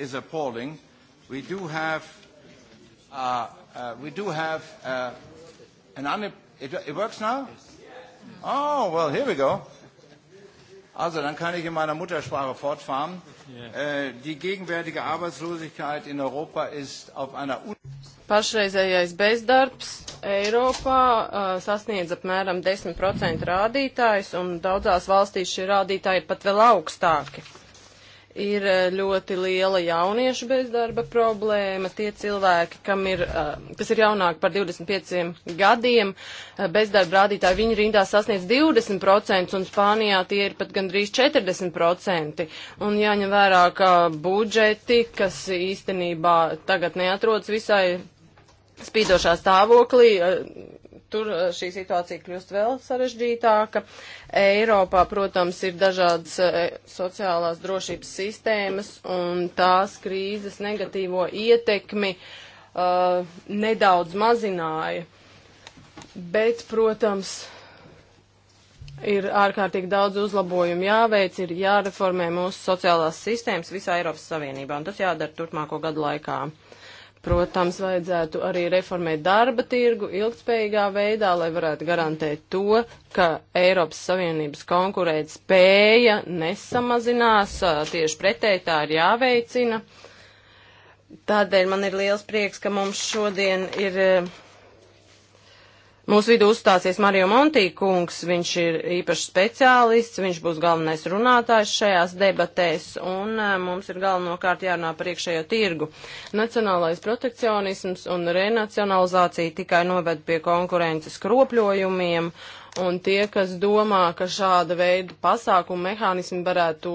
is appalling. We do have, uh, uh, we do have uh, an un. It, it works now. Oh well, here we go. Also, dann kann ich in meiner Muttersprache fortfahren. Yeah. Äh, die gegenwärtige Arbeitslosigkeit in Europa ist auf einer. Pašreizējais bezdarbs Eiropā uh, sasniedz apmēram 10% rādītājs, un daudzās valstīs šie rādītāji ir pat vēl augstāki ir eh, ļoti liela jauniešu bezdarba problēma. Tie cilvēki, ir, eh, kas ir jaunāki par 25 gadiem, eh, bezdarba rādītāji, viņi rindā sasniedz 20%, un Spānijā tie ir pat gandrīz 40%. Un jāņem vērā, ka budžeti, kas īstenībā tagad neatrodas visai spīdošā stāvoklī. Eh, tur eh, šī situācija kļūst vēl sarežģītāka. Eiropā, protams, ir dažādas eh, sociālās drošības sistēmas un tās krīzes negatīvo ietekmi uh, nedaudz mazināja. Bet, protams, ir ārkārtīgi daudz uzlabojumu jāveic, ir jāreformē mūsu sociālās sistēmas visā Eiropas Savienībā, un tas jādara turpmāko gadu laikā. Protams, vajadzētu arī reformēt darba tirgu ilgspējīgā veidā, lai varētu garantēt to, ka Eiropas Savienības konkurēt spēja nesamazinās, tieši pretēji tā ir jāveicina. Tādēļ man ir liels prieks, ka mums šodien ir Mūsu vidū uzstāsies Mario Monti kungs, viņš ir īpašs speciālists, viņš būs galvenais runātājs šajās debatēs, un eh, mums ir galvenokārt jārunā par iekšējo tirgu. Nacionālais protekcionisms un renacionalizācija tikai noved pie konkurences kropļojumiem, un tie, kas domā, ka šāda veida pasākumu mehānismi varētu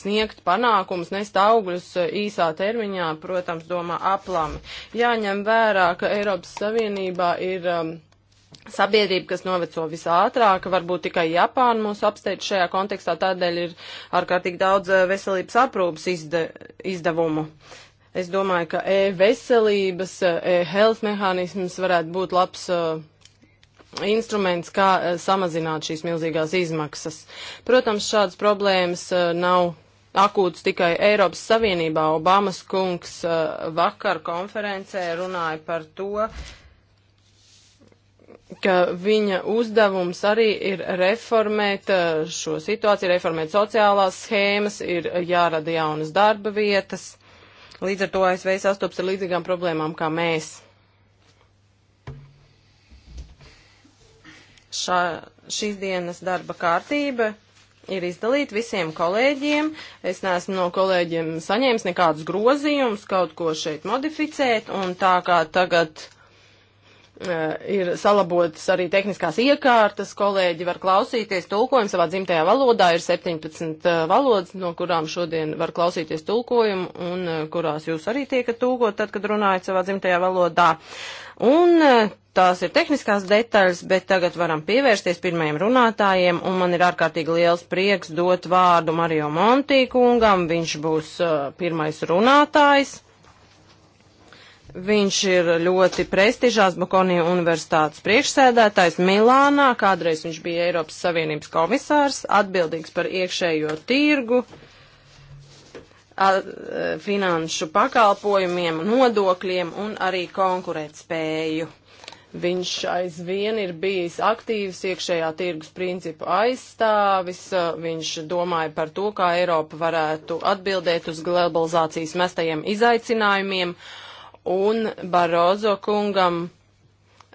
sniegt panākumus, nest augļus eh, īsā termiņā, protams, domā aplami. Jāņem vērā, ka Eiropas Savienībā ir um, sabiedrība, kas noveco visātrāk, varbūt tikai Japāna mūs apsteidz šajā kontekstā, tādēļ ir ārkārtīgi daudz eh, veselības aprūpas izde, izdevumu. Es domāju, ka e-veselības, e-health mehānisms varētu būt labs uh, instruments, kā uh, samazināt šīs milzīgās izmaksas. Protams, šādas problēmas uh, nav akūts tikai Eiropas Savienībā. Obamas kungs vakar konferencē runāja par to, ka viņa uzdevums arī ir reformēt uh, šo situāciju, reformēt sociālās schēmas, ir jārada jaunas darba vietas. Līdz ar to ASV sastopas ar līdzīgām problēmām kā mēs. Šā, šīs dienas darba kārtība ir izdalīta visiem kolēģiem. Es neesmu no kolēģiem saņēmis nekādus grozījumus, kaut ko šeit modificēt, un tā kā tagad Eh, ir salabotas arī tehniskās iekārtas, kolēģi var klausīties tulkojumu savā dzimtajā valodā, ir 17 eh, valodas, no kurām šodien var klausīties tulkojumu un eh, kurās jūs arī tiekat tulkot, tad, kad runājat savā dzimtajā valodā. Un tās ir tehniskās detaļas, bet tagad varam pievērsties pirmajiem runātājiem, un man ir ārkārtīgi liels prieks dot vārdu Mario Monti kungam, viņš būs pirmais runātājs. Viņš ir ļoti prestižās Bakonija universitātes priekšsēdētājs Milānā, kādreiz viņš bija Eiropas Savienības komisārs, atbildīgs par iekšējo tirgu, at, e, finanšu pakalpojumiem, nodokļiem un arī konkurētspēju. Viņš aizvien ir bijis aktīvs iekšējā tirgus principu aizstāvis, viņš domāja par to, kā Eiropa varētu atbildēt uz globalizācijas mestajiem izaicinājumiem un Barozo kungam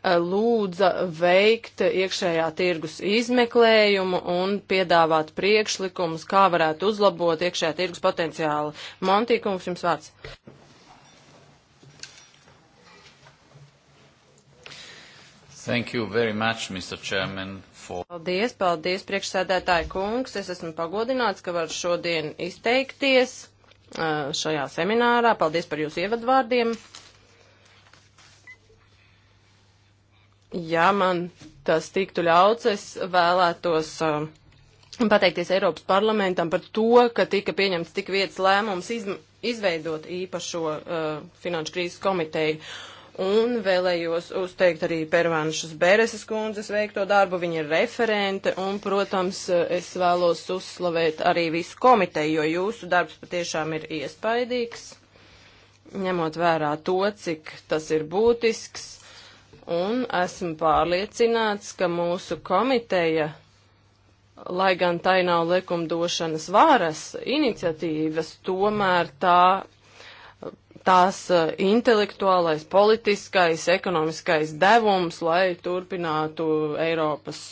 eh, lūdza veikt iekšējā tirgus izmeklējumu un piedāvāt priekšlikumus, kā varētu uzlabot iekšējā tirgus potenciālu. Montī, kungs, jums vārds. Thank you very much, Mr. Chairman, for... Paldies, paldies, priekšsēdētāji kungs. Es esmu pagodināts, ka varu šodien izteikties eh, šajā seminārā. Paldies par jūsu ievadvārdiem. ja man tas tiktu ļauts, es vēlētos uh, pateikties Eiropas parlamentam par to, ka tika pieņemts tik vietas lēmums iz, izveidot īpašo uh, finanšu krīzes komiteju. Un vēlējos uzteikt arī Pervanšas Bereses kundzes veikto darbu, viņa ir referente, un, protams, es vēlos uzslavēt arī visu komiteju, jo jūsu darbs patiešām ir iespaidīgs, ņemot vērā to, cik tas ir būtisks un esmu pārliecināts, ka mūsu komiteja, lai gan tai nav likumdošanas varas iniciatīvas, tomēr tā, tās eh, intelektuālais, politiskais, ekonomiskais devums, lai turpinātu Eiropas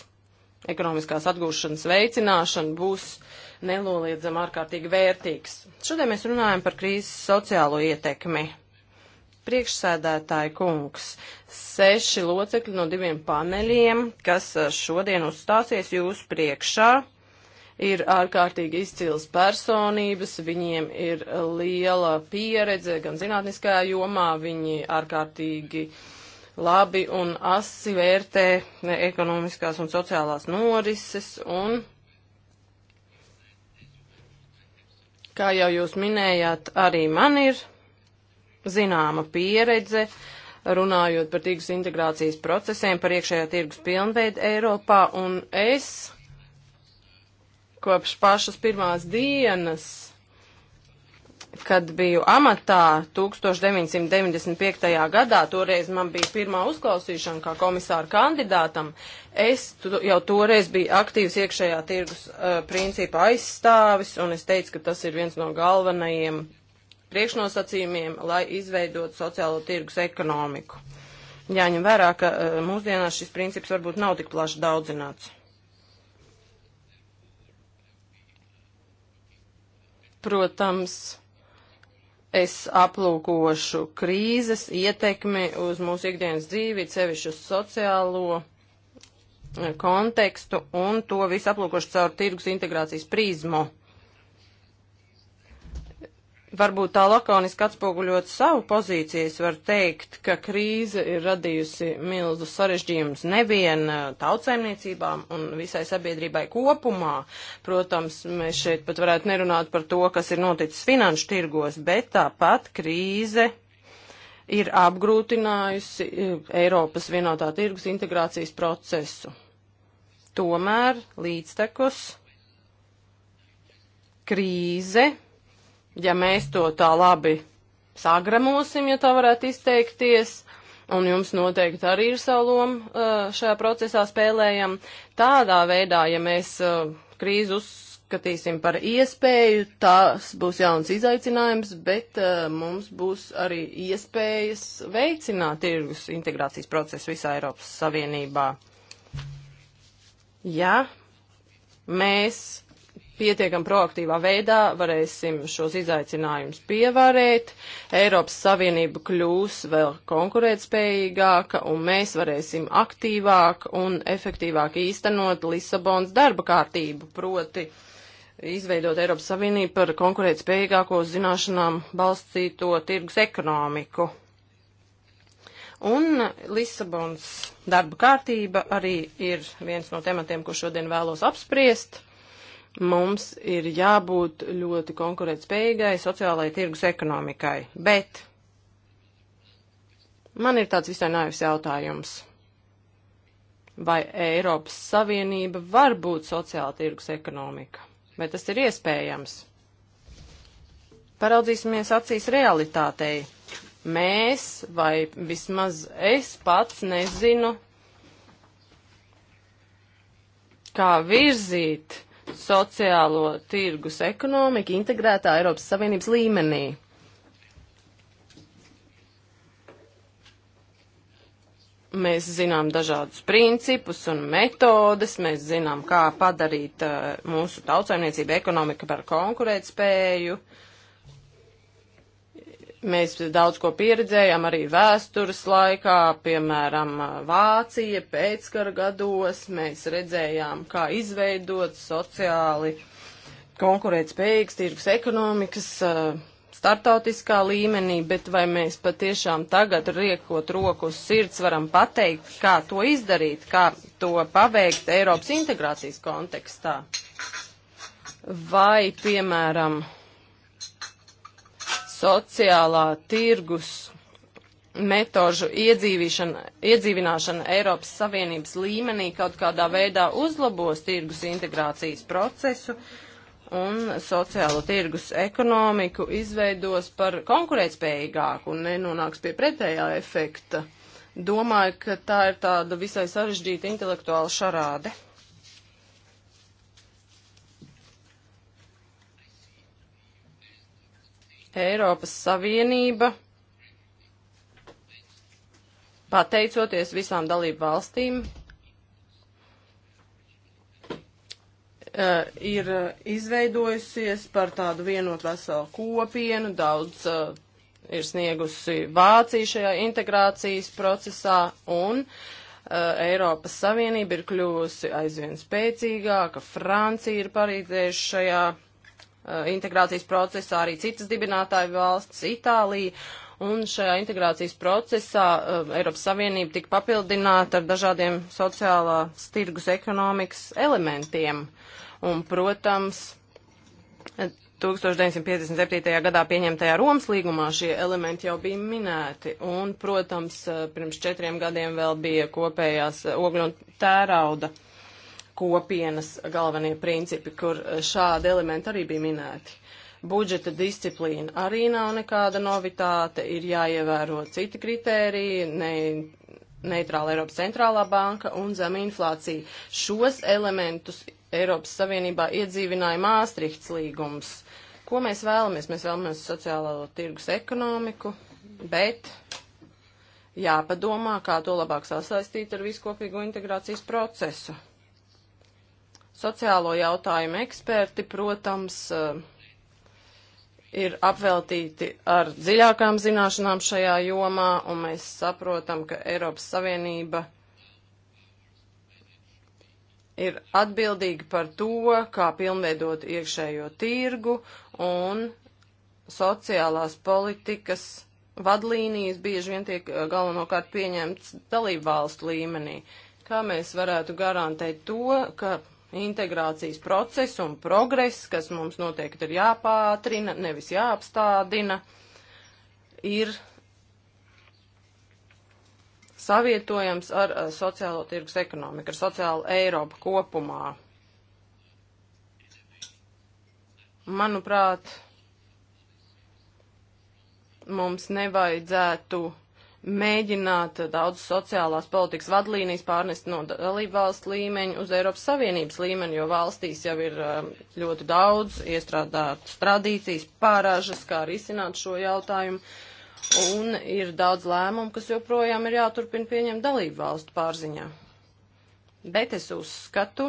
ekonomiskās atgūšanas veicināšanu, būs nenoliedzami ārkārtīgi vērtīgs. Šodien mēs runājam par krīzes sociālo ietekmi. Priekšsēdētāji kungs, seši locekļi no diviem paneļiem, kas eh, šodien uzstāsies jūsu priekšā, ir ārkārtīgi izcils personības, viņiem ir eh, liela pieredze gan zinātniskajā jomā, viņi ārkārtīgi labi un asi vērtē ekonomiskās un sociālās norises un kā jau jūs minējāt, arī man ir zināma pieredze, runājot par tirgus integrācijas procesiem, par iekšējā tirgus pilnveidu Eiropā, un es kopš pašas pirmās dienas, kad biju amatā 1995. gadā, toreiz man bija pirmā uzklausīšana kā komisāra kandidātam, es tu, jau toreiz biju aktīvs iekšējā tirgus uh, principa aizstāvis, un es teicu, ka tas ir viens no galvenajiem priekšnosacījumiem, lai izveidotu sociālo tirgus ekonomiku. Jāņem vērā, ka e, mūsdienās šis princips varbūt nav tik plaši daudzināts. Protams, es aplūkošu krīzes ietekmi uz mūsu ikdienas dzīvi, sevišķi uz sociālo e, kontekstu, un to visu aplūkošu caur tirgus integrācijas prizmu varbūt tā lakoniski atspoguļot savu pozīciju, es varu teikt, ka krīze ir radījusi milzu sarežģījumus nevien eh, tautsaimniecībām un visai sabiedrībai kopumā. Protams, mēs šeit pat varētu nerunāt par to, kas ir noticis finanšu tirgos, bet tāpat krīze ir apgrūtinājusi eh, Eiropas vienotā tirgus integrācijas procesu. Tomēr līdztekus krīze ja mēs to tā labi sagramosim, ja tā varētu izteikties, un jums noteikti arī ir savu lomu uh, šajā procesā spēlējam, tādā veidā, ja mēs uh, krīzi uzskatīsim par iespēju, tas būs jauns izaicinājums, bet uh, mums būs arī iespējas veicināt tirgus integrācijas procesu visā Eiropas Savienībā. Ja mēs pietiekam proaktīvā veidā varēsim šos izaicinājumus pievarēt, Eiropas Savienība kļūs vēl konkurētspējīgāka un mēs varēsim aktīvāk un efektīvāk īstenot Lisabons darba kārtību, proti izveidot Eiropas Savienību par konkurētspējīgāko zināšanām balstīto tirgus ekonomiku. Un Lisabons darba kārtība arī ir viens no tematiem, ko šodien vēlos apspriest. Mums ir jābūt ļoti konkurētspējīgai sociālajai tirgus ekonomikai, bet man ir tāds visai naivs jautājums. Vai Eiropas Savienība var būt sociāla tirgus ekonomika? Vai tas ir iespējams? Paraudzīsimies acīs realitātei. Mēs, vai vismaz es pats nezinu, kā virzīt izveidot sociālo tirgus ekonomiku integrētā Eiropas Savienības līmenī. Mēs zinām dažādus principus un metodes, mēs zinām, kā padarīt uh, mūsu tautsaimniecību ekonomiku par konkurētspēju. Uh, Mēs daudz ko pieredzējām arī vēstures laikā, piemēram, Vācija pēckara gados. Mēs redzējām, kā izveidot sociāli konkurētspējīgas tirgus ekonomikas eh, startautiskā līmenī, bet vai mēs patiešām tagad riekot roku uz sirds varam pateikt, kā to izdarīt, kā to paveikt Eiropas integrācijas kontekstā? Vai, piemēram, sociālā tirgus metožu iedzīvināšana Eiropas Savienības līmenī kaut kādā veidā uzlabos tirgus integrācijas procesu un sociālo tirgus ekonomiku izveidos par konkurētspējīgāku un nenonāks pie pretējā efekta. Domāju, ka tā ir tāda visai sarežģīta intelektuāla šarāde. Eiropas Savienība, pateicoties visām dalību valstīm, eh, ir eh, izveidojusies par tādu vienotu veselu kopienu, daudz uh, ir sniegusi Vācija šajā integrācijas procesā un uh, Eiropas Savienība ir kļuvusi aizvien spēcīgāka, Francija ir parīdzējuši šajā Eh, integrācijas procesā arī citas dibinātāju valsts - Itālija. Un šajā integrācijas procesā uh, Eiropas Savienība tika papildināta ar dažādiem sociālās tirgus ekonomikas elementiem. Un, protams, 1957. gadā pieņemtajā Romas līgumā šie elementi jau bija minēti, un, protams, eh, pirms četriem gadiem vēl bija kopējās ogļu un tērauda kopienas galvenie principi, kur eh, šādi elementi arī bija minēti. Budžeta disciplīna arī nav nekāda novitāte, ir jāievēro citi kritēriji, ne, neitrāla Eiropas centrālā banka un zema inflācija. Šos elementus Eiropas Savienībā iedzīvināja Māstrihts līgums. Ko mēs vēlamies? Mēs vēlamies sociālo tirgus ekonomiku, bet jāpadomā, kā to labāk sasaistīt ar viskopīgo integrācijas procesu. Sociālo jautājumu eksperti, protams, eh, ir apveltīti ar dziļākām zināšanām šajā jomā, un mēs saprotam, ka Eiropas Savienība ir atbildīga par to, kā pilnveidot iekšējo tirgu un sociālās politikas vadlīnijas bieži vien tiek eh, galvenokārt pieņemts dalību valstu līmenī. Kā mēs varētu garantēt to, ka integrācijas process un progress, kas mums noteikti ir jāpātrina, nevis jāapstādina, ir savietojams ar sociālo tirgus ekonomiku, ar sociālu Eiropu kopumā. Manuprāt, mums nevajadzētu mēģināt daudz sociālās politikas vadlīnijas pārnest no dalību valsts līmeņa uz Eiropas Savienības līmeni, jo valstīs jau ir um, ļoti daudz iestrādātas tradīcijas, pārāžas, kā risināt šo jautājumu. Un ir daudz lēmumu, kas joprojām ir jāturpina pieņemt dalību valstu pārziņā. Bet es uzskatu,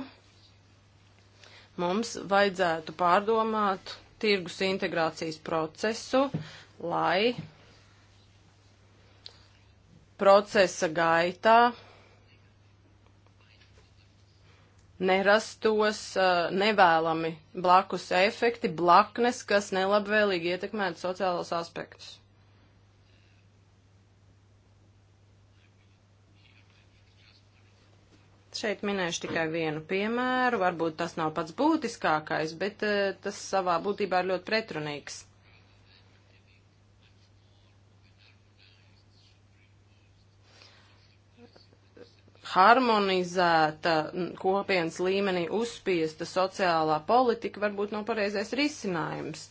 mums vajadzētu pārdomāt tirgus integrācijas procesu, lai procesa gaitā nerastos uh, nevēlami blakus efekti, blaknes, kas nelabvēlīgi ietekmētu sociālos aspektus. Šeit minēšu tikai vienu piemēru, varbūt tas nav pats būtiskākais, bet uh, tas savā būtībā ir ļoti pretrunīgs. harmonizēta kopienas līmenī uzspiesta sociālā politika varbūt nav pareizais risinājums.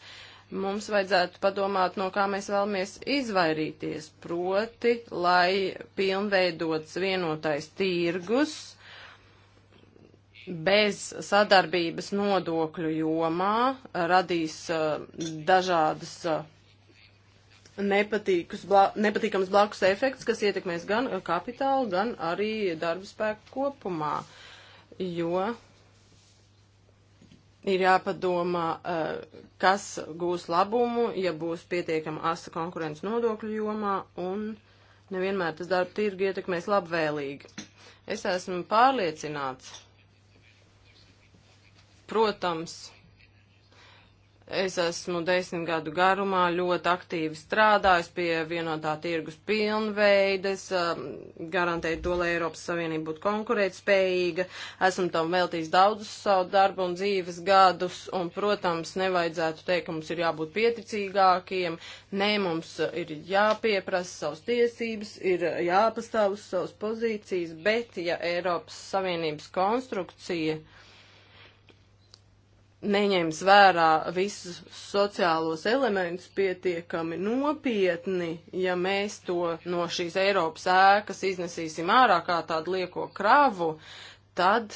Mums vajadzētu padomāt, no kā mēs vēlamies izvairīties, proti, lai pilnveidots vienotais tirgus bez sadarbības nodokļu jomā radīs uh, dažādas uh, blā, nepatīkams blakus efekts, kas ietekmēs gan kapitālu, gan arī darba spēku kopumā, jo ir jāpadomā, eh, kas gūs labumu, ja būs pietiekama asa konkurence nodokļu jomā, un nevienmēr tas darba tirgi ietekmēs labvēlīgi. Es esmu pārliecināts, protams, Es esmu desmit gadu garumā ļoti aktīvi strādājis pie vienotā tirgus pilnveides, um, garantēju to, lai Eiropas Savienība būtu konkurētspējīga. Esmu tam veltījis daudzus savu darbu un dzīves gadus, un, protams, nevajadzētu teikt, ka mums ir jābūt pieticīgākiem. Nē, mums ir jāpieprasa savas tiesības, ir jāpastāv uz savas pozīcijas, bet ja Eiropas Savienības konstrukcija neņems vērā visus sociālos elementus pietiekami nopietni, ja mēs to no šīs Eiropas ēkas iznesīsim ārā kā tādu lieko kravu, tad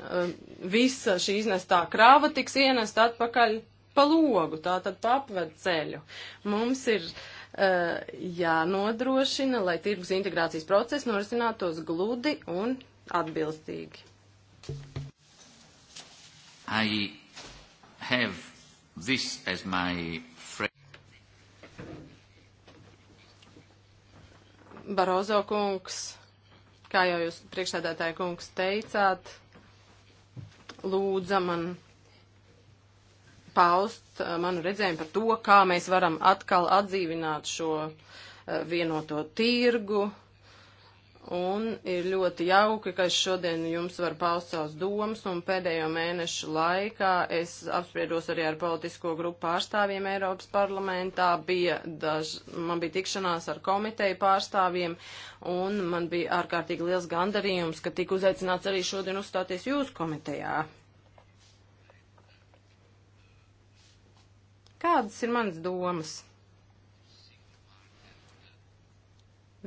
um, visa šī iznestā krava tiks ienest atpakaļ pa logu, tā tad papved ceļu. Mums ir uh, jānodrošina, lai tirgus integrācijas process norisinātos gludi un atbilstīgi. I have this as my Barozo kungs, kā jau jūs priekšsēdētāja kungs teicāt, lūdza man paust uh, manu redzējumu par to, kā mēs varam atkal atdzīvināt šo uh, vienoto tirgu, Un ir ļoti jauki, ka es šodien jums varu paust savus domas, un pēdējo mēnešu laikā es apspriedos arī ar politisko grupu pārstāvjiem Eiropas parlamentā, bija daž, man bija tikšanās ar komiteju pārstāvjiem, un man bija ārkārtīgi liels gandarījums, ka tika uzaicināts arī šodien uzstāties jūsu komitejā. Kādas ir manas domas?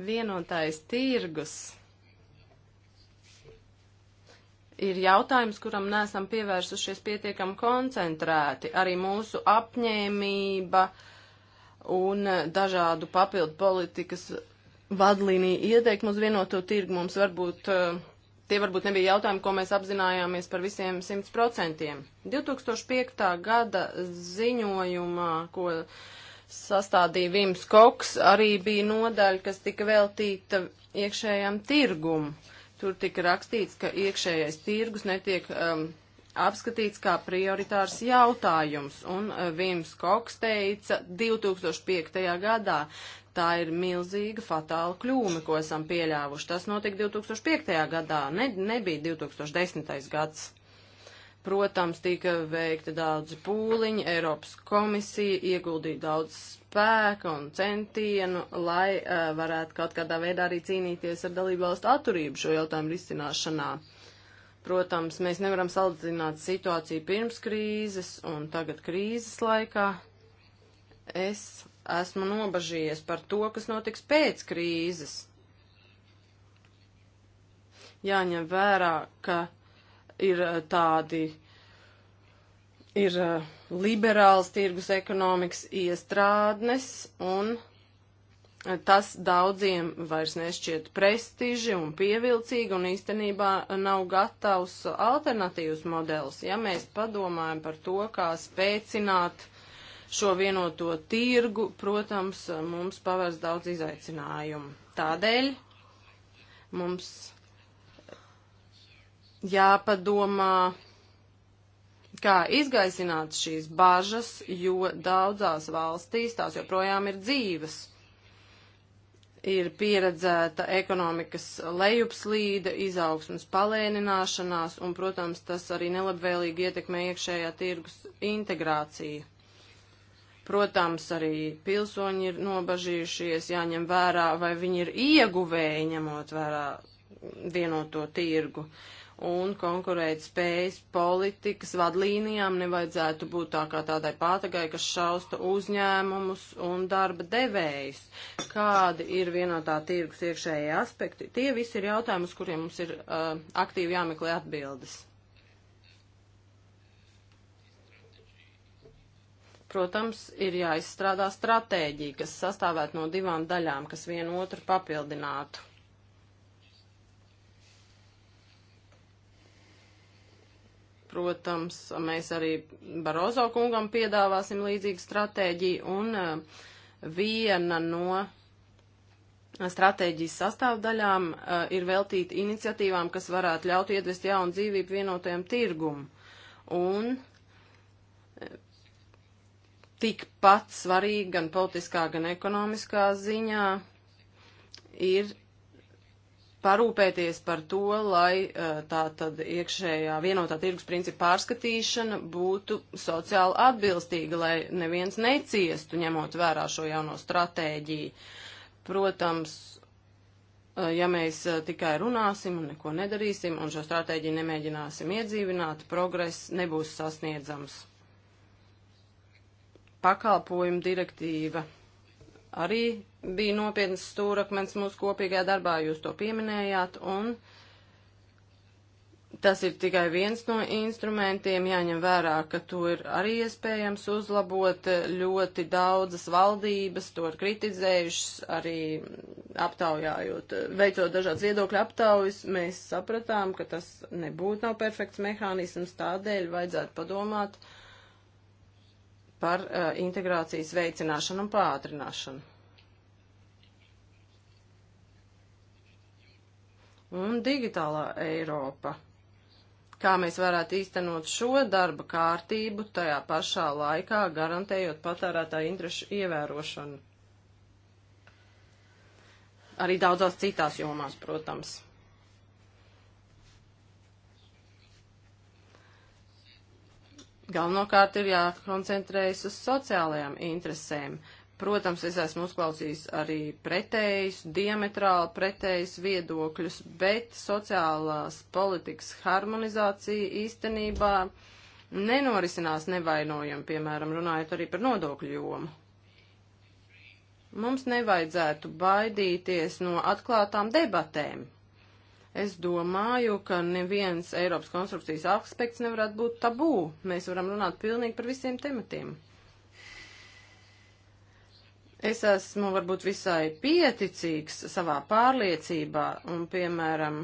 Vienotais tirgus ir jautājums, kuram nesam pievērsušies pietiekam koncentrēti. Arī mūsu apņēmība un dažādu papildu politikas vadlīniju ieteikumu uz vienoto tirgu mums varbūt, eh, tie varbūt nebija jautājumi, ko mēs apzinājāmies par visiem 100%. 2005. gada ziņojumā, ko sastādīja Vims Koks, arī bija nodaļa, kas tika veltīta iekšējām tirgumu. Tur tika rakstīts, ka iekšējais tirgus netiek um, apskatīts kā prioritārs jautājums, un uh, Vims Koks teica 2005. gadā. Tā ir milzīga fatāla kļūme, ko esam pieļāvuši. Tas notika 2005. gadā, ne, nebija 2010. gads. Protams, tika veikta daudz pūliņu, Eiropas komisija ieguldīja daudz spēka un centienu, lai uh, varētu kaut kādā veidā arī cīnīties ar dalībvalstu atturību šo jautājumu risināšanā. Protams, mēs nevaram salīdzināt situāciju pirms krīzes un tagad krīzes laikā. Es esmu nobažījies par to, kas notiks pēc krīzes. Jāņem vērā, ka ir eh, tādi, ir eh, liberāls tirgus ekonomikas iestrādnes un eh, tas daudziem vairs nešķiet prestiži un pievilcīgi un īstenībā nav gatavs alternatīvs modelis. Ja mēs padomājam par to, kā spēcināt šo vienoto tirgu, protams, mums pavērs daudz izaicinājumu. Tādēļ mums jāpadomā, kā izgaisināt šīs bažas, jo daudzās valstīs tās joprojām ir dzīves. Ir pieredzēta ekonomikas lejupslīde, izaugsmas palēnināšanās, un, protams, tas arī nelabvēlīgi ietekmē iekšējā tirgus integrāciju. Protams, arī pilsoņi ir nobažījušies, jāņem vērā, vai viņi ir ieguvēji ņemot vērā vienoto tirgu. Uh, un konkurēt spējas politikas vadlīnijām nevajadzētu būt tā kā tādai pātagai, kas šausta uzņēmumus un darba devējus. Kādi ir vienotā tirgus iekšējie aspekti? Tie visi ir jautājumi, uz kuriem mums ir uh, aktīvi jāmeklē atbildes. Protams, ir jāizstrādā stratēģija, kas sastāvētu no divām daļām, kas vienu otru papildinātu. Protams, mēs arī Barozo kungam piedāvāsim līdzīgu stratēģiju un eh, viena no stratēģijas sastāvdaļām eh, ir veltīta iniciatīvām, kas varētu ļaut iedvest jaunu dzīvību vienotajam tirgumam. Un eh, tikpat svarīgi gan politiskā, gan ekonomiskā ziņā ir parūpēties par to, lai e, tā tad iekšējā vienotā tirgus principa pārskatīšana būtu sociāli atbilstīga, lai neviens neciestu, ņemot vērā šo jauno stratēģiju. Protams, e, ja mēs e, tikai runāsim un neko nedarīsim un šo stratēģiju nemēģināsim iedzīvināt, progress nebūs sasniedzams. Pakalpojumu direktīva arī bija nopietnas stūrakmens mūsu kopīgajā darbā, jūs to pieminējāt, un tas ir tikai viens no instrumentiem, jāņem vērā, ka to ir arī iespējams uzlabot. Ļoti daudzas valdības to ir kritizējušas, arī aptaujājot, veicot dažādas viedokļu aptaujas, mēs sapratām, ka tas nebūtu nav perfekts mehānisms, tādēļ vajadzētu padomāt. Uh, par uh, integrācijas veicināšanu un pātrināšanu. Un digitālā Eiropa. Kā mēs varētu īstenot šo darba kārtību, tajā pašā laikā garantējot patērētāju interešu ievērošanu. Arī daudzās citās jomās, protams. Galvenokārt ir jākoncentrējas uz sociālajām interesēm. Protams, es esmu uzklausījis arī pretējus, diametrāli pretējus viedokļus, bet sociālās politikas harmonizācija īstenībā nenorisinās nevainojami, piemēram, runājot arī par nodokļu jomu. Mums nevajadzētu baidīties no atklātām debatēm, Es domāju, ka neviens Eiropas konstrukcijas aspekts nevarētu būt tabū. Mēs varam runāt pilnīgi par visiem tematiem. Es esmu varbūt visai pieticīgs savā pārliecībā un, piemēram,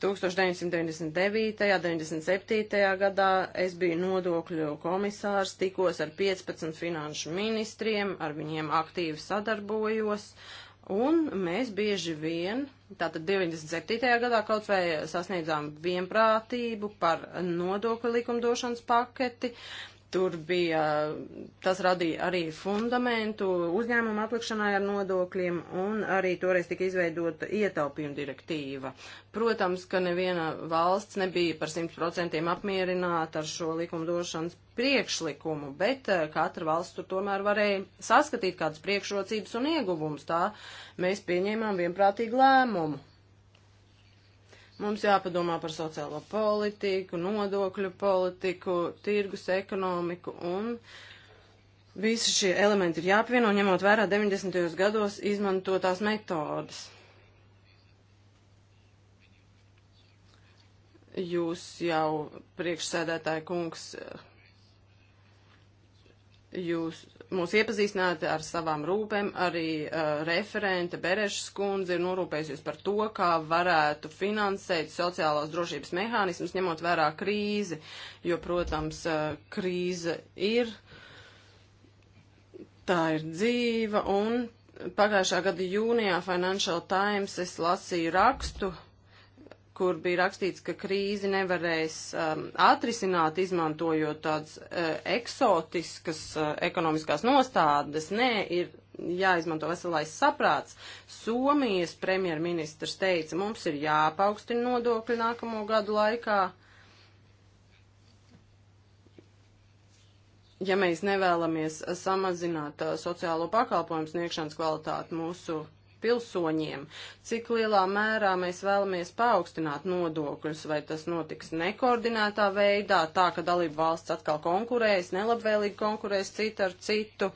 1999. 97. gadā es biju nodokļu komisārs, tikos ar 15 finanšu ministriem, ar viņiem aktīvi sadarbojos, Un mēs bieži vien, tātad 97. gadā kaut vai sasniedzām vienprātību par nodokļu likumdošanas paketi, Tur bija, tas radīja arī fundamentu uzņēmumu atlikšanai ar nodokļiem, un arī toreiz tika izveidota ietaupījuma direktīva. Protams, ka neviena valsts nebija par 100% apmierināta ar šo likumdošanas priekšlikumu, bet eh, katra valsts tur tomēr varēja saskatīt kādas priekšrocības un ieguvumus. Tā mēs pieņēmām vienprātīgu lēmumu. Mums jāpadomā par sociālo politiku, nodokļu politiku, tirgus ekonomiku un visi šie elementi ir jāapvieno, ņemot vērā 90. gados izmantotās metodas. Jūs jau priekšsēdētāji kungs, jūs mūs iepazīstināt ar savām rūpēm. Arī uh, referente Berešas kundze ir norūpējusies par to, kā varētu finansēt sociālās drošības mehānismus, ņemot vērā krīzi, jo, protams, uh, krīze ir, tā ir dzīva, un pagājušā gada jūnijā Financial Times es lasīju rakstu kur bija rakstīts, ka krīzi nevarēs um, atrisināt, izmantojot tādas uh, eksotiskas uh, ekonomiskās nostādes. Nē, ir jāizmanto veselais saprāts. Somijas premjerministrs teica, mums ir jāpaukstina nodokļi nākamo gadu laikā. Ja mēs nevēlamies samazināt uh, sociālo pakalpojumu sniegšanas kvalitāti mūsu pilsoņiem, cik lielā mērā mēs vēlamies paaugstināt nodokļus, vai tas notiks nekoordinētā veidā, tā ka dalība valsts atkal konkurēs, nelabvēlīgi konkurēs cita ar citu,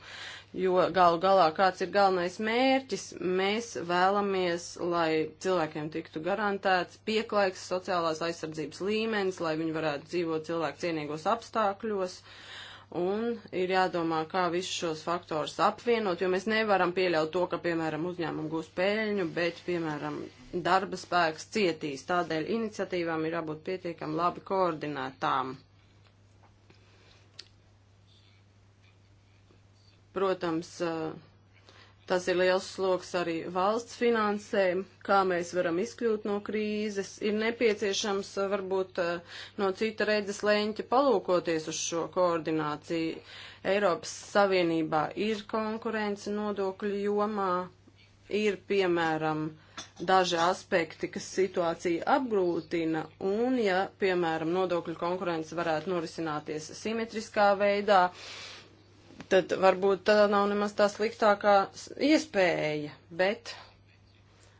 jo galu galā kāds ir galvenais mērķis, mēs vēlamies, lai cilvēkiem tiktu garantēts pieklaiks sociālās aizsardzības līmenis, lai viņi varētu dzīvot cilvēku cienīgos apstākļos, uh, un ir jādomā, kā visus šos faktorus apvienot, jo mēs nevaram pieļaut to, ka, piemēram, uzņēmumu gūs pēļņu, bet, piemēram, darba spēks cietīs. Tādēļ iniciatīvām ir jābūt pietiekam labi koordinētām. Protams, uh, Tas ir liels sloks arī valsts finansēm, kā mēs varam izkļūt no krīzes. Ir nepieciešams eh, varbūt eh, no cita redzes leņķa palūkoties uz šo koordināciju. Eiropas Savienībā ir konkurence nodokļu jomā, ir piemēram daži aspekti, kas situāciju apgrūtina, un ja, piemēram, nodokļu konkurence varētu norisināties simetriskā veidā, uh, tad varbūt tā nav nemaz tā sliktākā iespēja, bet,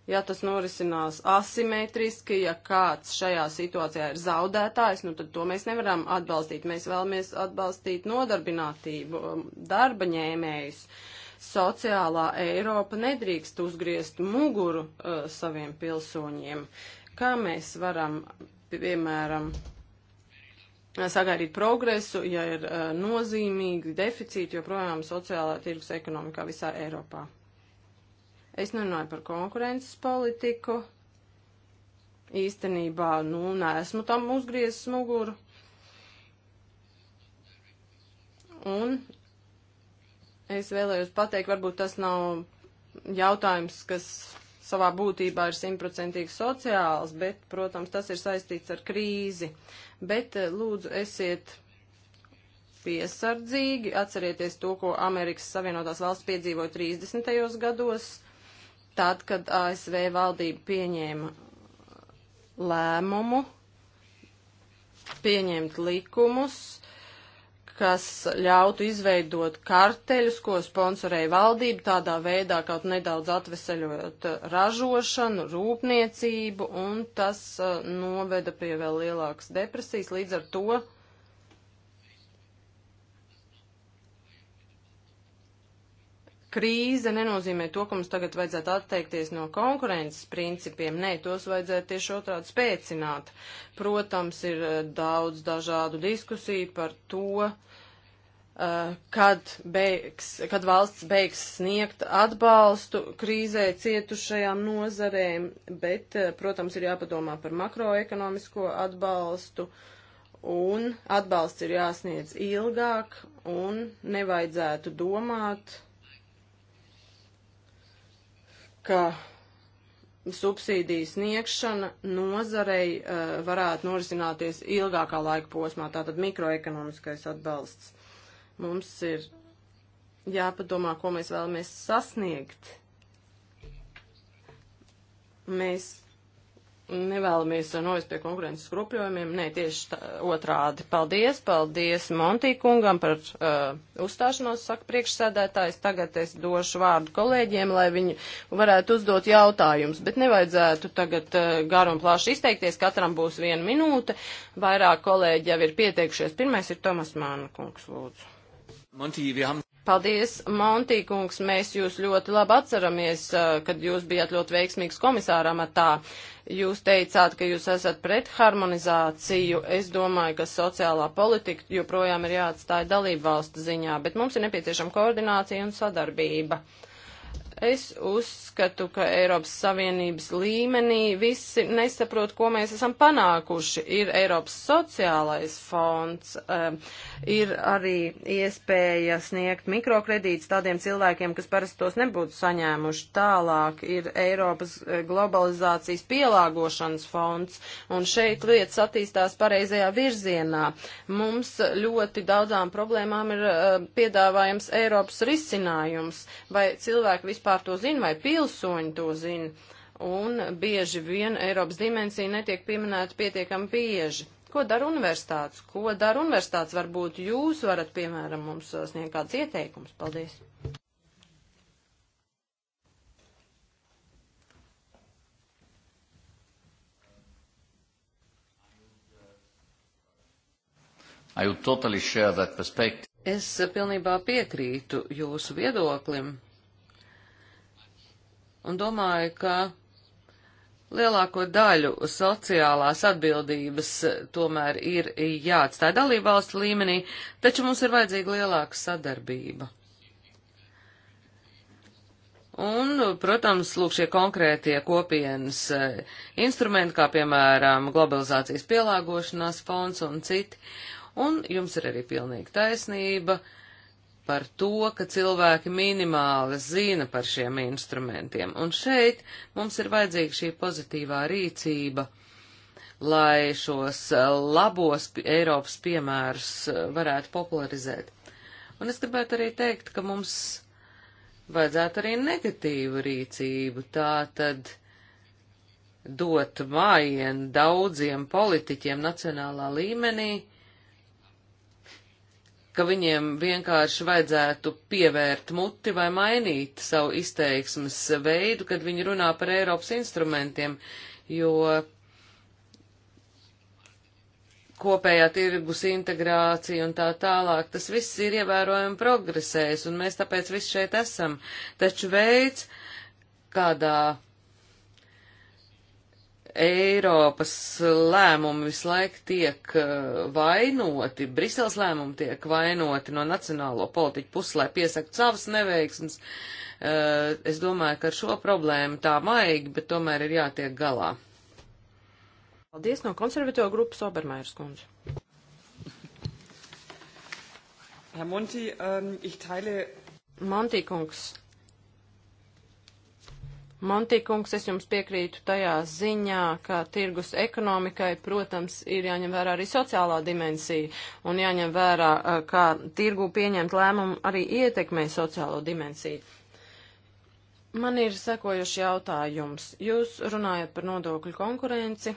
ja tas norisinās asimetriski, ja kāds šajā situācijā ir zaudētājs, nu tad to mēs nevaram atbalstīt. Mēs vēlamies atbalstīt nodarbinātību, um, darba ņēmējus. Sociālā Eiropa nedrīkst uzgriezt muguru uh, saviem pilsoņiem. Kā mēs varam, piemēram, sagaidīt progresu, ja ir e, nozīmīgi deficīti joprojām sociālā tirgus ekonomikā visā Eiropā. Es nerunāju par konkurences politiku. Īstenībā, nu, neesmu tam uzgriezis muguru. Un es vēlējos pateikt, varbūt tas nav jautājums, kas savā būtībā ir simtprocentīgi sociāls, bet, protams, tas ir saistīts ar krīzi. Bet eh, lūdzu, esiet piesardzīgi, atcerieties to, ko Amerikas Savienotās valsts piedzīvoja 30. gados, tad, kad ASV valdība pieņēma lēmumu pieņemt likumus, kas ļautu izveidot karteļus, ko sponsorēja valdība, tādā veidā kaut nedaudz atveseļot ražošanu, rūpniecību, un tas eh, noveda pie vēl lielākas depresijas, līdz ar to krīze nenozīmē to, ka mums tagad vajadzētu atteikties no konkurences principiem. Nē, tos vajadzētu tieši otrādi spēcināt. Protams, ir eh, daudz dažādu diskusiju par to, eh, kad, beigs, kad valsts beigs sniegt atbalstu krīzē cietušajām nozarēm, bet, eh, protams, ir jāpadomā par makroekonomisko atbalstu un atbalsts ir jāsniedz ilgāk un nevajadzētu domāt, ka subsīdiju sniegšana nozarei uh, varētu norisināties ilgākā laika posmā, tātad mikroekonomiskais atbalsts. Mums ir jāpadomā, ko mēs vēlamies sasniegt. Mēs nevēlamies novest pie konkurences skrupļojumiem. Nē, tieši tā, otrādi. Paldies, paldies Montī kungam par uh, uzstāšanos, saka priekšsēdētājs. Tagad es došu vārdu kolēģiem, lai viņi varētu uzdot jautājumus, bet nevajadzētu tagad uh, garu un plaši izteikties. Katram būs viena minūte. Vairāk kolēģi jau ir pieteikušies. Pirmais ir Tomas Māna kungs, lūdzu. Monti, wir haben Paldies, Montīkungs, mēs jūs ļoti labi atceramies, kad jūs bijat ļoti veiksmīgs komisāra amatā. Jūs teicāt, ka jūs esat pret harmonizāciju. Es domāju, ka sociālā politika joprojām ir jāatstāja dalību valstu ziņā, bet mums ir nepieciešama koordinācija un sadarbība. Uh, Es uzskatu, ka Eiropas Savienības līmenī visi nesaprot, ko mēs esam panākuši. Ir Eiropas sociālais fonds, eh, ir arī iespēja sniegt mikrokredītus tādiem cilvēkiem, kas parasti tos nebūtu saņēmuši. Tālāk ir Eiropas eh, globalizācijas pielāgošanas fonds, un šeit lietas attīstās pareizajā virzienā. Mums ļoti daudzām problēmām ir eh, piedāvājums Eiropas risinājums, vai cilvēki vispār vispār to zina vai pilsoņi to zina. Un bieži vien Eiropas dimensija netiek pieminēta pietiekami bieži. Ko dara universitātes? Ko dara universitātes? Varbūt jūs varat, piemēram, mums uh, sniegt kāds ieteikums. Paldies! Totally es pilnībā piekrītu jūsu viedoklim un domāju, ka lielāko daļu sociālās atbildības tomēr ir jāatstāj dalībvalstu līmenī, taču mums ir vajadzīga lielāka sadarbība. Un, protams, lūk šie konkrētie kopienas eh, instrumenti, kā piemēram globalizācijas pielāgošanās fonds un citi. Un jums ir arī pilnīga taisnība. Uh, par to, ka cilvēki minimāli zina par šiem instrumentiem. Un šeit mums ir vajadzīga šī pozitīvā rīcība, lai šos eh, labos Eiropas piemērus eh, varētu popularizēt. Un es gribētu arī teikt, ka mums vajadzētu arī negatīvu rīcību, tā tad dot mājienu daudziem politiķiem nacionālā līmenī, ka viņiem vienkārši vajadzētu pievērt muti vai mainīt savu izteiksmes veidu, kad viņi runā par Eiropas instrumentiem, jo kopējā tirgus integrācija un tā tālāk, tas viss ir ievērojami progresējis, un mēs tāpēc viss šeit esam. Taču veids, kādā Eiropas lēmumi visu laiku tiek eh, vainoti, Briseles lēmumi tiek vainoti no nacionālo politiķu puses, lai piesakt savas neveiksmes. Eh, es domāju, ka ar šo problēmu tā maigi, bet tomēr ir jātiek galā. Paldies no konservatīvo grupas Obermairas kundze. Herr Monti, um, ich teile. Monti kungs, Montīkungs, es jums piekrītu tajā ziņā, ka tirgus ekonomikai, protams, ir jāņem vērā arī sociālā dimensija un jāņem vērā, kā tirgu pieņemt lēmumu arī ietekmē sociālo dimensiju. Man ir sekojuši jautājums. Jūs runājat par nodokļu konkurenci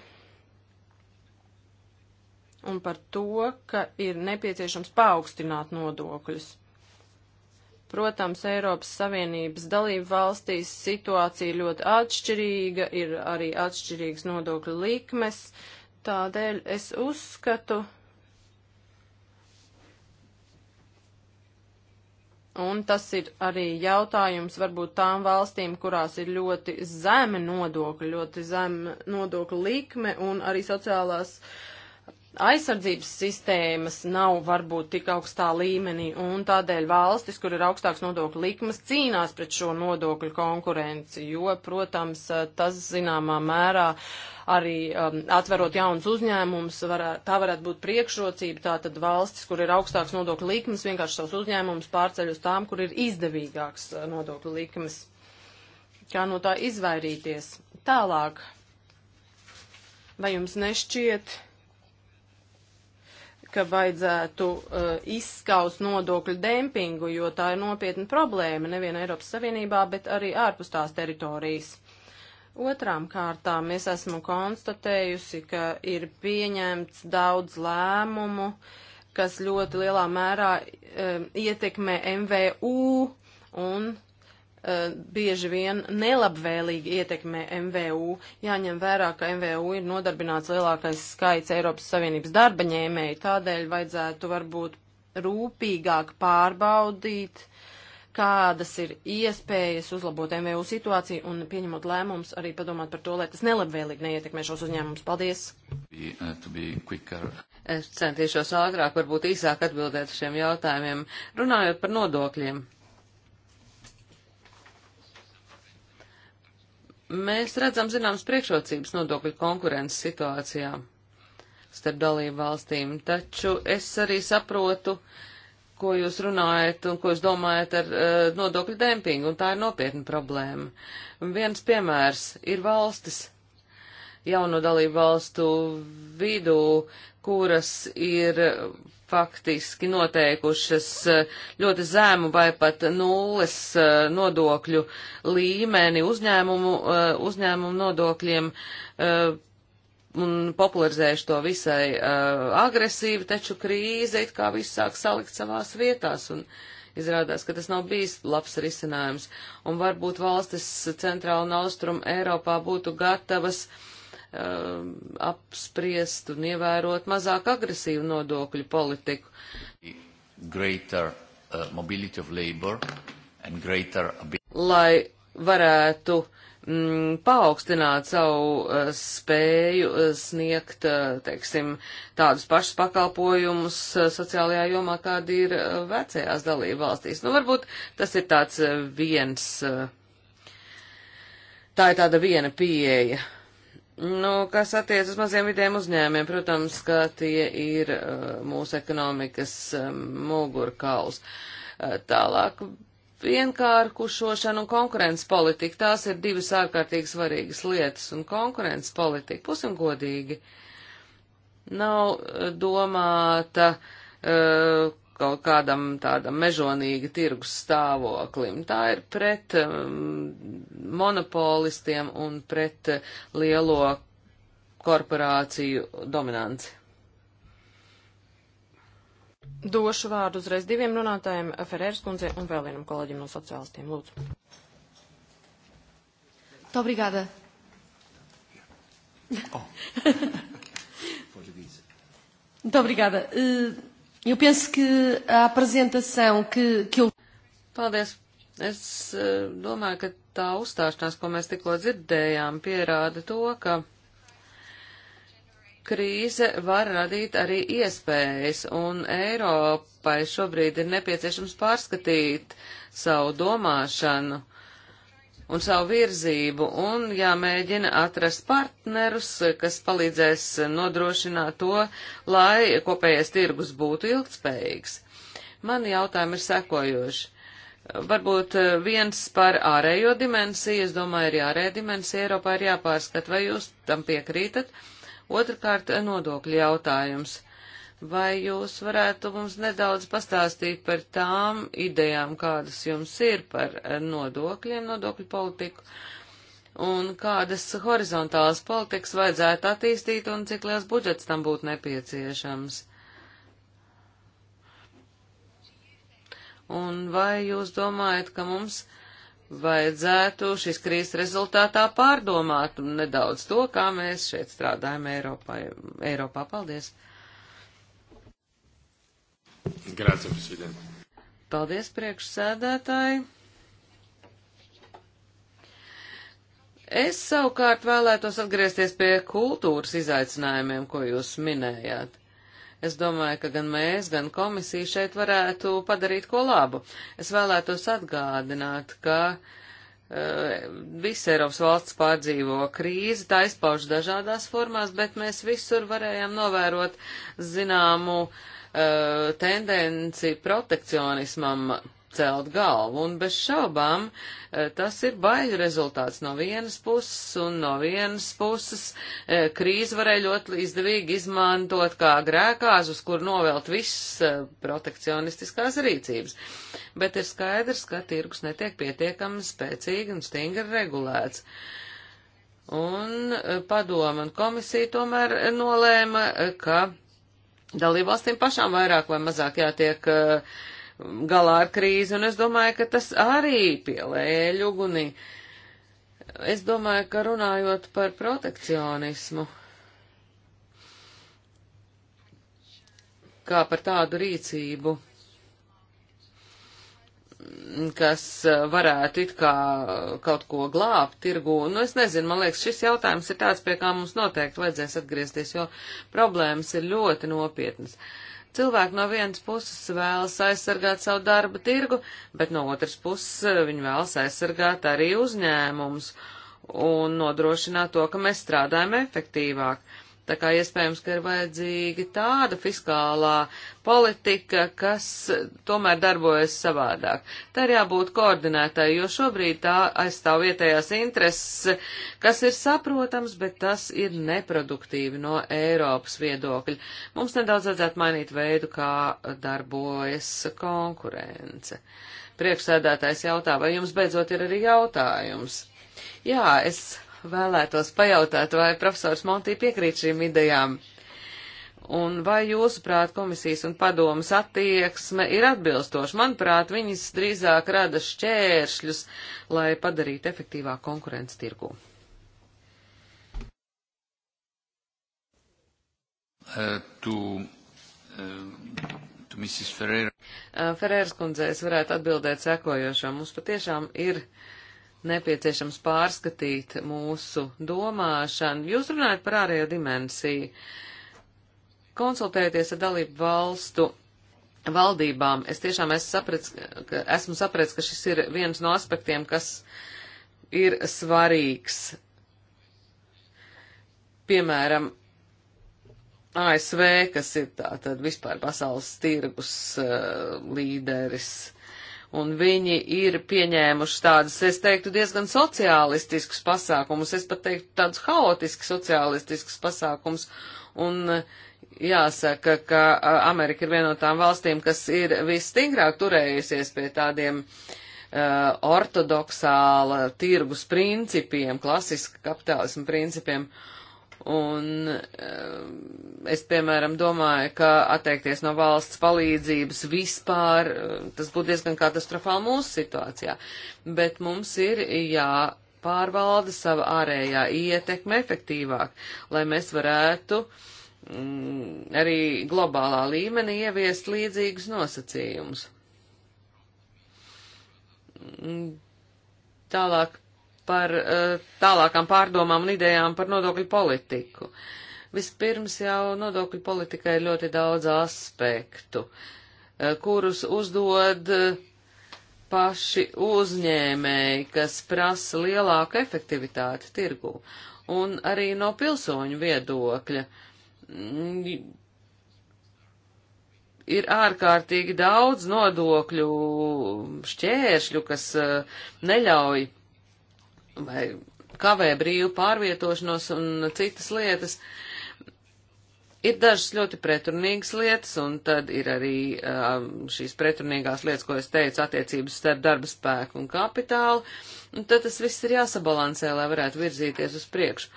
un par to, ka ir nepieciešams paaugstināt nodokļus. Protams, Eiropas Savienības dalību valstīs situācija ļoti atšķirīga, ir arī atšķirīgas nodokļu likmes, tādēļ es uzskatu, un tas ir arī jautājums varbūt tām valstīm, kurās ir ļoti zemi nodokļi, ļoti zemi nodokļu likme un arī sociālās uh, aizsardzības sistēmas nav varbūt tik augstā līmenī, un tādēļ valstis, kur ir augstāks nodokļu likmes, cīnās pret šo nodokļu konkurenci, jo, protams, eh, tas zināmā mērā arī um, atverot jaunas uzņēmumus, varā, tā varētu būt priekšrocība, tātad valstis, kur ir augstāks nodokļu likmes, vienkārši savus uzņēmumus pārceļ uz tām, kur ir izdevīgāks eh, nodokļu likmes. Kā no tā izvairīties? Tālāk. Vai jums nešķiet, ka vajadzētu uh, izskaust nodokļu dempingu, jo tā ir nopietna problēma nevien Eiropas Savienībā, bet arī ārpus tās teritorijas. Otrām kārtām es esmu konstatējusi, ka ir pieņemts daudz lēmumu, kas ļoti lielā mērā um, ietekmē MVU un Uh, bieži vien nelabvēlīgi ietekmē MVU. Jāņem vērā, ka MVU ir nodarbināts lielākais skaits Eiropas Savienības darba ņēmēji, tādēļ vajadzētu varbūt rūpīgāk pārbaudīt, kādas ir iespējas uzlabot MVU situāciju un pieņemot lēmumus arī padomāt par to, lai tas nelabvēlīgi neietekmē šos uzņēmumus. Paldies! Uh, es centīšos āgrāk, varbūt īsāk atbildēt šiem jautājumiem, runājot par nodokļiem. Mēs redzam zināmas priekšrocības nodokļu konkurences situācijā starp dalību valstīm, taču es arī saprotu, ko jūs runājat un ko jūs domājat ar uh, nodokļu dempingu, un tā ir nopietna problēma. Un viens piemērs ir valstis, jauno dalību valstu vidū, kuras ir faktiski noteikušas eh, ļoti zēmu vai pat nulles eh, nodokļu līmeni uzņēmumu, eh, uzņēmumu nodokļiem un popularizējuši to visai agresīvi, taču krīze it kā viss sāk salikt savās vietās un izrādās, ka tas nav bijis labs risinājums. Un varbūt valstis centrāla un austrum Eiropā būtu gatavas uh, um, apspriest un ievērot mazāk agresīvu nodokļu politiku. Greater, uh, labor and greater... Lai varētu mm, paaugstināt savu uh, spēju uh, sniegt, uh, teiksim, tādus pašus pakalpojumus uh, sociālajā jomā, kādi ir uh, vecajās dalība valstīs. Nu, varbūt tas ir tāds uh, viens, uh, tā ir tāda viena pieeja. Uh, Nu, kas attiecas maziem vidiem uzņēmiem, protams, ka tie ir uh, mūsu ekonomikas um, mugurkauls. Uh, tālāk vienkāršošana un konkurences politika. Tās ir divas ārkārtīgi svarīgas lietas, un konkurences politika, pusim godīgi, nav uh, domāta uh, kaut kādam tādam mežonīga tirgus stāvoklim. Tā ir pret um, monopolistiem un pret lielo korporāciju dominanci. Došu vārdu uzreiz diviem runātājiem, Ferēras kundze un vēl vienam kolēģim no sociālistiem. Lūdzu. Obrigada. Oh. Muito obrigada. Uh, Eu penso que a apresentação que, que eu. Paldies. Es eh, domāju, ka tā uzstāšanās, ko mēs tikko dzirdējām, pierāda to, ka krīze var radīt arī iespējas, un Eiropai šobrīd ir nepieciešams pārskatīt savu domāšanu un savu virzību, un jāmēģina atrast partnerus, kas palīdzēs nodrošināt to, lai kopējais tirgus būtu ilgtspējīgs. Mani jautājumi ir sekojoši. Varbūt eh, viens par ārējo dimensiju, es domāju, arī ārēja dimensija Eiropā ir jāpārskat, vai jūs tam piekrītat. Otrakārt, nodokļu jautājums. Vai jūs varētu mums nedaudz pastāstīt par tām idejām, kādas jums ir par nodokļiem, nodokļu politiku, un kādas horizontālas politikas vajadzētu attīstīt, un cik liels budžets tam būtu nepieciešams? Un vai jūs domājat, ka mums vajadzētu šīs krīzes rezultātā pārdomāt nedaudz to, kā mēs šeit strādājam Eiropā? Eiropā paldies! Grācija, prezident. Paldies, priekšsēdētāji. Es savukārt vēlētos atgriezties pie kultūras izaicinājumiem, ko jūs minējāt. Es domāju, ka gan mēs, gan komisija šeit varētu padarīt ko labu. Es vēlētos atgādināt, ka uh, eh, visa Eiropas valsts pārdzīvo krīzi, tā izpauž dažādās formās, bet mēs visur varējām novērot zināmu uh, uh, tendenci protekcionismam celt galvu, un bez šaubām uh, tas ir baiļu rezultāts no vienas puses, un no vienas puses uh, krīze varēja ļoti izdevīgi izmantot kā grēkās, uz kur novelt visas uh, protekcionistiskās rīcības. Bet ir skaidrs, ka tirgus netiek pietiekami spēcīgi un stingri regulēts. Un uh, padoma un komisija tomēr nolēma, uh, ka dalībvalstīm pašām vairāk vai mazāk jātiek uh, galā ar krīzi, un es domāju, ka tas arī pielēja ugunī. Es domāju, ka runājot par protekcionismu, kā par tādu rīcību, kas eh, varētu it kā kaut ko glābt tirgu. Nu, es nezinu, man liekas, šis jautājums ir tāds, pie kā mums noteikti vajadzēs atgriezties, jo problēmas ir ļoti nopietnas. Cilvēki no vienas puses vēlas aizsargāt savu darba tirgu, bet no otras puses eh, viņi vēlas aizsargāt arī uzņēmumus un nodrošināt to, ka mēs strādājam efektīvāk. Uh, Tā kā iespējams, ka ir vajadzīga tāda fiskālā politika, kas tomēr darbojas savādāk. Tā ir jābūt koordinētai, jo šobrīd tā aizstāv vietējās intereses, kas ir saprotams, bet tas ir neproduktīvi no Eiropas viedokļa. Mums nedaudz vajadzētu mainīt veidu, kā darbojas konkurence. Priekšsēdētājs jautā, vai jums beidzot ir arī jautājums? Jā, es vēlētos pajautāt, vai profesors Montī piekrīt šīm idejām. Un vai jūsuprāt komisijas un padomas attieksme ir atbilstoša? Manuprāt, viņas drīzāk rada šķēršļus, lai padarītu efektīvā konkurences tirgu. Uh, to, uh, to Ferreras uh, kundze, es varētu atbildēt sekojošam. Mums patiešām ir uh, nepieciešams pārskatīt mūsu domāšanu. Jūs runājat par ārējo dimensiju. Konsultēties ar dalību valstu valdībām, es tiešām esmu sapratis, ka, esmu sapratis, ka šis ir viens no aspektiem, kas ir svarīgs. Piemēram, ASV, kas ir tātad vispār pasaules tirgus uh, līderis un viņi ir pieņēmuši tādus, es teiktu, diezgan sociālistiskus pasākumus, es pat teiktu tādus haotiski sociālistiskus pasākumus, un eh, jāsaka, ka Amerika ir viena no tām valstīm, kas ir visstingrāk turējusies pie tādiem uh, ortodoksāla tirgus principiem, klasiska kapitālisma principiem, uh, Un es, piemēram, domāju, ka atteikties no valsts palīdzības vispār, tas būtu diezgan katastrofāli mūsu situācijā. Bet mums ir jāpārvalda sava ārējā ietekme efektīvāk, lai mēs varētu mm, arī globālā līmenī ieviest līdzīgus nosacījumus. Tālāk par eh, tālākām pārdomām un idejām par nodokļu politiku. Vispirms jau nodokļu politikai ir ļoti daudz aspektu, eh, kurus uzdod eh, paši uzņēmēji, kas prasa lielāku efektivitāti tirgu, un arī no pilsoņu viedokļa mm, ir ārkārtīgi daudz nodokļu šķēršļu, kas neļauj vai kavē brīvu pārvietošanos un citas lietas. Ir dažas ļoti pretrunīgas lietas, un tad ir arī šīs pretrunīgās lietas, ko es teicu, attiecības starp darba spēku un kapitālu, un tad tas viss ir jāsabalansē, lai varētu virzīties uz priekšu.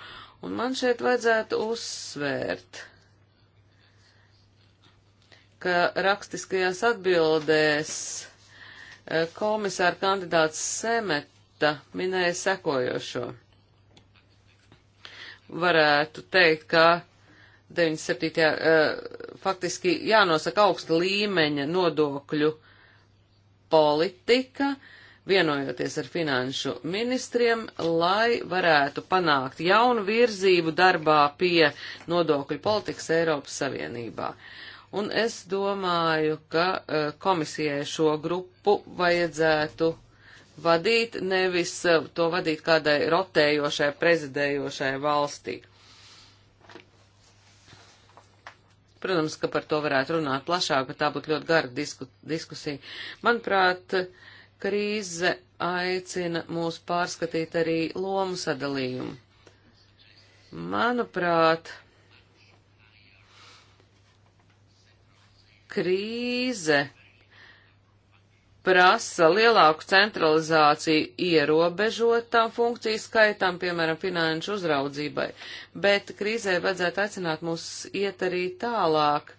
Un man šeit vajadzētu uzsvērt ka rakstiskajās atbildēs komisāra kandidāts Semet Kosta minēja sekojošo. Varētu teikt, ka 97. Uh, eh, faktiski jānosaka augsta līmeņa nodokļu politika, vienojoties ar finanšu ministriem, lai varētu panākt jaunu virzību darbā pie nodokļu politikas Eiropas Savienībā. Un es domāju, ka uh, komisijai šo grupu vajadzētu vadīt, nevis eh, to vadīt kādai rotējošai, prezidējošai valstī. Protams, ka par to varētu runāt plašāk, bet tā būtu ļoti gara disku, diskusija. Manuprāt, krīze aicina mūs pārskatīt arī lomu sadalījumu. Manuprāt, krīze prasa lielāku centralizāciju ierobežotām funkciju skaitām, piemēram, finanšu uzraudzībai, bet krīzē vajadzētu aicināt mūs iet arī tālāk,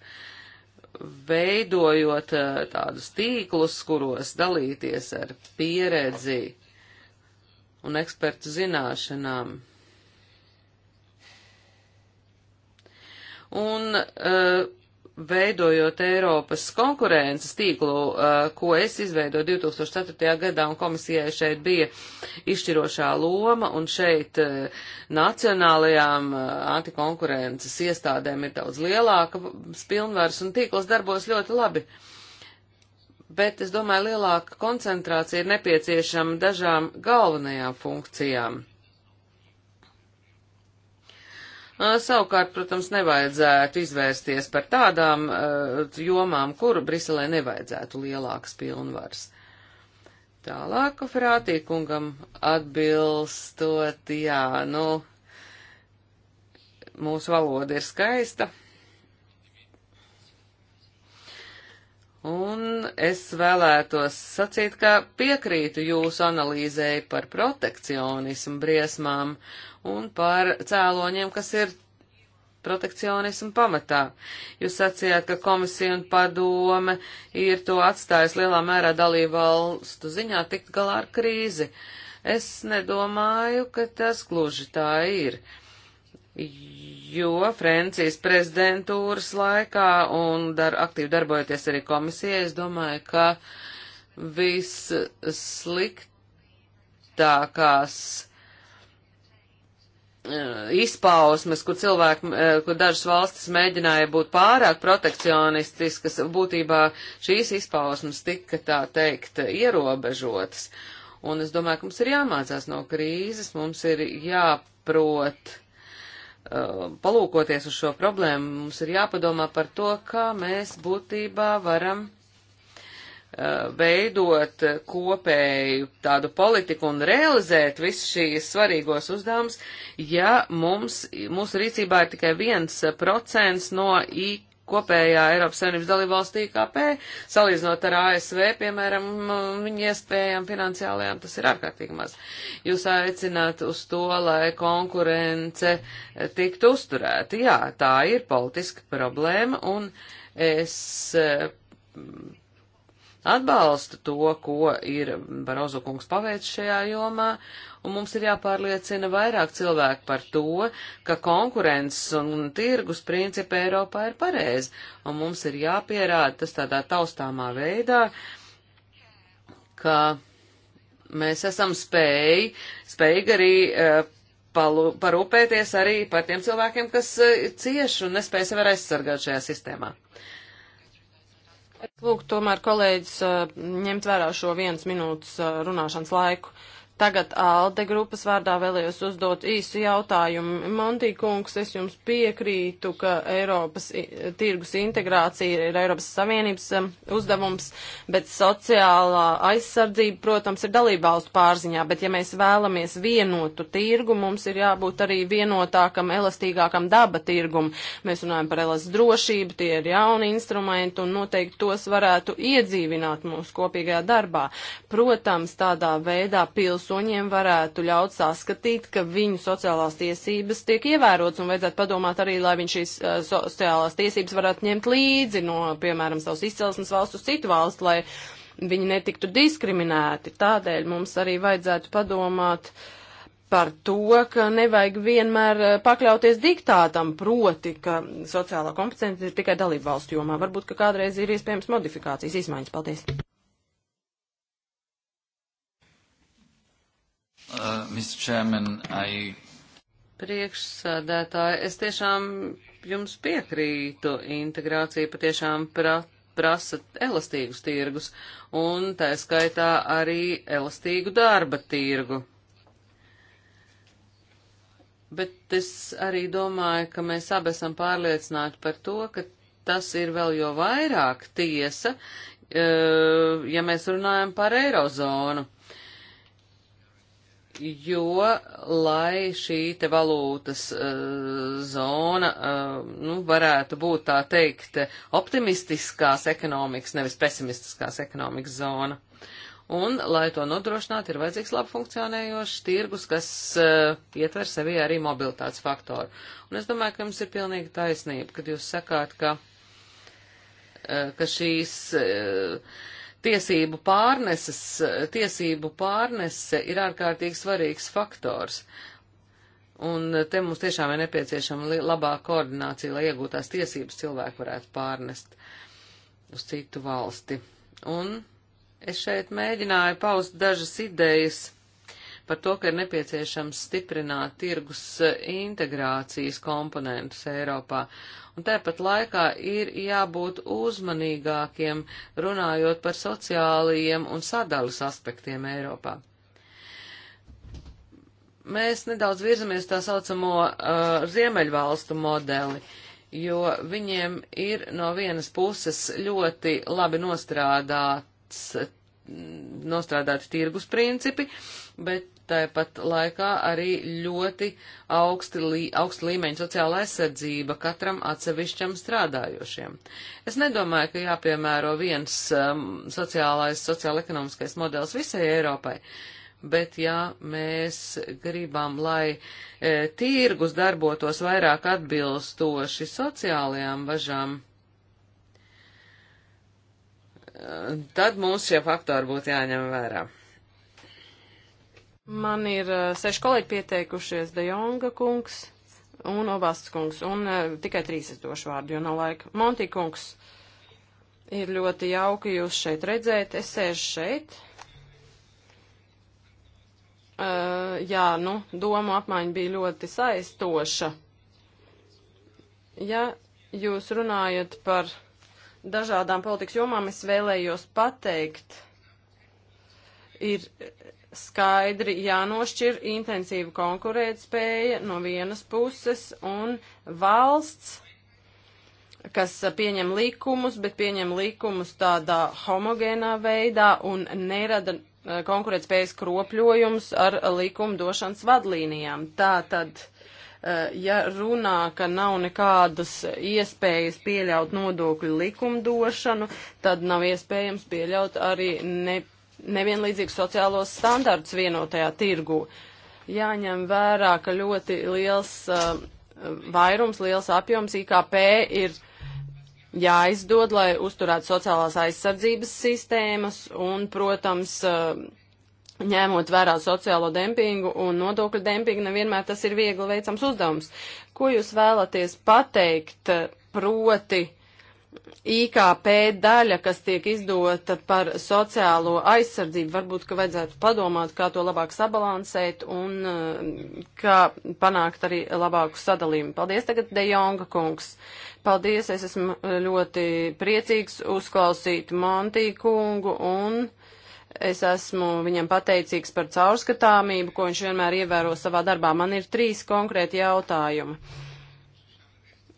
veidojot eh, tādus tīklus, kuros dalīties ar pieredzi un ekspertu zināšanām. Un uh, veidojot Eiropas konkurences tīklu, uh, ko es izveidoju 2004. gadā, un komisijai šeit bija izšķirošā loma, un šeit uh, nacionālajām uh, antikonkurences iestādēm ir daudz lielāka spilnvars, un tīkls darbos ļoti labi. Bet es domāju, lielāka koncentrācija ir nepieciešama dažām galvenajām funkcijām Savukārt, protams, nevajadzētu izvērsties par tādām uh, jomām, kuru Briselē nevajadzētu lielākas pilnvaras. Tālāk, frātīkungam atbilstot, jā, nu, mūsu valoda ir skaista. Un es vēlētos sacīt, ka piekrītu jūsu analīzēji par protekcionismu briesmām un par cēloņiem, kas ir protekcionismu pamatā. Jūs sacījāt, ka komisija un padome ir to atstājis lielā mērā dalību valstu ziņā tikt galā ar krīzi. Es nedomāju, ka tas gluži tā ir, jo Francijas prezidentūras laikā un dar, aktīvi darbojoties arī komisijai, es domāju, ka viss sliktākās Eh, izpausmes, kur cilvēki, eh, kur dažas valstis mēģināja būt pārāk protekcionistiskas, būtībā šīs izpausmes tika tā teikt ierobežotas. Un es domāju, ka mums ir jāmācās no krīzes, mums ir jāprot eh, palūkoties uz šo problēmu, mums ir jāpadomā par to, kā mēs būtībā varam Uh, veidot kopēju tādu politiku un realizēt visus šīs svarīgos uzdevumus, ja mums, mūsu rīcībā ir tikai viens uh, procents no I kopējā Eiropas Savienības dalībvalstī IKP, salīdzinot ar ASV, piemēram, mm, viņu iespējām finansiālajām, tas ir ārkārtīgi maz. Jūs aicināt uz to, lai konkurence eh, tiktu uzturēta. Jā, tā ir politiska problēma, un es eh, atbalsta to, ko ir Barozo kungs paveic šajā jomā, un mums ir jāpārliecina vairāk cilvēku par to, ka konkurences un tirgus principi Eiropā ir pareizi, un mums ir jāpierāda tas tādā taustāmā veidā, ka mēs esam spēj, spējīgi arī uh, palu, parūpēties arī par tiem cilvēkiem, kas uh, cieši un nespēja sevi aizsargāt šajā sistēmā. Lūk, tomēr kolēģis ņemt vērā šo vienas minūtes runāšanas laiku. Tagad ALDE grupas vārdā vēlējos uzdot īsu jautājumu. Montīkungs, es jums piekrītu, ka Eiropas tirgus integrācija ir Eiropas Savienības um, uzdevums, bet sociālā aizsardzība, protams, ir dalībvalstu pārziņā, bet ja mēs vēlamies vienotu tirgu, mums ir jābūt arī vienotākam, elastīgākam daba tirgum. Mēs runājam par elas drošību, tie ir jauni instrumenti un noteikti tos varētu iedzīvināt mūsu kopīgajā darbā. Protams, tādā veidā pilsū pilsoņiem varētu ļaut saskatīt, ka viņu sociālās tiesības tiek ievērotas un vajadzētu padomāt arī, lai viņš šīs uh, sociālās tiesības varētu ņemt līdzi no, piemēram, savas izcelsmes valsts uz citu valstu, lai viņi netiktu diskriminēti. Tādēļ mums arī vajadzētu padomāt par to, ka nevajag vienmēr eh, pakļauties diktātam, proti, ka sociālā kompetence ir tikai dalību valstu jomā. Varbūt, ka kādreiz ir iespējams modifikācijas izmaiņas. Paldies! Uh, Mr. Chairman, I... Priekšsēdētāji, es tiešām jums piekrītu. Integrācija patiešām prat prasa elastīgus tirgus, un tā skaitā arī elastīgu darba tirgu. Bet es arī domāju, ka mēs abi esam pārliecināti par to, ka tas ir vēl jo vairāk tiesa, uh, ja mēs runājam par eirozonu jo, lai šī te valūtas uh, zona, uh, nu, varētu būt tā teikt optimistiskās ekonomikas, nevis pesimistiskās ekonomikas zona. Un, lai to nodrošinātu, ir vajadzīgs labi funkcionējošs tirgus, kas uh, ietver sevī arī mobilitātes faktoru. Un es domāju, ka jums ir pilnīgi taisnība, kad jūs sakāt, ka, uh, ka šīs. Uh, tiesību pārneses, tiesību pārnese ir ārkārtīgi svarīgs faktors. Un te mums tiešām ir nepieciešama labāka koordinācija, lai iegūtās tiesības cilvēku varētu pārnest uz citu valsti. Un es šeit mēģināju paust dažas idejas par to, ka ir nepieciešams stiprināt tirgus integrācijas komponentus Eiropā un tāpat laikā ir jābūt uzmanīgākiem runājot par sociālajiem un sadalas aspektiem Eiropā. Mēs nedaudz virzamies tā saucamo uh, Ziemeļvalstu modeli, jo viņiem ir no vienas puses ļoti labi nostrādāts nostrādāti tirgus principi, bet Tāpat laikā arī ļoti augsti, lī, augsti līmeņa sociāla aizsardzība katram atsevišķam strādājošiem. Es nedomāju, ka jāpiemēro viens um, sociālais, sociāla-ekonomiskais modelis visai Eiropai, bet ja mēs gribam, lai e, tirgus darbotos vairāk atbilstoši sociālajām važām, e, tad mums šie faktori būtu jāņem vērā. Man ir eh, seši kolēģi pieteikušies De Jonga kungs un Obasts kungs, un uh, tikai trīs es došu vārdu, jo nav laika. Monti kungs, ir ļoti jauki jūs šeit redzēt, es sēžu šeit. Uh, jā, nu, domu apmaiņa bija ļoti saistoša. Ja jūs runājat par dažādām politikas jomām, es vēlējos pateikt, ir skaidri jānošķir intensīva konkurētspēja no vienas puses un valsts, kas pieņem likumus, bet pieņem likumus tādā homogēnā veidā un nerada eh, konkurētspējas kropļojums ar likumdošanas vadlīnijām. Tā tad eh, ja runā, ka nav nekādas iespējas pieļaut nodokļu likumdošanu, tad nav iespējams pieļaut arī ne, nevienlīdzīgus sociālos standartus vienotajā tirgu. Jāņem vērā, ka ļoti liels uh, vairums, liels apjoms IKP ir jāizdod, lai uzturētu sociālās aizsardzības sistēmas un, protams, uh, ņemot vērā sociālo dempingu un nodokļu dempingu, nevienmēr tas ir viegli veicams uzdevums. Ko jūs vēlaties pateikt uh, proti? Uh, IKP daļa, kas tiek izdota par sociālo aizsardzību, varbūt, ka vajadzētu padomāt, kā to labāk sabalansēt un eh, kā panākt arī labāku sadalījumu. Paldies tagad, De Jonga kungs. Paldies, es esmu eh, ļoti priecīgs uzklausīt Montī kungu un. Es esmu viņam pateicīgs par caurskatāmību, ko viņš vienmēr ievēro savā darbā. Man ir trīs konkrēti jautājumi. Uh,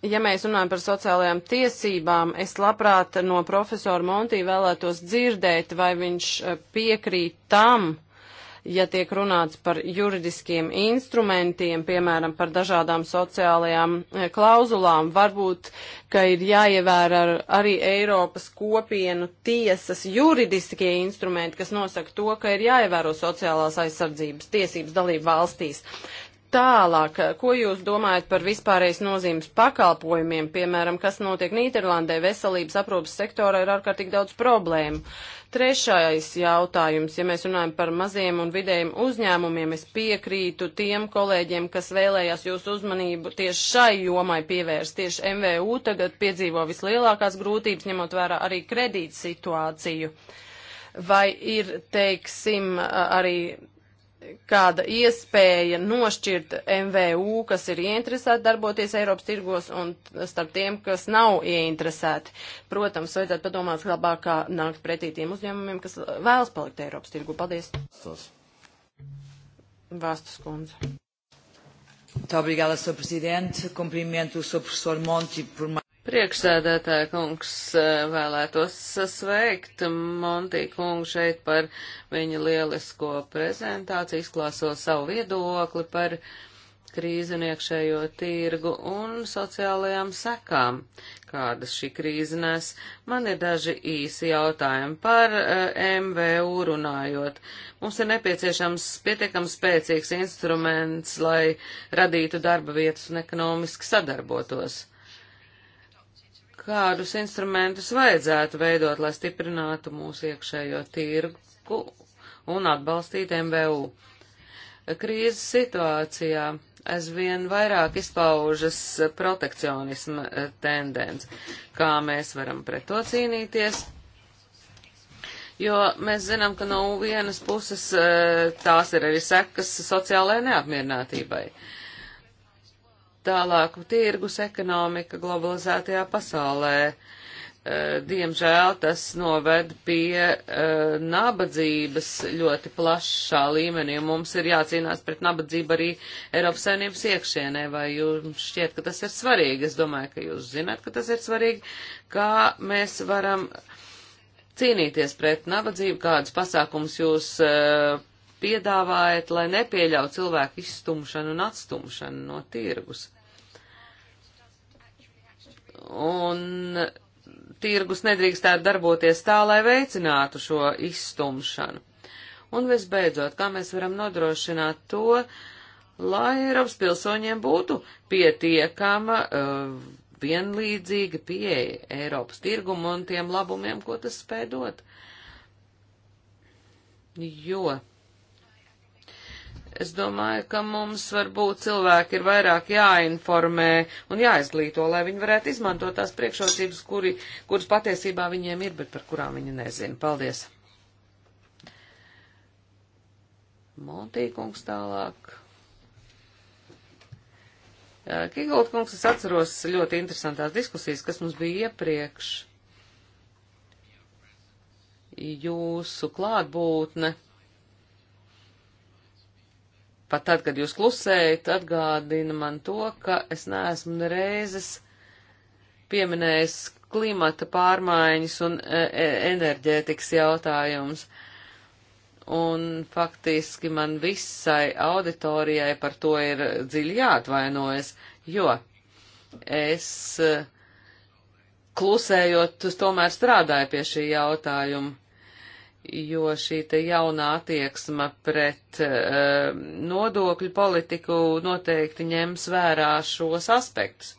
ja mēs runājam par sociālajām tiesībām, es labprāt no profesora Montī vēlētos dzirdēt, vai viņš eh, piekrīt tam, ja tiek runāts par juridiskiem instrumentiem, piemēram, par dažādām sociālajām eh, klauzulām, varbūt, ka ir jāievēra ar, arī Eiropas kopienu tiesas juridiskie instrumenti, kas nosaka to, ka ir jāievēro sociālās aizsardzības tiesības dalību valstīs. Tālāk, ko jūs domājat par vispārējais nozīmes pakalpojumiem, piemēram, kas notiek Nīderlandē, veselības aprūpas sektorā ir ārkārtīgi daudz problēmu. Trešais jautājums, ja mēs runājam par maziem un vidējiem uzņēmumiem, es piekrītu tiem kolēģiem, kas vēlējās jūsu uzmanību tieši šai jomai pievērst. Tieši MVU tagad piedzīvo vislielākās grūtības, ņemot vērā arī kredīt situāciju. Vai ir, teiksim, arī kāda iespēja nošķirt MVU, kas ir ieinteresēti darboties Eiropas tirgos, un starp tiem, kas nav ieinteresēti. Protams, vajadzētu padomāt labāk, kā nākt pretī tiem uzņēmumiem, kas vēlas palikt Eiropas tirgu. Paldies! Vastas kundze. Muito obrigada, Sr. Presidente. Cumprimento o Sr. Professor Monti por mais. Priekšsēdētāja kungs eh, vēlētos sveikt Monti kungu šeit par viņa lielisko prezentāciju, izklāso savu viedokli par krīzi un iekšējo tirgu un sociālajām sekām, kādas šī krīze nes. Man ir daži īsi jautājumi par uh, eh, MVU runājot. Mums ir nepieciešams pietiekams spēcīgs instruments, lai radītu darba vietas un ekonomiski sadarbotos kādus instrumentus vajadzētu veidot, lai stiprinātu mūsu iekšējo tirgu un atbalstītu MVU. Krīzes situācijā aizvien vairāk izpaužas protekcionisma eh, tendence. Kā mēs varam pret to cīnīties? Jo mēs zinām, ka no vienas puses eh, tās ir arī sekas sociālajai neapmierinātībai. Uh, Tālāk tirgus ekonomika globalizētajā pasaulē. Eh, diemžēl tas noved pie uh, nabadzības ļoti plašā līmenī, un mums ir jācīnās pret nabadzību arī Eiropas saimnības iekšienē, vai jums šķiet, ka tas ir svarīgi? Es domāju, ka jūs zināt, ka tas ir svarīgi, kā mēs varam cīnīties pret nabadzību, kādus pasākumus jūs uh, piedāvājat, lai nepieļautu cilvēku izstumšanu un atstumšanu no tirgus un tirgus nedrīkstētu darboties tā, lai veicinātu šo izstumšanu. Un visbeidzot, kā mēs varam nodrošināt to, lai Eiropas pilsoņiem būtu pietiekama uh, vienlīdzīga pieeja Eiropas tirgumu un tiem labumiem, ko tas spēj dot. Jo Es domāju, ka mums varbūt cilvēki ir vairāk jāinformē un jāizglīto, lai viņi varētu izmantot tās priekšrocības, kuri, kuras patiesībā viņiem ir, bet par kurām viņi nezina. Paldies! Montīkungs tālāk. Kigold kungs, es atceros ļoti interesantās diskusijas, kas mums bija iepriekš. Jūsu klātbūtne pat tad, kad jūs klusējat, atgādina man to, ka es neesmu nereizes pieminējis klimata pārmaiņas un e, e enerģētikas jautājums. Un faktiski man visai auditorijai par to ir dziļi jāatvainojas, jo es e, klusējot, tomēr strādāju pie šī jautājuma jo šī te jaunā attieksma pret uh, nodokļu politiku noteikti ņems vērā šos aspektus.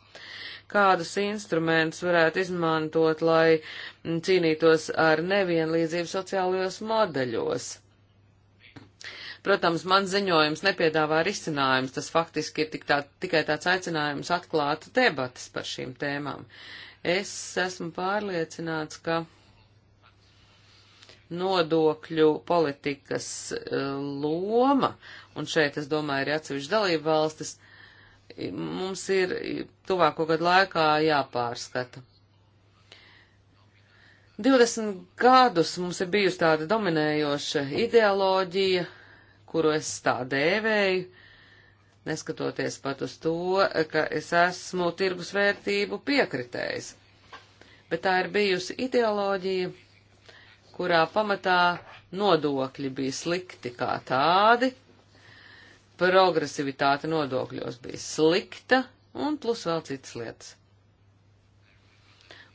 Kādus instrumentus varētu izmantot, lai mm, cīnītos ar nevienlīdzību sociālajos modeļos? Protams, man ziņojums nepiedāvā risinājums, tas faktiski ir tik tā, tikai tāds aicinājums atklāt debatas par šīm tēmām. Es esmu pārliecināts, ka nodokļu politikas e, loma, un šeit, es domāju, ir atsevišķi dalība valstis, mums ir tuvāko gadu laikā jāpārskata. 20 gadus mums ir bijusi tāda dominējoša ideoloģija, kuru es tā dēvēju, neskatoties pat uz to, ka es esmu tirgus vērtību piekritējis. Bet tā ir bijusi ideoloģija, kurā pamatā nodokļi bija slikti kā tādi, progresivitāte nodokļos bija slikta un plus vēl citas lietas.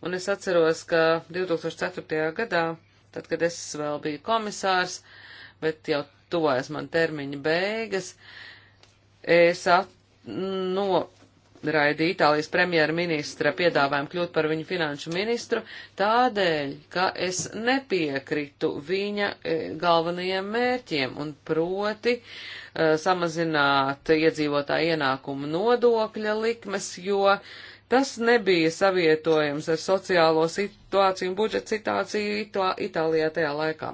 Un es atceros, ka 2004. gadā, tad, kad es vēl biju komisārs, bet jau tuvojas man termiņa beigas, es at, no, noraidīja Itālijas premjerministra piedāvājumu kļūt par viņu finanšu ministru, tādēļ, ka es nepiekrītu viņa e, galvenajiem mērķiem un proti uh, samazināt iedzīvotāju ienākumu nodokļa likmes, jo tas nebija savietojams ar sociālo situāciju un budžeta situāciju Itā Itālijā tajā laikā.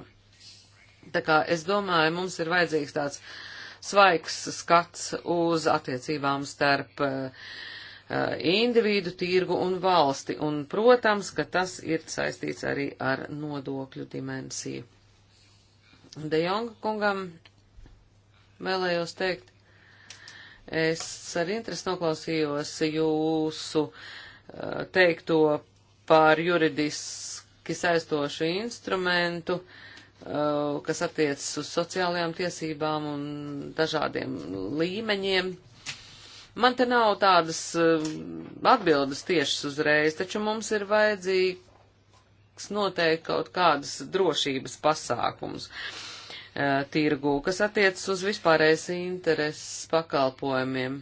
Tā kā es domāju, mums ir vajadzīgs tāds uh, svaigs skats uz attiecībām starp uh, individu, tirgu un valsti, un, protams, ka tas ir saistīts arī ar nodokļu dimensiju. De Jonga kungam vēlējos teikt, es ar interesi noklausījos jūsu eh, teikto par juridiski saistošu instrumentu, uh, Uh, kas attiecas uz sociālajām tiesībām un dažādiem līmeņiem. Man te nav tādas uh, atbildes tiešas uzreiz, taču mums ir vajadzīgs noteikti kaut kādas drošības pasākums uh, tirgū, kas attiecas uz vispārējais intereses pakalpojumiem.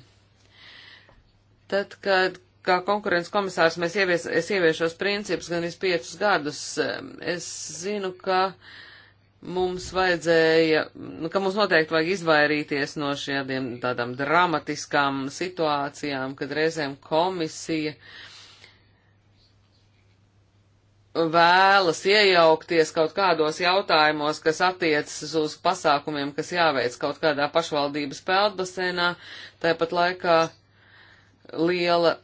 Tad, kad kā konkurences komisārs mēs ievies, es ieviešos principus gan es piecus gadus, es zinu, ka uh, mums vajadzēja, nu, ka mums noteikti vajag izvairīties no šādiem tādām dramatiskām situācijām, kad reizēm komisija vēlas iejaukties kaut kādos jautājumos, kas attiecas uz pasākumiem, kas jāveic kaut kādā pašvaldības peldbasēnā, tāpat laikā liela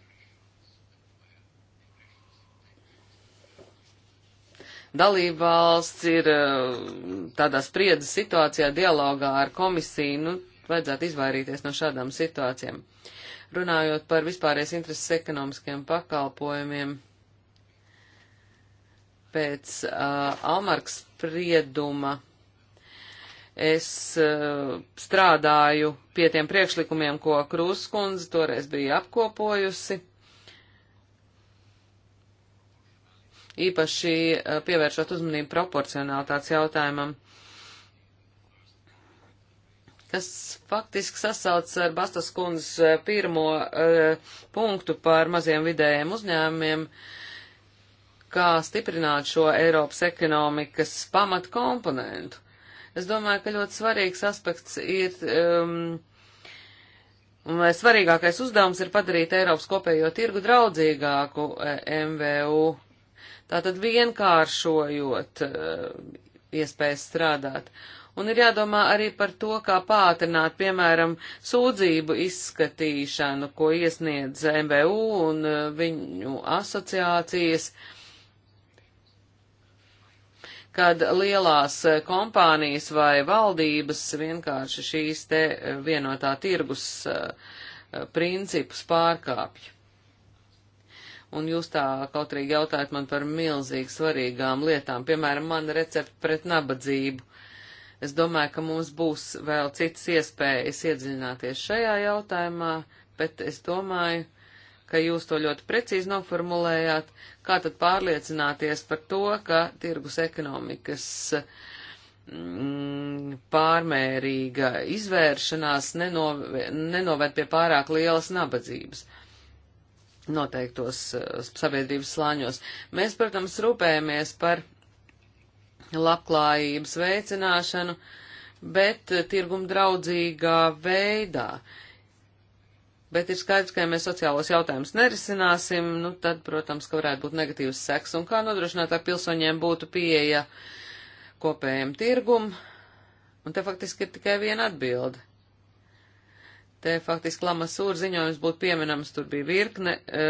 dalībvalsts ir eh, tādā spriedzes situācijā, dialogā ar komisiju, nu, vajadzētu izvairīties no šādām situācijām. Runājot par vispārējais intereses ekonomiskiem pakalpojumiem, pēc uh, Almarks sprieduma es uh, strādāju pie tiem priekšlikumiem, ko Krūskundze toreiz bija apkopojusi īpaši eh, pievēršot uzmanību proporcionalitātes jautājumam, kas faktiski sasaucas ar eh, Bastas kundzes eh, pirmo uh, punktu par maziem vidējiem uzņēmumiem, kā stiprināt šo Eiropas ekonomikas pamatkomponentu. Es domāju, ka ļoti svarīgs aspekts ir, um, svarīgākais uzdevums ir padarīt Eiropas kopējo tirgu draudzīgāku MVU Tātad vienkāršojot eh, iespējas strādāt. Un ir jādomā arī par to, kā pātrināt, piemēram, sūdzību izskatīšanu, ko iesniedz MVU un eh, viņu asociācijas, kad lielās eh, kompānijas vai valdības vienkārši šīs te vienotā tirgus principus pārkāpju un jūs tā kaut arī jautājat man par milzīgi svarīgām lietām, piemēram, man recepti pret nabadzību. Es domāju, ka mums būs vēl citas iespējas iedziļināties šajā jautājumā, bet es domāju, ka jūs to ļoti precīzi noformulējāt, kā tad pārliecināties par to, ka tirgus ekonomikas mm, pārmērīga izvēršanās nenov, nenovērt pie pārāk lielas nabadzības. Uh, noteiktos eh, sabiedrības slāņos. Mēs, protams, rūpējamies par labklājības veicināšanu, bet eh, tirgum draudzīgā veidā. Bet ir skaidrs, ka ja mēs sociālos jautājumus nerisināsim, nu tad, protams, ka varētu būt negatīvs seks. Un kā nodrošināt, lai pilsoņiem būtu pieeja kopējiem tirgum? Un te faktiski ir tikai viena atbilde Te faktiski Lamasūra ziņojums būtu pieminams, tur bija virkne e,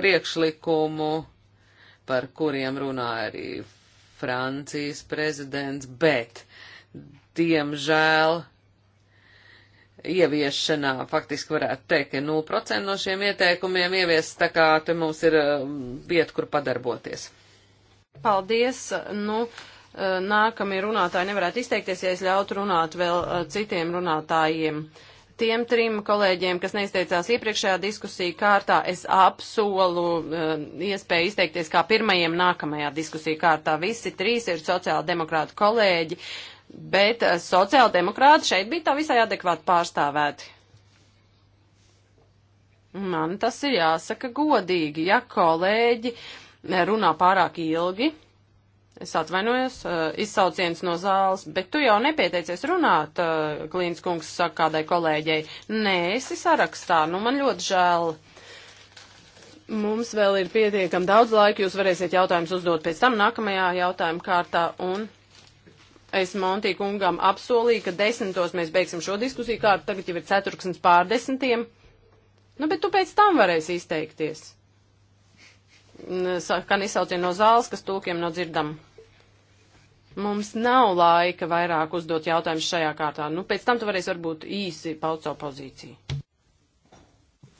priekšlikumu, par kuriem runā arī Francijas prezidents, bet, diemžēl, ieviešanā faktiski varētu teikt, ka 0% no šiem ieteikumiem ieviest, tā kā te mums ir eh, vieta, kur padarboties. Paldies! Nu, uh, Eh, nākamie runātāji nevarētu izteikties, ja es ļautu runāt vēl eh, citiem runātājiem. Tiem trim kolēģiem, kas neizteicās iepriekšējā diskusija kārtā, es apsolu eh, iespēju izteikties kā pirmajiem nākamajā diskusija kārtā. Visi trīs ir sociāldemokrātu kolēģi, bet sociāldemokrāti šeit bija tā visai adekvāti pārstāvēti. Man tas ir jāsaka godīgi, ja kolēģi runā pārāk ilgi Es atvainojos, uh, izsauciens no zāles, bet tu jau nepieteicies runāt, Klīns uh, kungs saka kādai kolēģei. Nē, esi sarakstā, nu man ļoti žēl. Mums vēl ir pietiekam daudz laika, jūs varēsiet jautājumus uzdot pēc tam nākamajā jautājuma kārtā, un es Monti kungam apsolīju, ka desmitos mēs beigsim šo diskusiju kārtu, tagad jau ir ceturksnis pār desmitiem. Nu, bet tu pēc tam varēsi izteikties. Saka, ka nesaucien no zāles, kas tulkiem nav no dzirdama. Mums nav laika vairāk uzdot jautājumus šajā kārtā. Nu, pēc tam tu varēsi varbūt īsi paut savu pozīciju.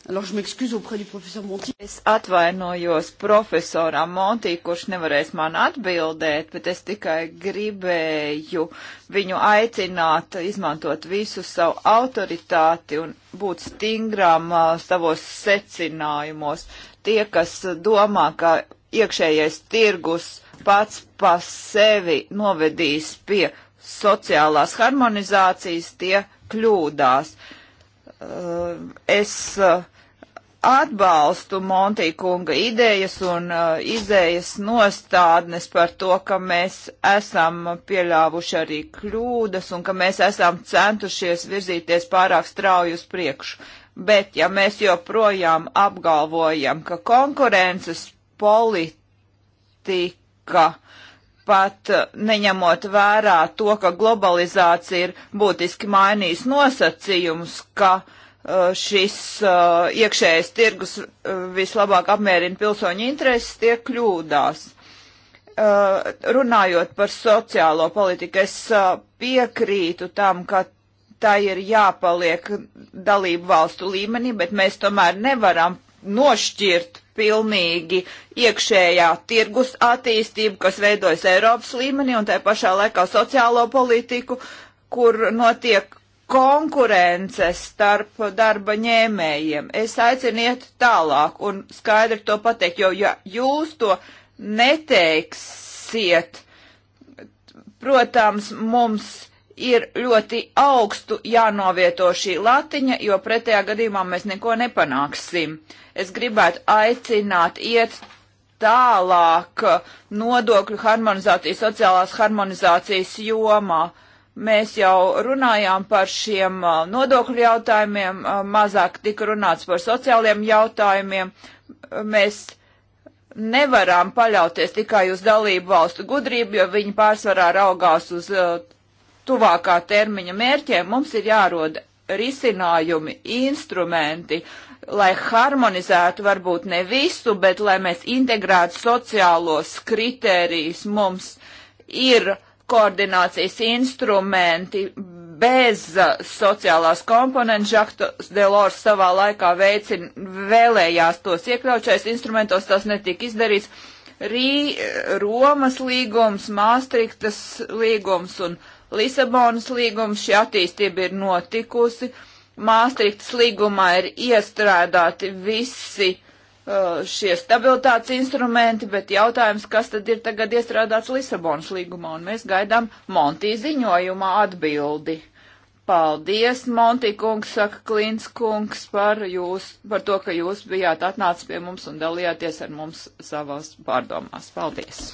Alors, je m'excuse auprès du professeur Monti. Es atvainojos profesoram Monti, kurš nevarēs man atbildēt, bet es tikai gribēju viņu aicināt izmantot visu savu autoritāti un būt stingram uh, savos secinājumos. Tie, kas domā, ka iekšējais tirgus pats pa sevi novedīs pie sociālās harmonizācijas, tie kļūdās. Uh, es uh, atbalstu Montīkunga idejas un uh, izējas nostādnes par to, ka mēs esam pieļāvuši arī kļūdas un ka mēs esam centušies virzīties pārāk strauji uz priekšu. Bet ja mēs joprojām apgalvojam, ka konkurences politika ka pat neņemot vērā to, ka globalizācija ir būtiski mainījis nosacījumus, ka uh, šis uh, iekšējais tirgus uh, vislabāk apmierina pilsoņu intereses, tie kļūdās. Runājot par sociālo politiku, es piekrītu tam, ka tā ir jāpaliek dalību valstu līmenī, bet mēs tomēr nevaram nošķirt pilnīgi iekšējā tirgus attīstību, kas veidojas Eiropas līmenī un tā pašā laikā sociālo politiku, kur notiek konkurence starp darba ņēmējiem. Es aicinu iet tālāk un skaidri to pateikt, jo ja jūs to neteiksiet, protams, mums ir ļoti augstu jānovieto šī latiņa, jo pretējā gadījumā mēs neko nepanāksim. Es gribētu aicināt iet tālāk nodokļu harmonizācijas, sociālās harmonizācijas jomā. Mēs jau runājām par šiem uh, nodokļu jautājumiem, uh, mazāk tika runāts par sociāliem jautājumiem. Mēs nevaram paļauties tikai uz dalību valstu gudrību, jo viņi pārsvarā raugās uz uh, tuvākā termiņa mērķiem, mums ir jāroda risinājumi, instrumenti, lai harmonizētu varbūt ne visu, bet lai mēs integrētu sociālos kritērijus. Mums ir koordinācijas instrumenti bez sociālās komponentes. Žaktos Delors savā laikā veicin, vēlējās tos iekļaut šais instrumentos, tas netika izdarīts. Rī, Romas līgums, Māstriktas līgums un uh, Lisabonas līgums šī attīstība ir notikusi. Māstriktas līgumā ir iestrādāti visi uh, šie stabilitātes instrumenti, bet jautājums, kas tad ir tagad iestrādāts Lisabonas līgumā, un mēs gaidām Montī ziņojumā atbildi. Paldies, Monti kungs, saka Klins kungs, par, jūs, par to, ka jūs bijāt atnācis pie mums un dalījāties ar mums savās pārdomās. Paldies!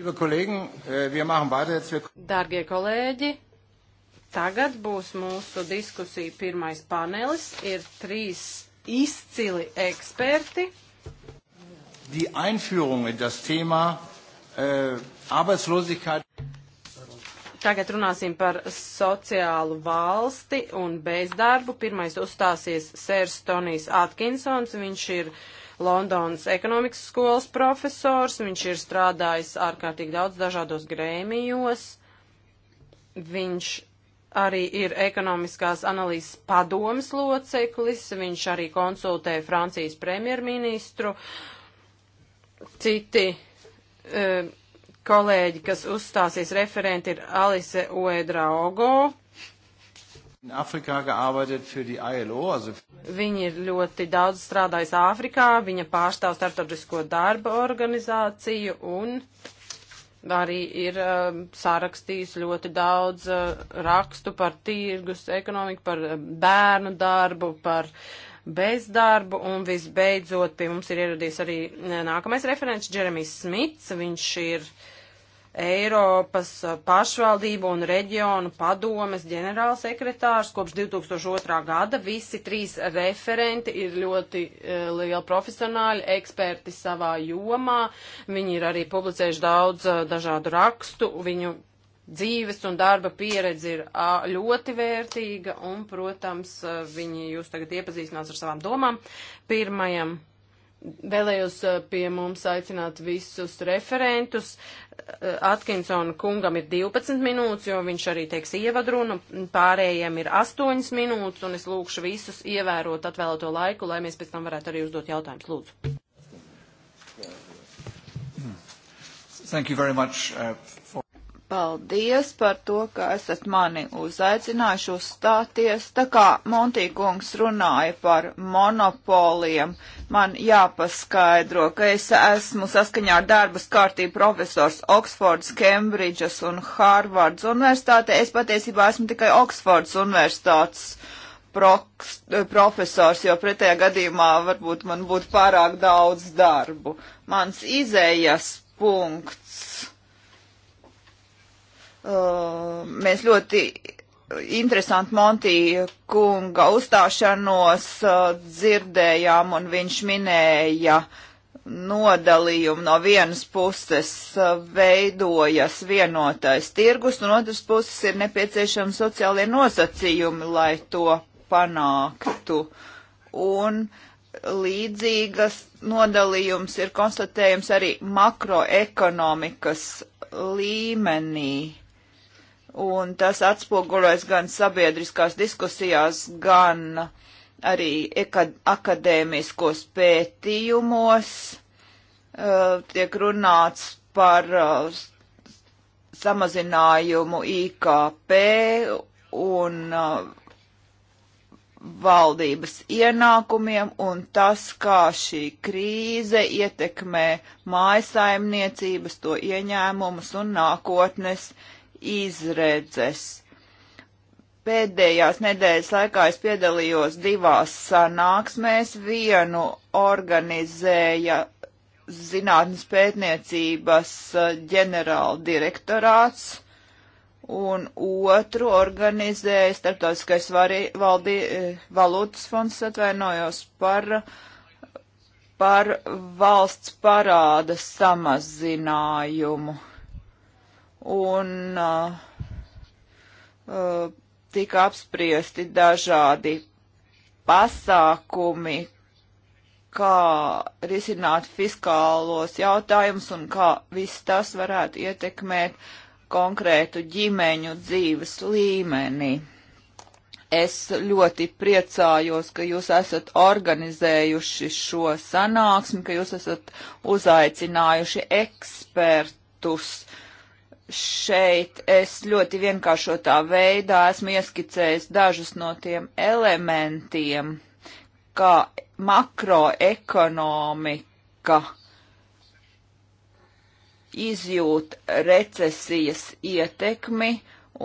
Äh, Dārgie kolēģi, tagad būs mūsu diskusija pirmais panelis. Ir trīs izcili eksperti. Die Einführung in das Thema äh, Arbeitslosigkeit. Tagad runāsim par sociālu valsti un bezdarbu. Pirmais uzstāsies Sērs Tonijs Atkinsons. Viņš ir uh, Londonas ekonomikas skolas profesors, viņš ir strādājis ārkārtīgi daudz dažādos grēmijos, viņš arī ir ekonomiskās analīzes padomas loceklis, viņš arī konsultē Francijas premjerministru, citi. E, kolēģi, kas uzstāsies referenti, ir Alise Uedraogo, ILO, also... Viņi ir ļoti daudz strādājis Āfrikā, viņa pārstāv starptautisko darba organizāciju un arī ir uh, um, sārakstījis ļoti daudz uh, rakstu par tirgus ekonomiku, par um, bērnu darbu, par bezdarbu, un visbeidzot pie mums ir ieradies arī uh, nākamais referents Džeremijs Smits, viņš ir uh, Eiropas uh, pašvaldību un reģionu padomes ģenerālsekretārs kopš 2002. gada. Visi trīs referenti ir ļoti uh, lieli profesionāļi, eksperti savā jomā. Viņi ir arī publicējuši daudz uh, dažādu rakstu. Viņu dzīves un darba pieredze ir ļoti vērtīga un, protams, viņi jūs tagad iepazīstinās ar savām domām. Pirmajam vēlējos pie mums aicināt visus referentus. Atkinsona kungam ir 12 minūtes, jo viņš arī teiks ievadrunu, pārējiem ir 8 minūtes, un es lūkšu visus ievērot atvēlēto laiku, lai mēs pēc tam varētu arī uzdot jautājumus. Lūdzu. Thank you very much uh, Paldies par to, ka esat mani uzaicinājuši uzstāties. Tā kā Montīkungs runāja par monopoliem, man jāpaskaidro, ka es esmu saskaņā ar darbas kārtību profesors Oksfords, Kembridžas un Hārvards universitāte. Es patiesībā esmu tikai Oksfords universitātes proks, profesors, jo pretējā gadījumā varbūt man būtu pārāk daudz darbu. Mans izējas punkts Uh, mēs ļoti interesanti Monti kunga uzstāšanos uh, dzirdējām, un viņš minēja nodalījumu no vienas puses uh, veidojas vienotais tirgus, un otras puses ir nepieciešami sociālie nosacījumi, lai to panāktu. Un līdzīgas nodalījums ir konstatējums arī makroekonomikas līmenī un tas atspoguļojas gan sabiedriskās diskusijās, gan arī akadēmiskos pētījumos. Uh, tiek runāts par uh, samazinājumu IKP un uh, valdības ienākumiem un tas, kā šī krīze ietekmē mājasaimniecības, to ieņēmumus un nākotnes uh, izredzes. Pēdējās nedēļas laikā es piedalījos divās sanāksmēs. Vienu organizēja Zinātnes pētniecības eh, ģenerāla direktorāts un otru organizēja Startautiskais valdī, eh, valūtas fonds, atvainojos, par, par valsts parāda samazinājumu un uh, uh, tika apspriesti dažādi pasākumi, kā risināt fiskālos jautājumus un kā viss tas varētu ietekmēt konkrētu ģimeņu dzīves līmeni. Es ļoti priecājos, ka jūs esat organizējuši šo sanāksmi, ka jūs esat uzaicinājuši ekspertus uh, šeit es ļoti vienkāršotā veidā esmu ieskicējis dažus no tiem elementiem, kā makroekonomika izjūt recesijas ietekmi,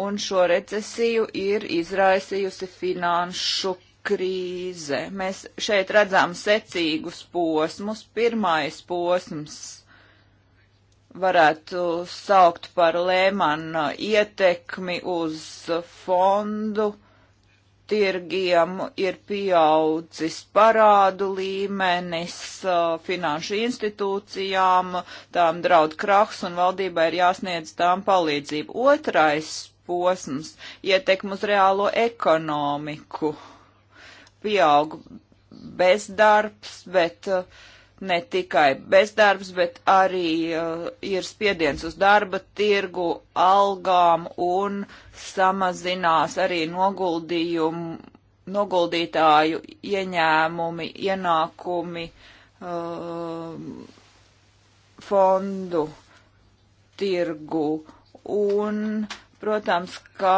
un šo recesiju ir izraisījusi finanšu krīze. Mēs šeit redzam secīgus posmus. Pirmais posms varētu saukt par Lēmana ietekmi uz fondu tirgiem ir pieaudzis parādu līmenis finanšu institūcijām, tām draud krahs un valdībai ir jāsniedz tām palīdzību. Otrais posms - ietekm uz reālo ekonomiku. Pieaug bezdarbs, bet uh, ne tikai bezdarbs, bet arī uh, ir spiediens uz darba tirgu, algām un samazinās arī noguldījumu, noguldītāju ieņēmumi, ienākumi uh, fondu tirgu. Un, protams, ka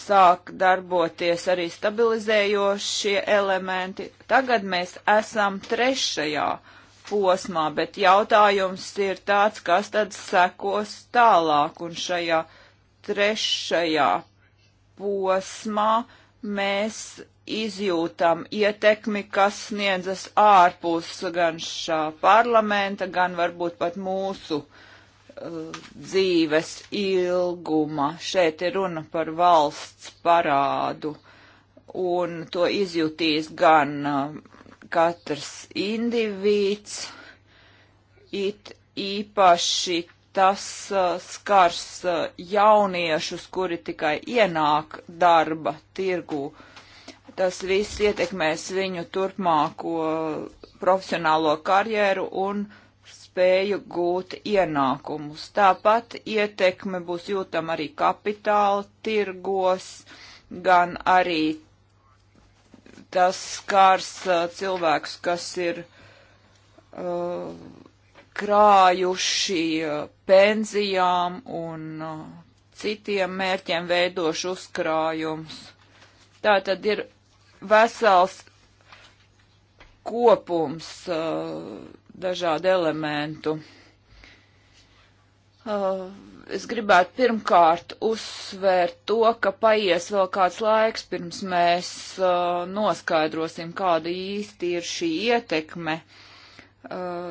sāk darboties arī stabilizējošie elementi. Tagad mēs esam trešajā posmā, bet jautājums ir tāds, kas tad sekos tālāk un šajā trešajā posmā mēs izjūtam ietekmi, kas sniedzas ārpus gan šā parlamenta, gan varbūt pat mūsu uh, dzīves ilguma. Šeit ir runa par valsts parādu, un to izjutīs gan uh, katrs indivīds, it īpaši tas uh, skars uh, jauniešus, kuri tikai ienāk darba tirgū. Tas viss ietekmēs viņu turpmāko profesionālo karjeru un uh, spēju gūt ienākumus. Tāpat ietekme būs jūtama arī kapitāla tirgos, gan arī tas skars uh, cilvēks, kas ir uh, krājuši uh, pensijām un uh, citiem mērķiem veidoši uzkrājumus. Tā tad ir vesels kopums uh, dažādu elementu. Uh, es gribētu pirmkārt uzsvērt to, ka paies vēl kāds laiks, pirms mēs uh, noskaidrosim, kāda īsti ir šī ietekme. Uh,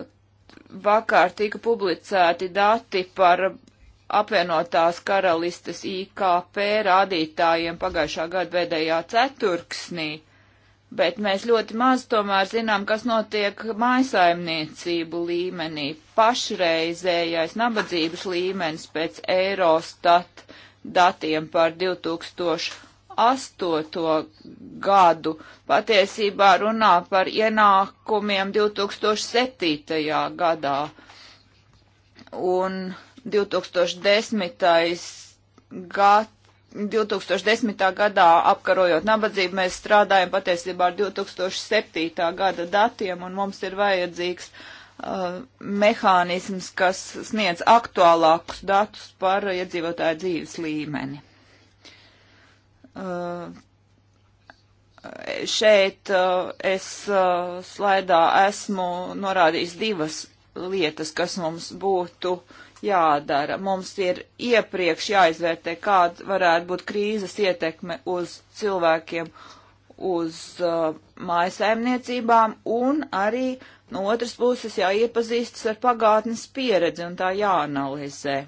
vakar tika publicēti dati par apvienotās karalistes IKP rādītājiem pagājušā gada pēdējā ceturksnī bet mēs ļoti maz tomēr zinām, kas notiek mājasaimniecību līmenī. Pašreizējais nabadzības līmenis pēc Eurostat datiem par 2008. gadu patiesībā runā par ienākumiem 2007. gadā. Un 2010. gads 2010. gadā apkarojot nabadzību, mēs strādājam patiesībā ar 2007. gada datiem, un mums ir vajadzīgs uh, mehānisms, kas sniedz aktuālākus datus par iedzīvotāju dzīves līmeni. Uh, šeit uh, es uh, slaidā esmu norādījis divas lietas, kas mums būtu jādara. Mums ir iepriekš jāizvērtē, kāda varētu būt krīzes ietekme uz cilvēkiem, uz uh, mājasēmniecībām un arī no otras puses jāiepazīstas ar pagātnes pieredzi un tā jāanalizē.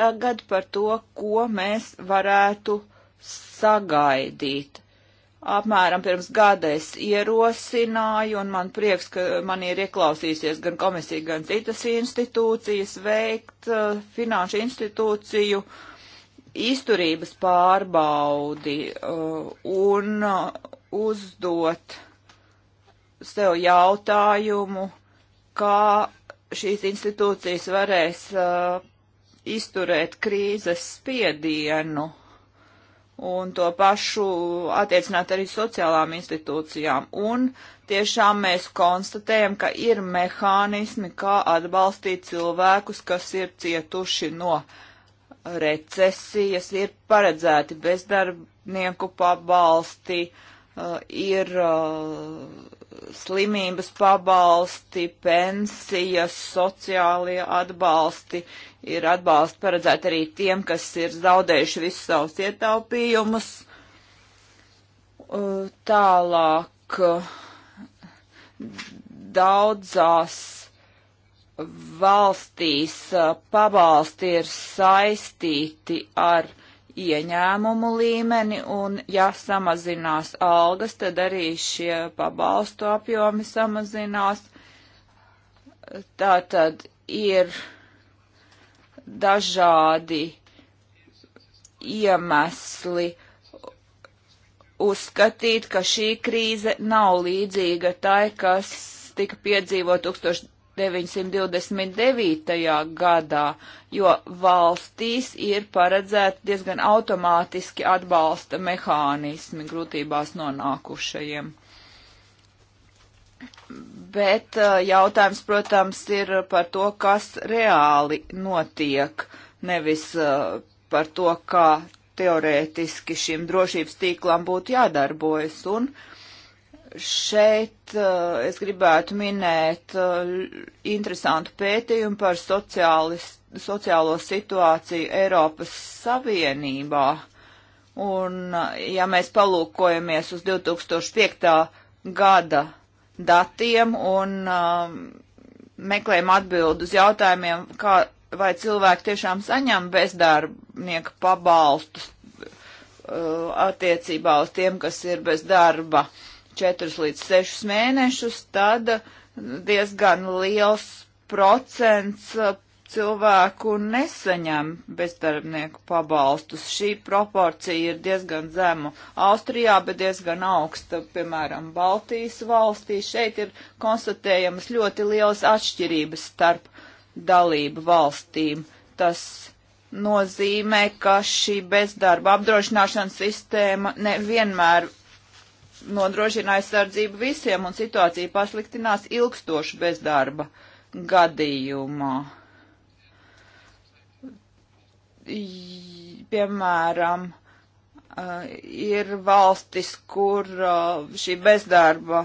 Tagad par to, ko mēs varētu sagaidīt apmēram pirms gada es ierosināju, un man prieks, ka man ir ieklausīsies gan komisija, gan citas institūcijas veikt uh, finanšu institūciju izturības pārbaudi uh, un uh, uzdot sev jautājumu, kā šīs institūcijas varēs uh, izturēt krīzes spiedienu. Uh, un to pašu attiecināt arī sociālām institūcijām. Un tiešām mēs konstatējam, ka ir mehānismi, kā atbalstīt cilvēkus, kas ir cietuši no recesijas, ir paredzēti bezdarbnieku pabalsti, uh, ir uh, slimības pabalsti, pensijas, sociālie atbalsti, ir atbalsti paredzēti arī tiem, kas ir zaudējuši visus savus ietaupījumus. Uh, tālāk uh, daudzās valstīs uh, pabalsti ir saistīti ar ieņēmumu līmeni, un ja samazinās algas, tad arī šie pabalstu apjomi samazinās. Tā tad ir dažādi iemesli uzskatīt, ka šī krīze nav līdzīga tai, kas tika piedzīvo 1000. 929. gadā, jo valstīs ir paredzēti diezgan automātiski atbalsta mehānismi grūtībās nonākušajiem. Bet uh, jautājums, protams, ir par to, kas reāli notiek, nevis uh, par to, kā teorētiski šim drošības tīklam būtu jādarbojas. Un, uh, Šeit eh, es gribētu minēt eh, interesantu pētījumu par sociālis, sociālo situāciju Eiropas Savienībā. Un, eh, ja mēs palūkojamies uz 2005. gada datiem un um, meklējam atbildu uz jautājumiem, kā, vai cilvēki tiešām saņem bezdarbnieka pabalstus uh, attiecībā uz tiem, kas ir bez darba. Uh, 4 līdz 6 mēnešus, tad diezgan liels procents uh, cilvēku nesaņem bezdarbnieku pabalstus. Šī proporcija ir diezgan zema Austrijā, bet diezgan augsta, piemēram, Baltijas valstī. Šeit ir konstatējamas ļoti lielas atšķirības starp dalību valstīm. Tas nozīmē, ka šī bezdarba apdrošināšanas sistēma nevienmēr nodrošina aizsardzību visiem, un situācija pasliktinās ilgstoši bezdarba gadījumā. Piemēram, eh, ir valstis, kur eh, šī bezdarba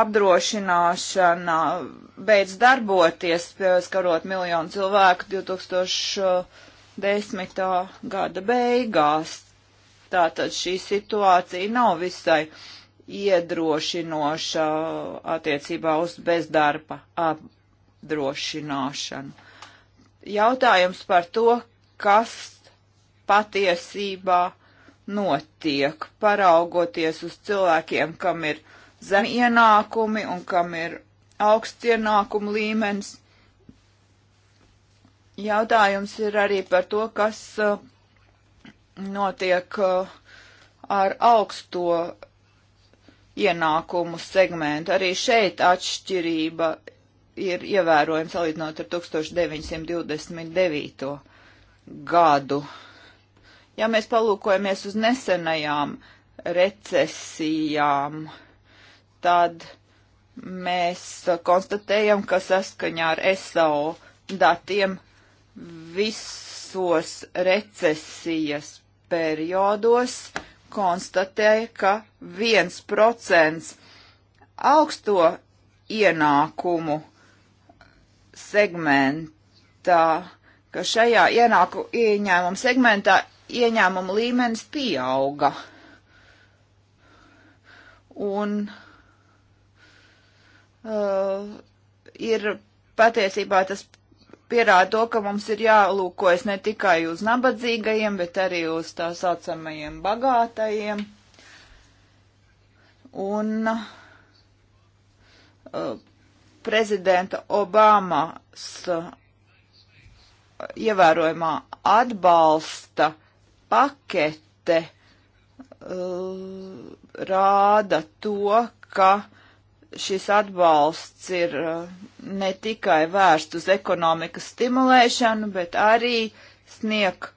apdrošināšana beidz darboties, skarot miljonu cilvēku 2010. gada beigās Tātad šī situācija nav visai iedrošinoša attiecībā uz bezdarba apdrošināšanu. Jautājums par to, kas patiesībā notiek, paraugoties uz cilvēkiem, kam ir zem ienākumi un kam ir augsts ienākumu līmenis. Jautājums ir arī par to, kas notiek uh, ar augsto ienākumu segmentu. Arī šeit atšķirība ir ievērojama salīdzinot ar 1929. gadu. Ja mēs palūkojamies uz nesenajām recesijām, tad mēs konstatējam, ka saskaņā ar SAO datiem visos recesijas periodos konstatēja, ka 1% augsto ienākumu segmentā, ka šajā ienāku ieņēmumu segmentā ieņēmumu līmenis pieauga. Un uh, ir patiesībā tas pierāda to, ka mums ir jālūkojas ne tikai uz nabadzīgajiem, bet arī uz tā saucamajiem bagātajiem. Un uh, prezidenta Obamas uh, ievērojumā atbalsta pakete uh, rāda to, ka uh, šis atbalsts ir uh, ne tikai vērsts uz ekonomikas stimulēšanu, bet arī snieg,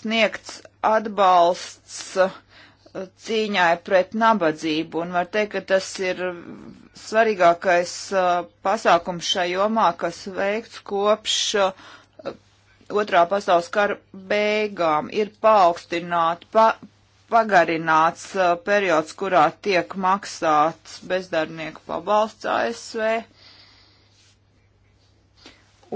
sniegts atbalsts uh, cīņai pret nabadzību. Un var teikt, ka tas ir svarīgākais uh, pasākums šai jomā, kas veikts kopš otrā pasaules kara beigām, ir paaugstināt pa pagarināts uh, periods, kurā tiek maksāts bezdarnieku pabalsts ASV.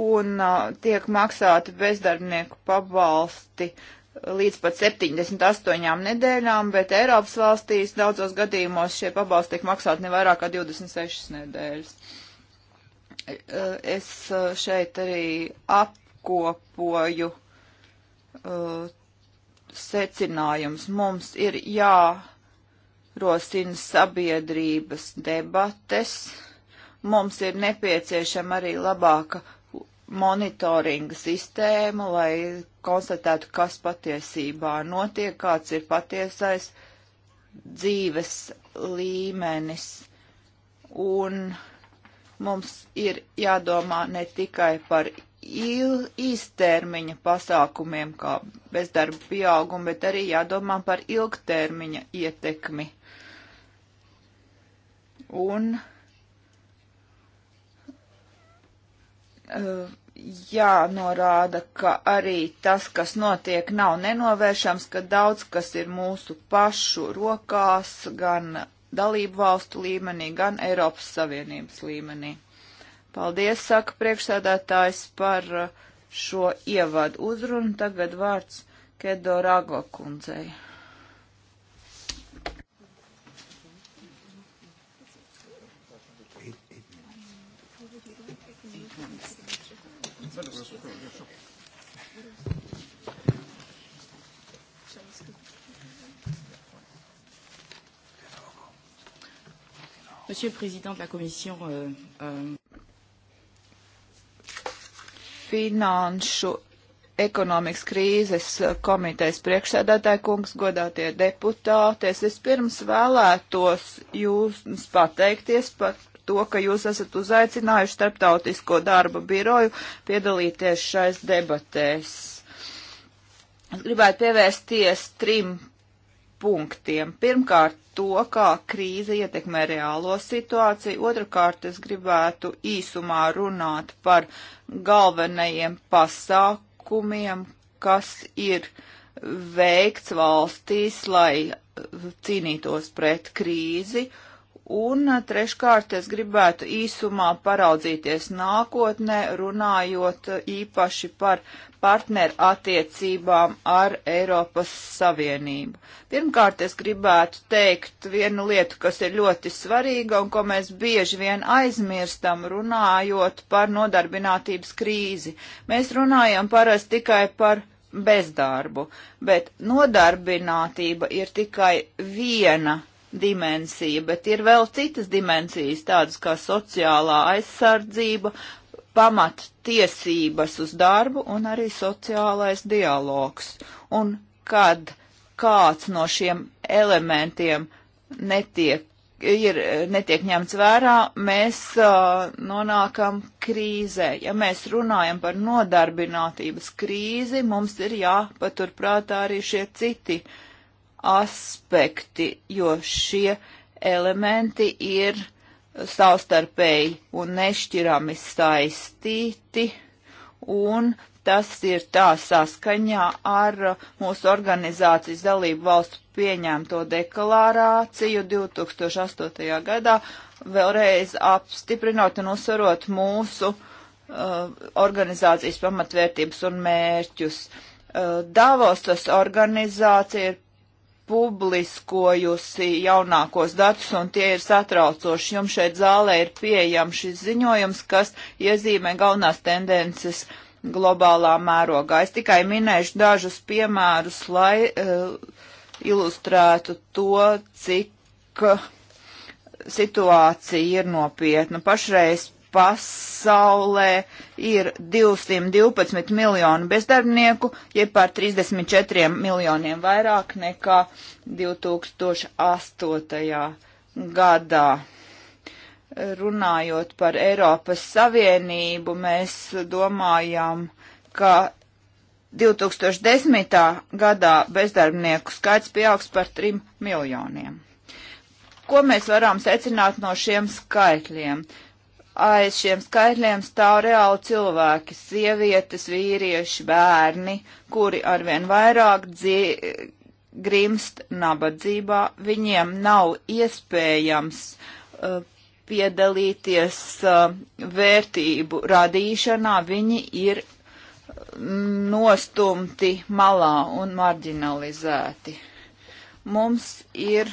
Un uh, tiek maksāti bezdarnieku pabalsti uh, līdz pat 78 nedēļām, bet Eiropas valstīs daudzos gadījumos šie pabalsti tiek maksāti ne vairāk kā 26 nedēļas. Uh, es uh, šeit arī apkopoju uh, secinājums. Mums ir jārosina sabiedrības debates, mums ir nepieciešama arī labāka monitoringa sistēma, lai konstatētu, kas patiesībā notiek, kāds ir patiesais dzīves līmenis. Un mums ir jādomā ne tikai par īstermiņa pasākumiem, kā bezdarba pieauguma, bet arī jādomā par ilgtermiņa ietekmi. Un eh, jānorāda, ka arī tas, kas notiek, nav nenovēršams, ka daudz kas ir mūsu pašu rokās, gan dalību valstu līmenī, gan Eiropas Savienības līmenī. Paldies, saka priekšsēdētājs par uh, šo ievadu uzrunu. Tagad vārds Kedo Rago kundzei. Monsieur le Président de la Commission, euh, euh finanšu ekonomikas krīzes komitejas priekšsēdētāja kungs, godātie deputāti. Es vispirms vēlētos jūs pateikties par to, ka jūs esat uzaicinājuši starptautisko darba biroju piedalīties šais debatēs. Es gribētu pievērsties trim punktiem. Pirmkārt, to, kā krīze ietekmē reālo situāciju. Otrakārt, es gribētu īsumā runāt par galvenajiem pasākumiem, kas ir veikts valstīs, lai cīnītos pret krīzi. Uh, Un eh, treškārt es gribētu īsumā paraudzīties nākotnē, runājot eh, īpaši par partneru attiecībām ar Eiropas Savienību. Pirmkārt, es gribētu teikt vienu lietu, kas ir ļoti svarīga un ko mēs bieži vien aizmirstam runājot par nodarbinātības krīzi. Mēs runājam parasti tikai par bezdarbu, bet nodarbinātība ir tikai viena dimensija, bet ir vēl citas dimensijas, tādas kā sociālā aizsardzība, pamat tiesības uz darbu un arī sociālais dialogs. Un kad kāds no šiem elementiem netiek, ir, netiek ņemts vērā, mēs uh, nonākam krīzē. Ja mēs runājam par nodarbinātības krīzi, mums ir jāpaturprātā arī šie citi uh, aspekti, jo šie elementi ir savstarpēji un nešķirami saistīti, un tas ir tā saskaņā ar mūsu organizācijas dalību valstu pieņemto deklarāciju 2008. gadā, vēlreiz apstiprinot un uzsvarot mūsu uh, organizācijas pamatvērtības un mērķus. Uh, Davosas organizācija ir publiskojusi jaunākos datus, un tie ir satraucoši. Jums šeit zālē ir pieejams šis ziņojums, kas iezīmē galvenās tendences globālā mērogā. Es tikai minēšu dažus piemērus, lai uh, ilustrētu to, cik eh, situācija ir nopietna. Pašreiz pasaulē ir 212 miljonu bezdarbnieku, jeb par 34 miljoniem vairāk nekā 2008. gadā. Runājot par Eiropas Savienību, mēs domājām, ka 2010. gadā bezdarbnieku skaits pieaugs par 3 miljoniem. Ko mēs varam secināt no šiem skaitļiem? Uh, aiz šiem skaitļiem stāv reāli cilvēki, sievietes, vīrieši, bērni, kuri arvien vairāk grimst nabadzībā, viņiem nav iespējams uh, piedalīties uh, vērtību radīšanā, viņi ir mm, nostumti malā un marginalizēti. Mums ir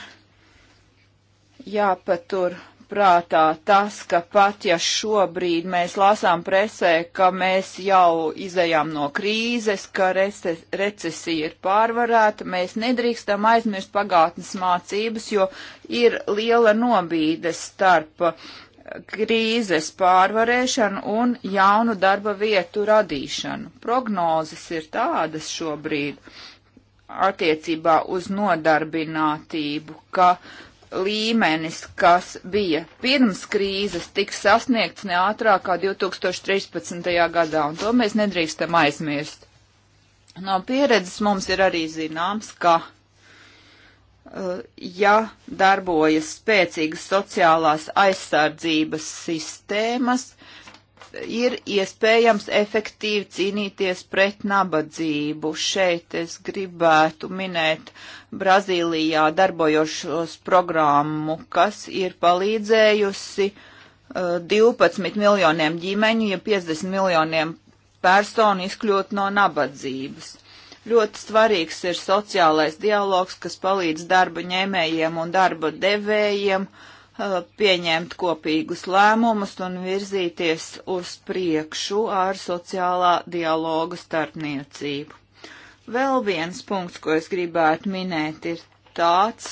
jāpatur prātā tas, ka pat ja šobrīd mēs lasām presē, ka mēs jau izējām no krīzes, ka reces recesija ir pārvarēta, mēs nedrīkstam aizmirst pagātnes mācības, jo ir liela nobīde starp krīzes pārvarēšanu un jaunu darba vietu radīšanu. Prognozes ir tādas šobrīd attiecībā uz nodarbinātību, ka uh, līmenis, kas bija pirms krīzes, tiks sasniegts ne ātrāk kā 2013. gadā, un to mēs nedrīkstam aizmirst. No pieredzes mums ir arī zināms, ka eh, ja darbojas spēcīgas sociālās aizsardzības sistēmas, ir iespējams efektīvi cīnīties pret nabadzību. Šeit es gribētu minēt Brazīlijā darbojošos programmu, kas ir palīdzējusi 12 uh, miljoniem ģimeņu, ja 50 miljoniem personu izkļūt no nabadzības. Ļoti svarīgs ir sociālais dialogs, kas palīdz darba ņēmējiem un darba devējiem uh, Uh, pieņemt kopīgus lēmumus un virzīties uz priekšu ar sociālā dialoga starpniecību. Vēl viens punkts, ko es gribētu minēt, ir tāds,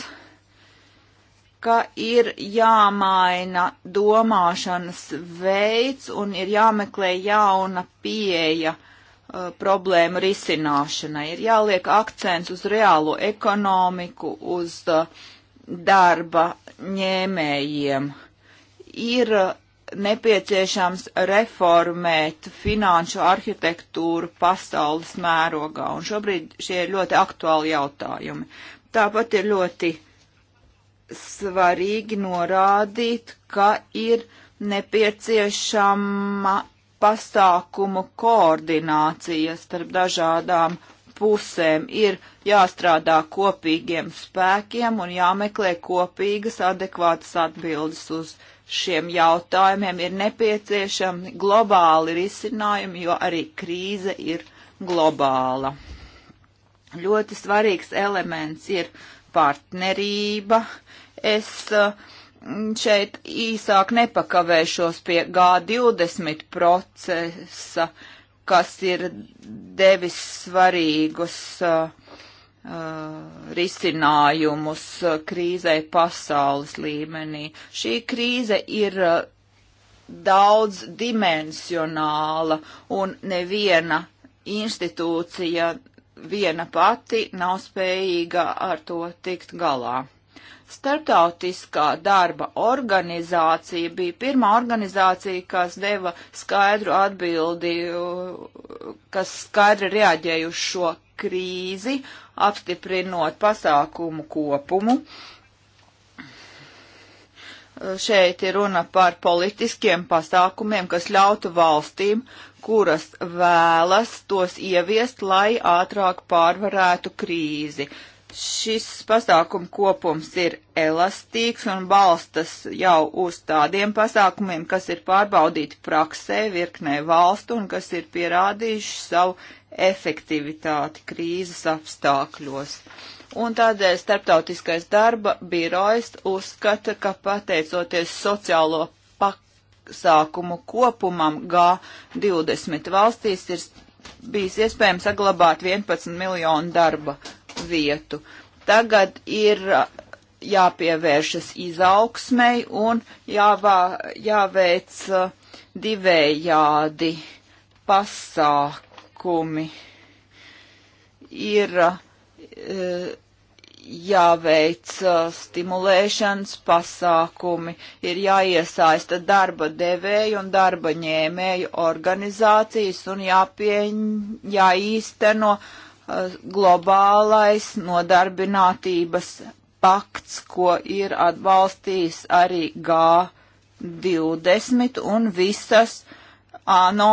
ka ir jāmaina domāšanas veids un ir jāmeklē jauna pieeja uh, problēmu risināšanai. Ir jāliek akcents uz reālo ekonomiku, uz uh, darba ņēmējiem. Ir nepieciešams reformēt finanšu arhitektūru pasaules mērogā, un šobrīd šie ir ļoti aktuāli jautājumi. Tāpat ir ļoti svarīgi norādīt, ka ir nepieciešama pasākumu koordinācija starp dažādām pusēm ir jāstrādā kopīgiem spēkiem un jāmeklē kopīgas adekvātas atbildes uz šiem jautājumiem. Ir nepieciešami globāli risinājumi, jo arī krīze ir globāla. Ļoti svarīgs elements ir partnerība. Es uh, šeit īsāk nepakavēšos pie G20 procesa. Uh, kas ir devis svarīgus uh, uh, risinājumus uh, krīzei pasaules līmenī. Šī krīze ir uh, daudz dimensionāla un neviena institūcija viena pati nav spējīga ar to tikt galā. Startautiskā darba organizācija bija pirmā organizācija, kas deva skaidru atbildi, kas skaidri reaģēja uz šo krīzi, apstiprinot pasākumu kopumu. Šeit ir runa par politiskiem pasākumiem, kas ļautu valstīm, kuras vēlas tos ieviest, lai ātrāk pārvarētu krīzi šis pasākumu kopums ir elastīgs un balstas jau uz tādiem pasākumiem, kas ir pārbaudīti praksē virknē valstu un kas ir pierādījuši savu efektivitāti krīzes apstākļos. Un tādēļ starptautiskais darba birojs uzskata, ka pateicoties sociālo pasākumu kopumam G20 valstīs ir bijis iespējams saglabāt 11 miljonu darba vietu vietu. Tagad ir uh, jāpievēršas izaugsmei un jāvā, jāveic uh, divējādi pasākumi. Ir uh, jāveic stimulēšanas pasākumi, ir jāiesaista darba devēju un darba ņēmēju organizācijas un jāpieņ, jāīsteno uh, Uh, globālais nodarbinātības pakts, ko ir atbalstījis arī G20 un visas ANO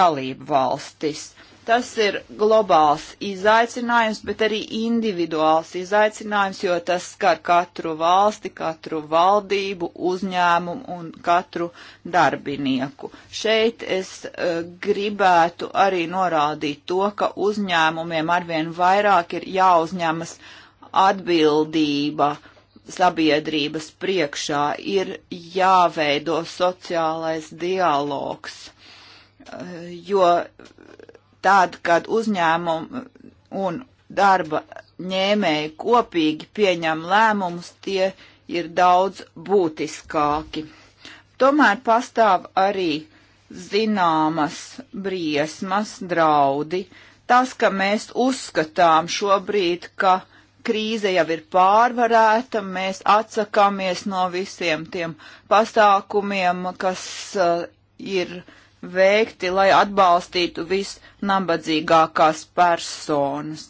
dalību valstis. Tas ir globāls izaicinājums, bet arī individuāls izaicinājums, jo tas skar katru valsti, katru valdību, uzņēmumu un katru darbinieku. Šeit es uh, gribētu arī norādīt to, ka uzņēmumiem arvien vairāk ir jāuzņemas atbildība sabiedrības priekšā, ir jāveido sociālais dialogs, uh, jo tad, kad uzņēmumi un darba ņēmēji kopīgi pieņem lēmumus, tie ir daudz būtiskāki. Tomēr pastāv arī zināmas briesmas, draudi. Tas, ka mēs uzskatām šobrīd, ka krīze jau ir pārvarēta, mēs atsakāmies no visiem tiem pasākumiem, kas uh, ir uh, veikti, lai atbalstītu visnabadzīgākās personas.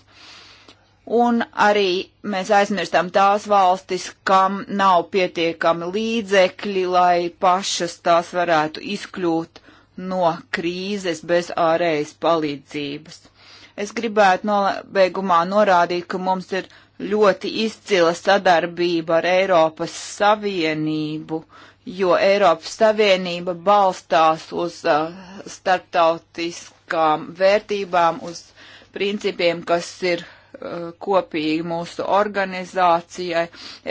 Un arī mēs aizmirstam tās valstis, kam nav pietiekami līdzekļi, lai pašas tās varētu izkļūt no krīzes bez ārējas palīdzības. Es gribētu nobeigumā norādīt, ka mums ir ļoti izcila sadarbība ar Eiropas Savienību, jo Eiropas Savienība balstās uz uh, starptautiskām vērtībām, uz principiem, kas ir uh, kopīgi mūsu organizācijai.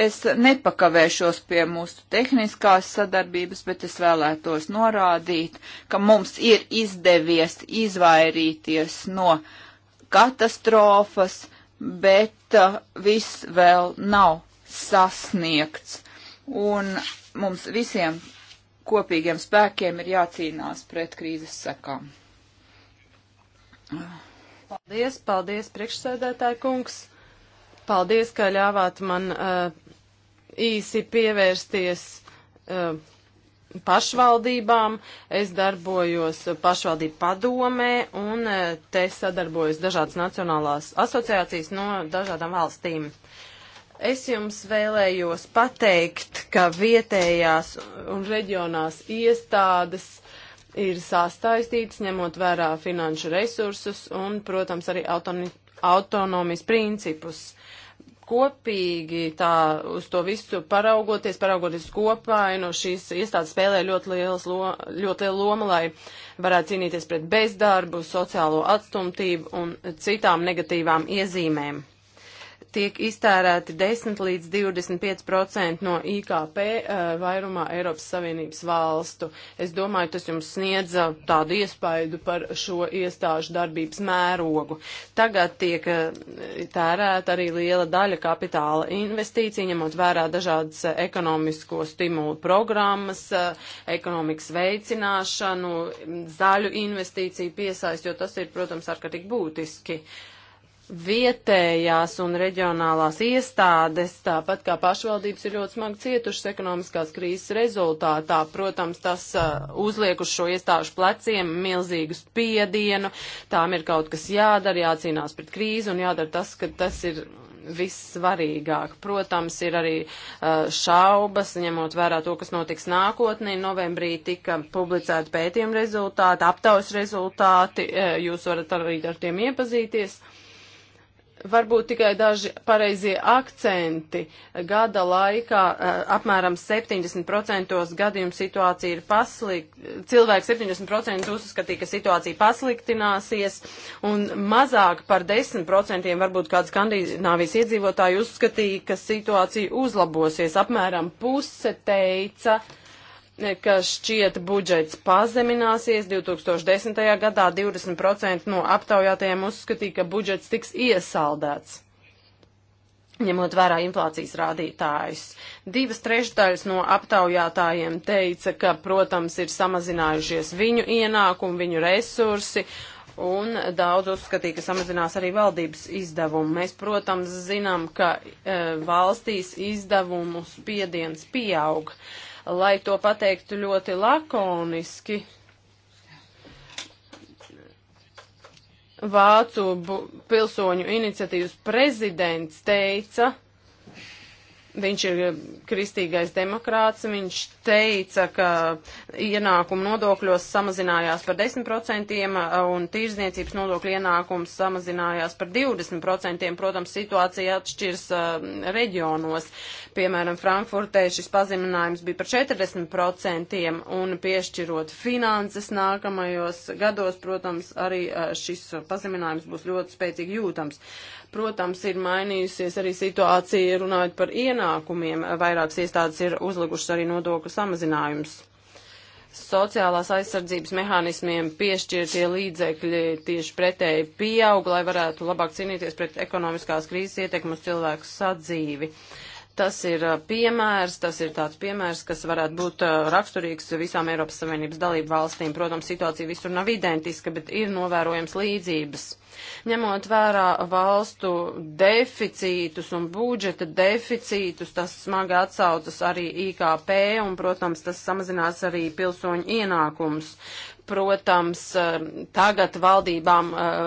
Es nepakavēšos pie mūsu tehniskās sadarbības, bet es vēlētos norādīt, ka mums ir izdevies izvairīties no katastrofas, bet uh, viss vēl nav sasniegts. Un mums visiem kopīgiem spēkiem ir jācīnās pret krīzes sekām. Paldies, paldies, priekšsēdētāji kungs. Paldies, ka ļāvāt man uh, īsi pievērsties uh, pašvaldībām. Es darbojos pašvaldību padomē un uh, te sadarbojos dažādas nacionālās asociācijas no dažādām valstīm. Es jums vēlējos pateikt, ka vietējās un reģionās iestādes ir sāstaistītas, ņemot vērā finanšu resursus un, protams, arī autoni, autonomijas principus. Kopīgi tā uz to visu paraugoties, paraugoties kopā, no nu, šīs iestādes spēlē ļoti, lielas, lo, ļoti lielu lomu, lai varētu cīnīties pret bezdarbu, sociālo atstumtību un citām negatīvām iezīmēm tiek iztērēti 10 līdz 25% no IKP eh, vairumā Eiropas Savienības valstu. Es domāju, tas jums sniedza tādu iespaidu par šo iestāžu darbības mērogu. Tagad tiek eh, tērēta arī liela daļa kapitāla investīcija, ņemot vērā dažādas eh, ekonomisko stimulu programmas, ekonomikas veicināšanu, zaļu investīciju piesaist, jo tas ir, protams, ārkārtīgi būtiski. Uh, vietējās un reģionālās iestādes, tāpat kā pašvaldības, ir ļoti smagi cietušas ekonomiskās krīzes rezultātā. Protams, tas uh, uzliek uz šo iestāžu pleciem milzīgu spiedienu, tām ir kaut kas jādara, jācīnās pret krīzi un jādara tas, ka tas ir vissvarīgāk. Protams, ir arī uh, šaubas, ņemot vērā to, kas notiks nākotnē. Novembrī tika publicēti pētījuma rezultāti, aptaujas rezultāti, uh, jūs varat arī ar tiem iepazīties. Uh, varbūt tikai daži pareizie akcenti. Gada laikā eh, apmēram 70% gadījumu situācija ir paslikta. Cilvēki 70% uzskatīja, ka situācija pasliktināsies, un mazāk par 10% varbūt kāds Skandināvijas iedzīvotāji uzskatīja, ka situācija uzlabosies. Apmēram puse teica, ka ka šķiet budžets pazemināsies 2010. gadā 20% no aptaujātajiem uzskatīja, ka budžets tiks iesaldēts ņemot vērā inflācijas rādītājus. Divas trešdaļas no aptaujātājiem teica, ka, protams, ir samazinājušies viņu ienākumi, viņu resursi, un daudz uzskatīja, ka samazinās arī valdības izdevumi. Mēs, protams, zinām, ka e, valstīs izdevumu spiediens pieaug. E, lai to pateiktu ļoti lakoniski. Vācu pilsoņu iniciatīvas prezidents teica, viņš ir kristīgais demokrāts, viņš teica, ka ienākumu nodokļos samazinājās par 10% un tīrzniecības nodokļu ienākums samazinājās par 20%. Protams, situācija atšķirs uh, reģionos. Piemēram, Frankfurtē šis pazeminājums bija par 40% un piešķirot finanses nākamajos gados, protams, arī uh, šis pazeminājums būs ļoti spēcīgi jūtams. Protams, ir mainījusies arī situācija runājot par ienākumiem. Vairākas iestādes ir uzlikušas arī nodokļu samazinājums. Sociālās aizsardzības mehānismiem piešķirtie līdzekļi tieši pretēji pieaug, lai varētu labāk cīnīties pret ekonomiskās krīzes ietekmu uz cilvēku sadzīvi. Uh, Tas ir piemērs, tas ir tāds piemērs, kas varētu būt raksturīgs visām Eiropas Savienības dalību valstīm. Protams, situācija visur nav identiska, bet ir novērojams līdzības. Ņemot vērā valstu deficītus un budžeta deficītus, tas smagi atsaucas arī IKP un, protams, tas samazinās arī pilsoņu ienākums protams, eh, tagad valdībām eh,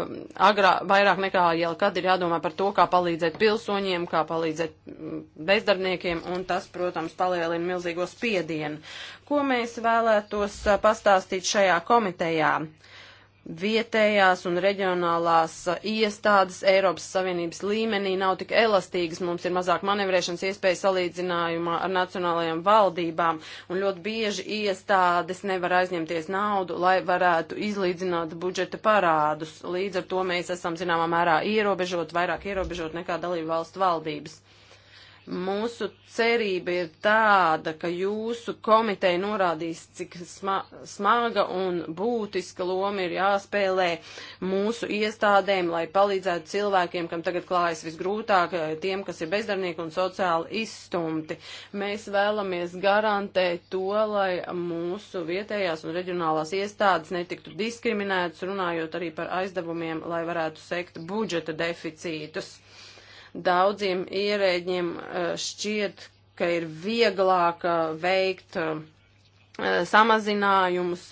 agrā, vairāk nekā jau kad ir jādomā par to, kā palīdzēt pilsoņiem, kā palīdzēt mm, bezdarbniekiem, un tas, protams, palielina milzīgo spiedienu. Ko mēs vēlētos eh, pastāstīt šajā komitejā? Uh, vietējās un reģionālās iestādes Eiropas Savienības līmenī nav tik elastīgas, mums ir mazāk manevrēšanas iespēja salīdzinājumā ar nacionālajām valdībām, un ļoti bieži iestādes nevar aizņemties naudu, lai varētu izlīdzināt budžeta parādus. Līdz ar to mēs esam zināmā mērā ierobežot, vairāk ierobežot nekā dalību valstu valdības. Mūsu cerība ir tāda, ka jūsu komiteja norādīs, cik sma smaga un būtiska loma ir jāspēlē mūsu iestādēm, lai palīdzētu cilvēkiem, kam tagad klājas visgrūtāk, tiem, kas ir bezdarbnieki un sociāli izstumti. Mēs vēlamies garantēt to, lai mūsu vietējās un reģionālās iestādes netiktu diskriminētas, runājot arī par aizdevumiem, lai varētu sekt budžeta deficītus. Daudziem ierēģiem eh, šķiet, ka ir vieglāk eh, veikt eh, samazinājumus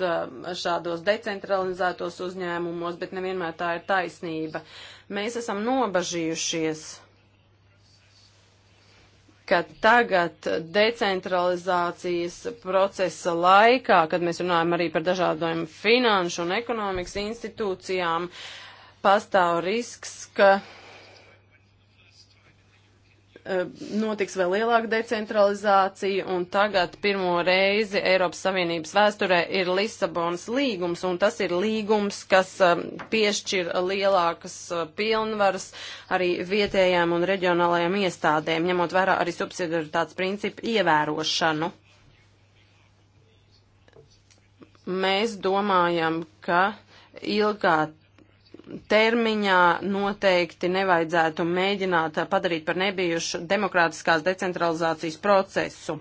šādos decentralizētos uzņēmumos, bet nevienmēr tā ir taisnība. Mēs esam nobažījušies ka tagad decentralizācijas procesa laikā, kad mēs runājam arī par dažādiem finanšu un ekonomikas institūcijām, pastāv risks, ka Eh, notiks vēl lielāka decentralizācija, un tagad pirmo reizi Eiropas Savienības vēsturē ir Lisabonas līgums, un tas ir līgums, kas eh, piešķir lielākas eh, pilnvaras arī vietējām un reģionālajām iestādēm, ņemot vērā arī subsidiaritātes principu ievērošanu. Mēs domājam, ka ilgāk termiņā noteikti nevajadzētu mēģināt padarīt par nebijušu demokrātiskās decentralizācijas procesu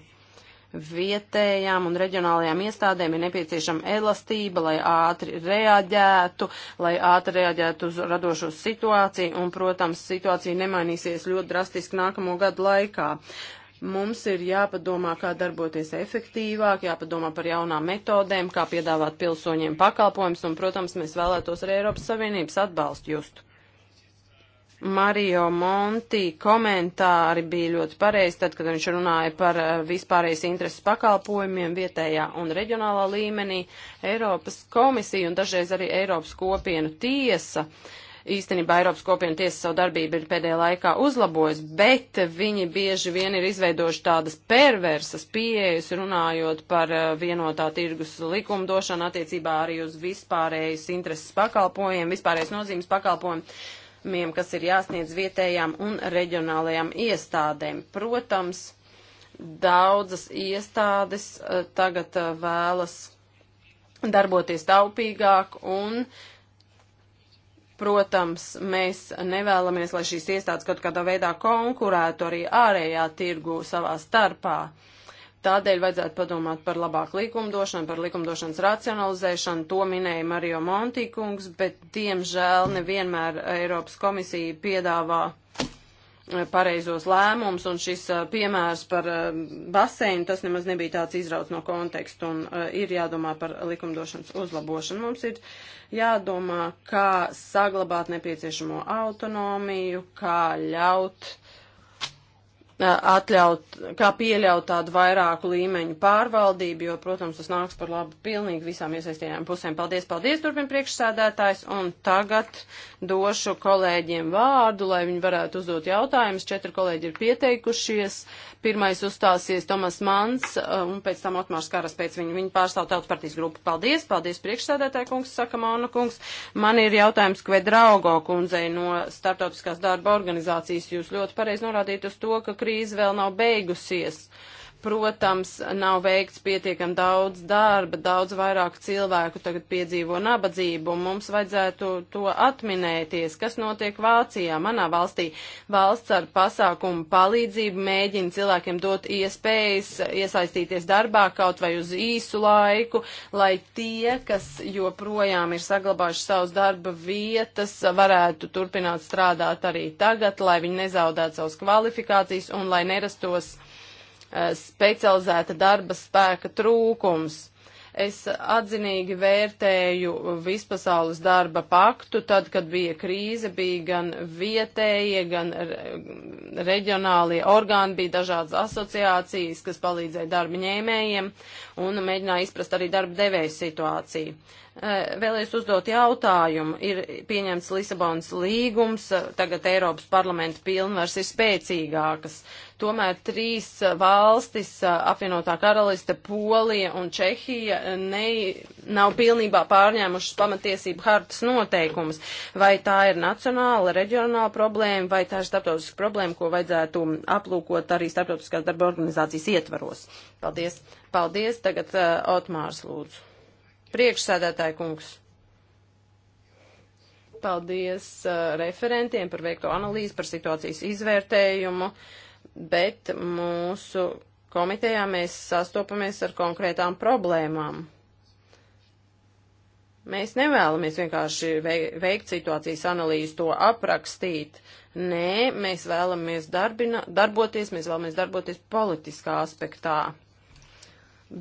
vietējām un reģionālajām iestādēm ir nepieciešama elastība, lai ātri reaģētu, lai ātri reaģētu uz radošo situāciju, un, protams, situācija nemainīsies ļoti drastiski nākamo gadu laikā. Uh, Mums ir jāpadomā, kā darboties efektīvāk, jāpadomā par jaunām metodēm, kā piedāvāt pilsoņiem pakalpojumus, un, protams, mēs vēlētos arī Eiropas Savienības atbalstu justu. Mario Monti komentāri bija ļoti pareizi, tad, kad viņš runāja par eh, vispārējais intereses pakalpojumiem vietējā un reģionālā līmenī, Eiropas komisija un dažreiz arī Eiropas kopienu tiesa Īstenībā Eiropas kopiena tiesa savu darbību ir pēdējā laikā uzlabojusi, bet viņi bieži vien ir izveidojuši tādas perversas pieejas, runājot par eh, vienotā tirgus likumdošanu attiecībā arī uz vispārējas intereses pakalpojumiem, vispārējas nozīmes pakalpojumiem pasākumiem, kas ir jāsniedz vietējām un reģionālajām iestādēm. Protams, daudzas iestādes eh, tagad eh, vēlas darboties taupīgāk un uh, Protams, mēs nevēlamies, lai šīs iestādes kaut kādā veidā konkurētu arī ārējā tirgu savā starpā. Tādēļ vajadzētu padomāt par labāku likumdošanu, par likumdošanas racionalizēšanu. To minēja Mario Montīkungs, bet diemžēl nevienmēr Eiropas komisija piedāvā uh, pareizos lēmumus, un šis piemērs par baseinu, tas nemaz nebija tāds izrauts no konteksta, un ir jādomā par likumdošanas uzlabošanu. Mums ir jādomā, kā saglabāt nepieciešamo autonomiju, kā ļaut atļaut, kā pieļaut tādu vairāku līmeņu pārvaldību, jo, protams, tas nāks par labu pilnīgi visām iesaistījām pusēm. Paldies, paldies, turpin priekšsēdētājs, un tagad došu kolēģiem vārdu, lai viņi varētu uzdot jautājumus. Četri kolēģi ir pieteikušies, pirmais uzstāsies Tomas Mans, un pēc tam Otmārs Karas pēc viņu, viņu pārstāv tautas partijas grupu. Paldies, paldies, priekšsēdētāja kungs, saka Mauna kungs. Man ir jautājums Kvedraugo kundzei no Startautiskās darba organizācijas. Jūs ļoti pareizi norādījat uz to, ka krīze vēl nav beigusies. Uh, Protams, nav veikts pietiekam daudz darba, daudz vairāk cilvēku tagad piedzīvo nabadzību, un mums vajadzētu to atminēties, kas notiek Vācijā, manā valstī. Valsts ar pasākumu palīdzību mēģina cilvēkiem dot iespējas iesaistīties darbā kaut vai uz īsu laiku, lai tie, kas joprojām ir saglabājuši savus darba vietas, varētu turpināt strādāt arī tagad, lai viņi nezaudētu savas kvalifikācijas un lai nerastos Eh, specializēta darba spēka trūkums. Es atzinīgi vērtēju vispasaules darba paktu, tad, kad bija krīze, bija gan vietējie, gan reģionālie orgāni, bija dažādas asociācijas, kas palīdzēja darba ņēmējiem un mēģināja izprast arī darba devēju situāciju. Eh, vēlējos uzdot jautājumu. Ir pieņemts Lisabonas līgums, eh, tagad Eiropas parlamenta pilnvars ir spēcīgākas. Tomēr trīs eh, valstis eh, - apvienotā karaliste, Polija un Čehija eh, ne, nav pilnībā pārņēmušas pamatiesību hartas noteikumus. Vai tā ir nacionāla, reģionāla problēma, vai tā ir starptautiska problēma, ko vajadzētu aplūkot arī starptautiskās darba organizācijas ietvaros? Paldies. Paldies. Tagad uh, Otmārs lūdzu. Priekšsēdētāji kungs paldies uh, referentiem par veikto analīzi, par situācijas izvērtējumu. Uh, bet mūsu komitejā mēs sastopamies ar konkrētām problēmām. Mēs nevēlamies vienkārši veikt situācijas analīzi, to aprakstīt. Nē, mēs vēlamies darbina, darboties, mēs vēlamies darboties politiskā aspektā.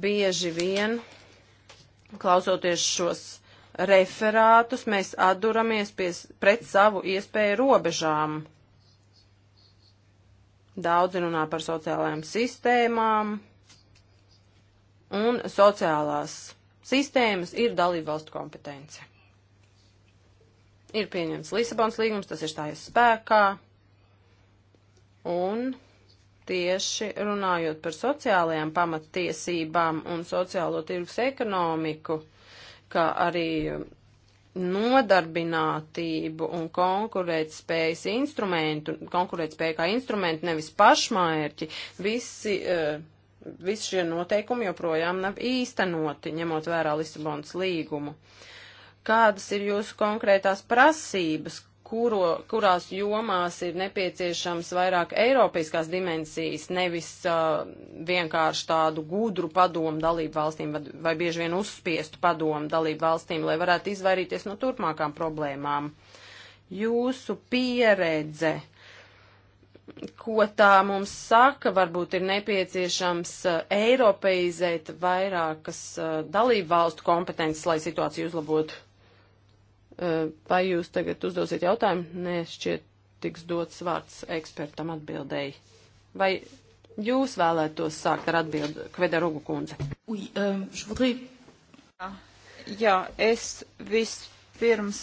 Bieži vien, klausoties šos referātus, mēs atduramies pie, pret savu iespēju robežām. Uh, Daudzi runā par sociālajām sistēmām, un sociālās sistēmas ir dalība valstu kompetence. Ir pieņemts Lisabons līgums, tas ir stājies spēkā, un tieši runājot par sociālajām pamattiesībām un sociālo tirgus ekonomiku, kā arī nodarbinātību un konkurētspējas instrumentu, konkurētspēja kā instrumentu, nevis pašmērķi, visi, eh, visi šie noteikumi joprojām nav īstenoti, ņemot vērā Lisabonas līgumu. Kādas ir jūsu konkrētās prasības, kuro, kurās jomās ir nepieciešams vairāk eiropeiskās dimensijas, nevis uh, vienkārši tādu gudru padomu dalību valstīm vai bieži vien uzspiestu padomu dalību valstīm, lai varētu izvairīties no turpmākām problēmām. Jūsu pieredze ko tā mums saka, varbūt ir nepieciešams uh, eiropeizēt vairākas uh, dalību valstu kompetences, lai situāciju uzlabotu. Vai jūs tagad uzdosiet jautājumu? Nē, šķiet tiks dots vārds ekspertam atbildēji. Vai jūs vēlētos sākt ar atbildi, Kveda Rugu kundze? Uj, um, šodrīd... jā, jā, es vispirms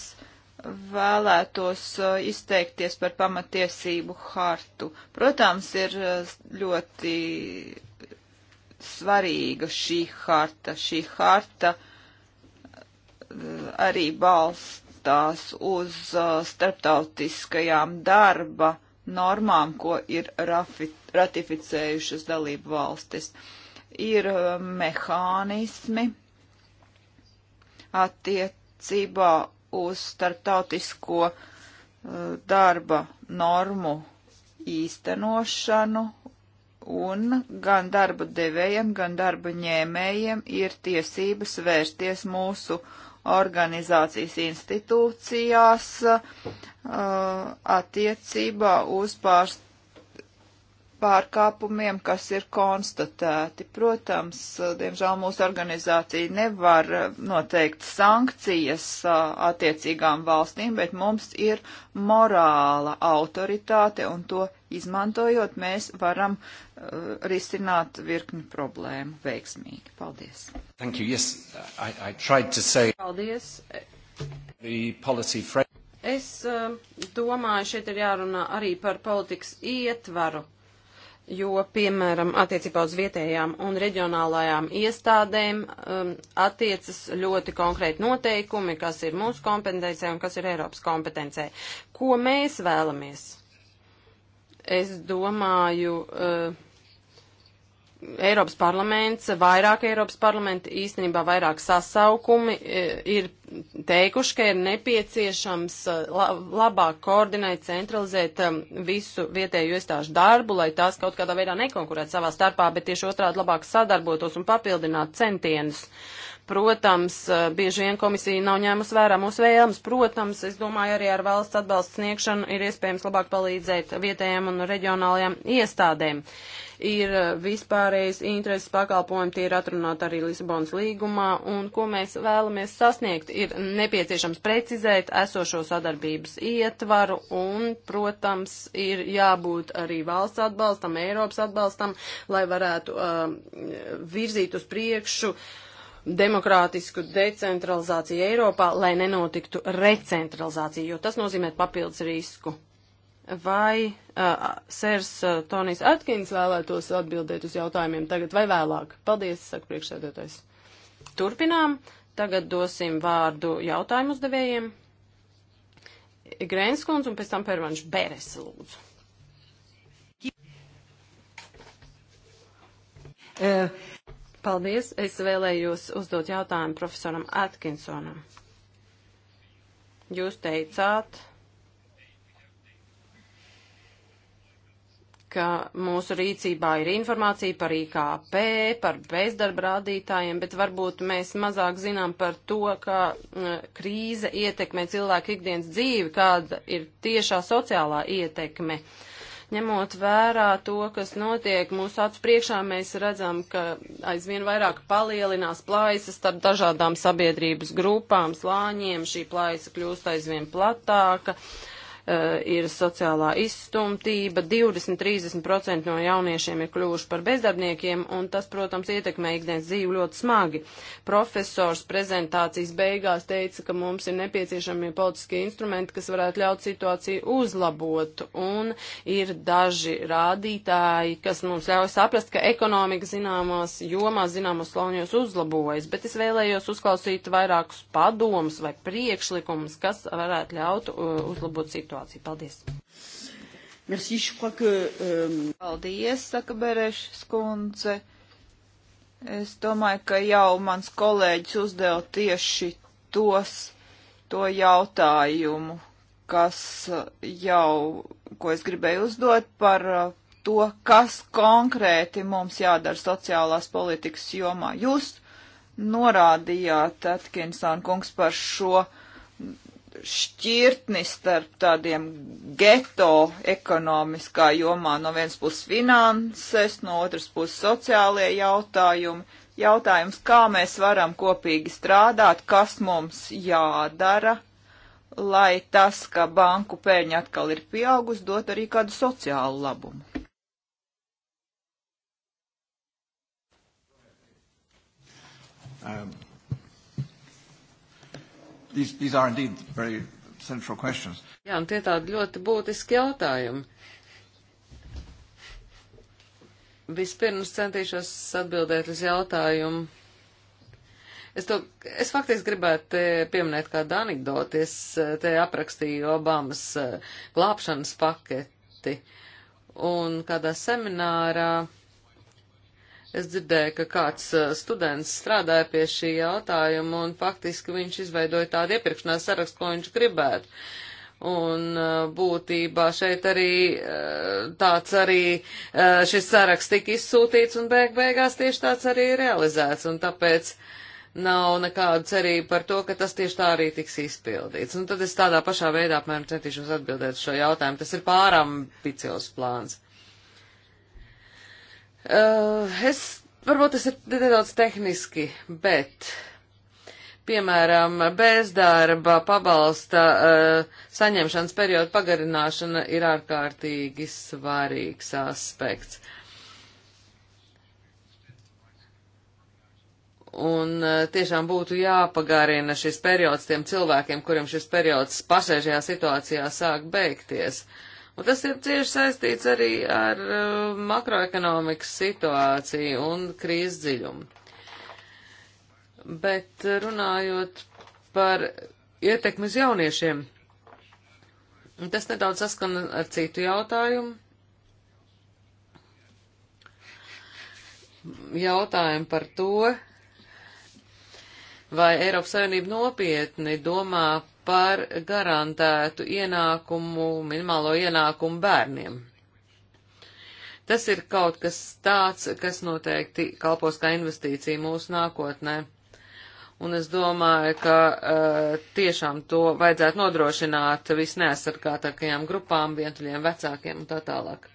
vēlētos izteikties par pamatiesību hartu. Protams, ir ļoti svarīga šī harta. Šī harta uh, arī balstās uz uh, starptautiskajām darba normām, ko ir ratificējušas dalību valstis. Ir uh, mehānismi attiecībā uz starptautisko uh, darba normu īstenošanu un gan darba devējiem, gan darba ņēmējiem ir tiesības vērsties mūsu organizācijas institūcijās uh, attiecībā uz pārstāvjiem pārkāpumiem, kas ir konstatēti. Protams, uh, diemžēl mūsu organizācija nevar uh, noteikt sankcijas attiecīgām valstīm, bet mums ir morāla autoritāte un to izmantojot, mēs varam uh, risināt virkni problēmu veiksmīgi. Paldies. Thank you. Yes, I, I tried to say. Paldies. The policy frame. Es uh, domāju, šeit ir jārunā arī par politikas ietvaru jo, piemēram, attiecībā uz vietējām un reģionālajām iestādēm um, attiecas ļoti konkrēti noteikumi, kas ir mūsu kompetencija un kas ir Eiropas kompetencija. Ko mēs vēlamies? Es domāju, uh, Eiropas parlaments, vairāk Eiropas parlamenta, īstenībā vairāk sasaukumi uh, ir teikuši, ka ir nepieciešams eh, labāk koordinēt, centralizēt visu vietēju iestāžu darbu, lai tās kaut kādā veidā nekonkurētu savā starpā, bet tieši otrādi labāk sadarbotos un papildinātu centienus. Uh, Protams, eh, bieži vien komisija nav ņēmusi vērā mūsu vēlmes. Protams, es domāju, arī ar valsts atbalstu sniegšanu ir iespējams labāk palīdzēt vietējiem un reģionālajiem iestādēm. Ir eh, vispārējais intereses pakalpojumi, tie ir atrunāti arī Lisabonas līgumā, un ko mēs vēlamies sasniegt, ir nepieciešams precizēt esošo sadarbības ietvaru, un, protams, ir jābūt arī valsts atbalstam, Eiropas atbalstam, lai varētu uh, virzīt uz priekšu uh, demokrātisku decentralizāciju Eiropā, lai nenotiktu recentralizācija, jo tas nozīmē papildus risku. Vai uh, sērs uh, Tonijs Atkins vēlētos atbildēt uz jautājumiem tagad vai vēlāk? Paldies, saka priekšsēdētājs. Turpinām. Tagad dosim vārdu jautājumu uzdevējiem. Grēnskundze un pēc tam Pervanš Beres lūdzu. Uh. Paldies. Es vēlējos uzdot jautājumu profesoram Atkinsonam. Jūs teicāt, ka mūsu rīcībā ir informācija par IKP, par bezdarba rādītājiem, bet varbūt mēs mazāk zinām par to, kā krīze ietekmē cilvēku ikdienas dzīvi, kāda ir tiešā sociālā ietekme. Uh, Ņemot vērā to, kas notiek mūsu acu priekšā, mēs redzam, ka aizvien vairāk palielinās plaisas starp dažādām sabiedrības grupām, slāņiem, šī plaisa kļūst aizvien platāka. Uh, Eh, ir sociālā izstumtība, 20-30% no jauniešiem ir kļuvuši par bezdarbniekiem, un tas, protams, ietekmē ikdienas dzīvi ļoti smagi. Profesors prezentācijas beigās teica, ka mums ir nepieciešami politiskie instrumenti, kas varētu ļaut situāciju uzlabot, un ir daži rādītāji, kas mums ļauj saprast, ka ekonomika zināmās jomās, zināmos slauņos uzlabojas, bet es vēlējos uzklausīt vairākus padomus vai priekšlikumus, kas varētu ļaut uh, uzlabot situāciju situāciju. Paldies! Merci, je crois que, um... Paldies, saka Berešs kundze. Es domāju, ka jau mans kolēģis uzdeva tieši tos, to jautājumu, kas jau, ko es gribēju uzdot par uh, to, kas konkrēti mums jādara sociālās politikas jomā. Jūs norādījāt, Atkinson kungs, par šo uh, šķirtni starp tādiem geto ekonomiskā jomā no vienas puses finanses, no otras puses sociālie jautājumi. Jautājums, kā mēs varam kopīgi strādāt, kas mums jādara, lai tas, ka banku pēļņa atkal ir pieaugus, dot arī kādu sociālu labumu. Um these, these are indeed very central questions. Jā, un tie tādi ļoti būtiski jautājumi. Vispirms centīšos atbildēt uz jautājumu. Es, to, es faktiski gribētu pieminēt kādu anekdoti. Es eh, te aprakstīju Obamas eh, glābšanas paketi. Un kādā seminārā uh, Es dzirdēju, ka kāds uh, students strādāja pie šī jautājuma un faktiski viņš izveidoja tādu iepirkšanās sarakstu, ko viņš gribētu. Un uh, būtībā šeit arī uh, tāds arī šis saraksts tika izsūtīts un beig beigās tieši tāds arī realizēts. Un tāpēc nav nekādu cerību par to, ka tas tieši tā arī tiks izpildīts. Un tad es tādā pašā veidā apmēram centīšos atbildēt šo jautājumu. Tas ir pārambiciozs plāns. Eh, es, varbūt tas ir nedaudz tehniski, bet, piemēram, bezdarba pabalsta eh, saņemšanas perioda pagarināšana ir ārkārtīgi svarīgs aspekts. Un eh, tiešām būtu jāpagarina šis periods tiem cilvēkiem, kuriem šis periods pašreizajā situācijā sāk beigties. Uh, Un tas ir cieši saistīts arī ar uh, makroekonomikas situāciju un krīzes dziļumu. Bet uh, runājot par ietekmi uz jauniešiem, tas nedaudz saskana ar citu jautājumu. Jautājumu par to, vai Eiropas Savienība nopietni domā par garantētu ienākumu, minimālo ienākumu bērniem. Tas ir kaut kas tāds, kas noteikti kalpos kā investīcija mūsu nākotnē. Un es domāju, ka uh, tiešām to vajadzētu nodrošināt visneaizsargātākajām grupām, vientuļiem vecākiem un tā tālāk.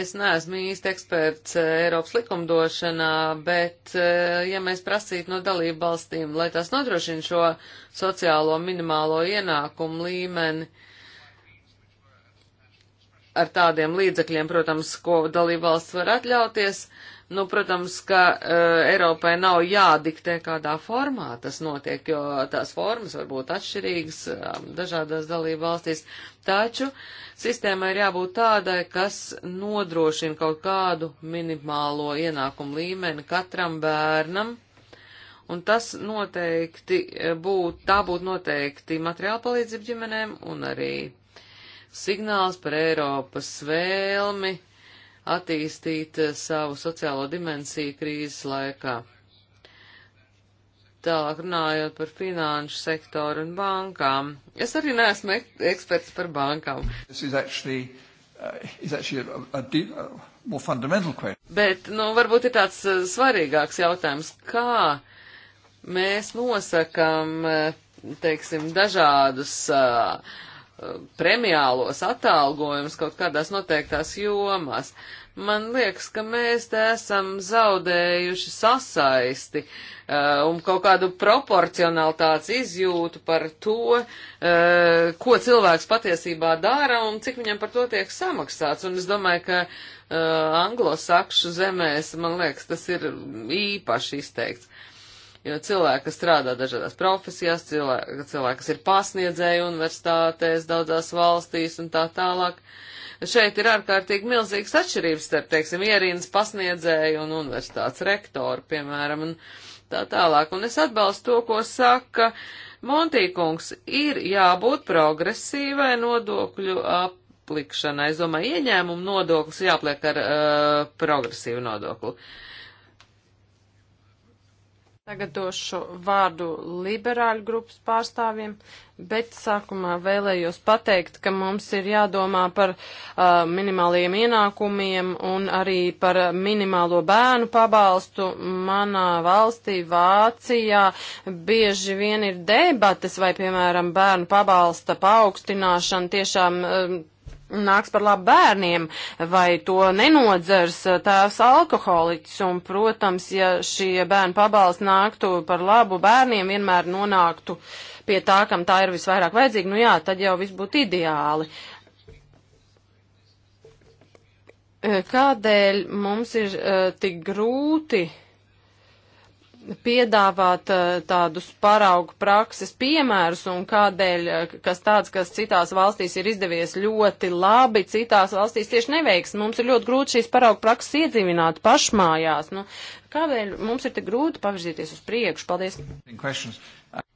Es neesmu īsti eksperts eh, Eiropas likumdošanā, bet eh, ja mēs prasītu no dalību valstīm, lai tās nodrošina šo sociālo minimālo ienākumu līmeni ar tādiem līdzekļiem, protams, ko dalību valsts var atļauties, uh, Nu, protams, ka uh, Eiropai nav jādiktē kādā formā tas notiek, jo tās formas var būt atšķirīgas um, dažādās dalību valstīs, taču sistēmai ir jābūt tādai, kas nodrošina kaut kādu minimālo ienākumu līmeni katram bērnam, un tas noteikti eh, būtu, tā būtu noteikti materiāla palīdzība ģimenēm un arī signāls par Eiropas vēlmi attīstīt eh, savu sociālo dimensiju krīzes laikā. Tālāk runājot par finanšu sektoru un bankām. Es arī neesmu eksperts par bankām. Actually, uh, a, a deep, a Bet, nu, varbūt ir tāds eh, svarīgāks jautājums, kā mēs nosakam, eh, teiksim, dažādus uh, premiālos atalgojumus kaut kādās noteiktās jomās. Man liekas, ka mēs te esam zaudējuši sasaisti uh, un kaut kādu proporcionalitātes izjūtu par to, uh, ko cilvēks patiesībā dara un cik viņam par to tiek samaksāts. Un es domāju, ka uh, anglosakšu zemēs, man liekas, tas ir īpaši izteikts. Uh, jo cilvēki, kas strādā dažādās profesijās, cilvēki, cilvēki kas ir pasniedzēji universitātēs daudzās valstīs un tā tālāk, šeit ir ārkārtīgi milzīgas atšķirības starp, teiksim, ierīnas pasniedzēju un universitātes rektoru, piemēram, un tā tālāk. Un es atbalstu to, ko saka Montīkungs, ir jābūt progresīvai nodokļu aplikšanai. Es domāju, ieņēmumu nodoklis jāpliek ar uh, progresīvu nodokli. Uh, Tagad došu vārdu liberāļu grupas pārstāvjiem, bet sākumā vēlējos pateikt, ka mums ir jādomā par uh, minimāliem ienākumiem un arī par minimālo bērnu pabalstu. Manā valstī, Vācijā, bieži vien ir debates vai, piemēram, bērnu pabalsta paaugstināšana tiešām. Uh, nāks par labu bērniem, vai to nenodzers eh, tās alkoholiķis, un, protams, ja šie bērnu pabalsti nāktu par labu bērniem, vienmēr nonāktu pie tā, kam tā ir visvairāk vajadzīga, nu jā, tad jau viss būtu ideāli. Eh, kādēļ mums ir uh, tik grūti uh, piedāvāt eh, tādus paraugu prakses piemērus un kādēļ, eh, kas tāds, kas citās valstīs ir izdevies ļoti labi, citās valstīs tieši neveiks. Mums ir ļoti grūti šīs paraugu prakses iedzīvināt pašmājās. Nu, kādēļ mums ir tik grūti pavirzīties uz priekšu? Paldies!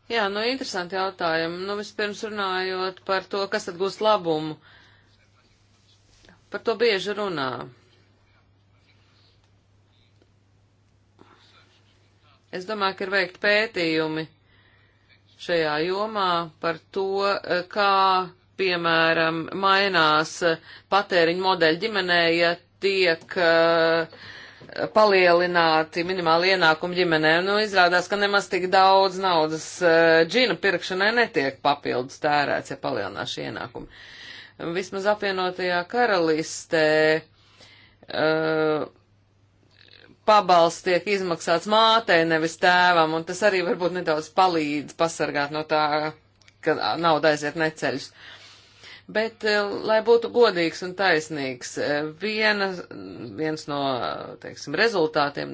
Jā, nu interesanti jautājumi. Nu, vispirms runājot par to, kas tad gūs labumu. Par to bieži runā. Es domāju, ka ir veikt pētījumi šajā jomā par to, eh, kā, piemēram, mainās eh, patēriņu modeļi ģimenē, ja tiek uh, palielināti minimāli ienākumi ģimenē. Nu, izrādās, ka nemaz tik daudz naudas uh, džina pirkšanai netiek papildus tērēts, ja palielinās šie ienākumi. Vismaz apvienotajā karalistē uh, pabalsts tiek izmaksāts mātei, nevis tēvam, un tas arī varbūt nedaudz palīdz pasargāt no tā, ka nauda aiziet neceļus. Bet, eh, lai būtu godīgs un taisnīgs, eh, viena, viens no, teiksim, rezultātiem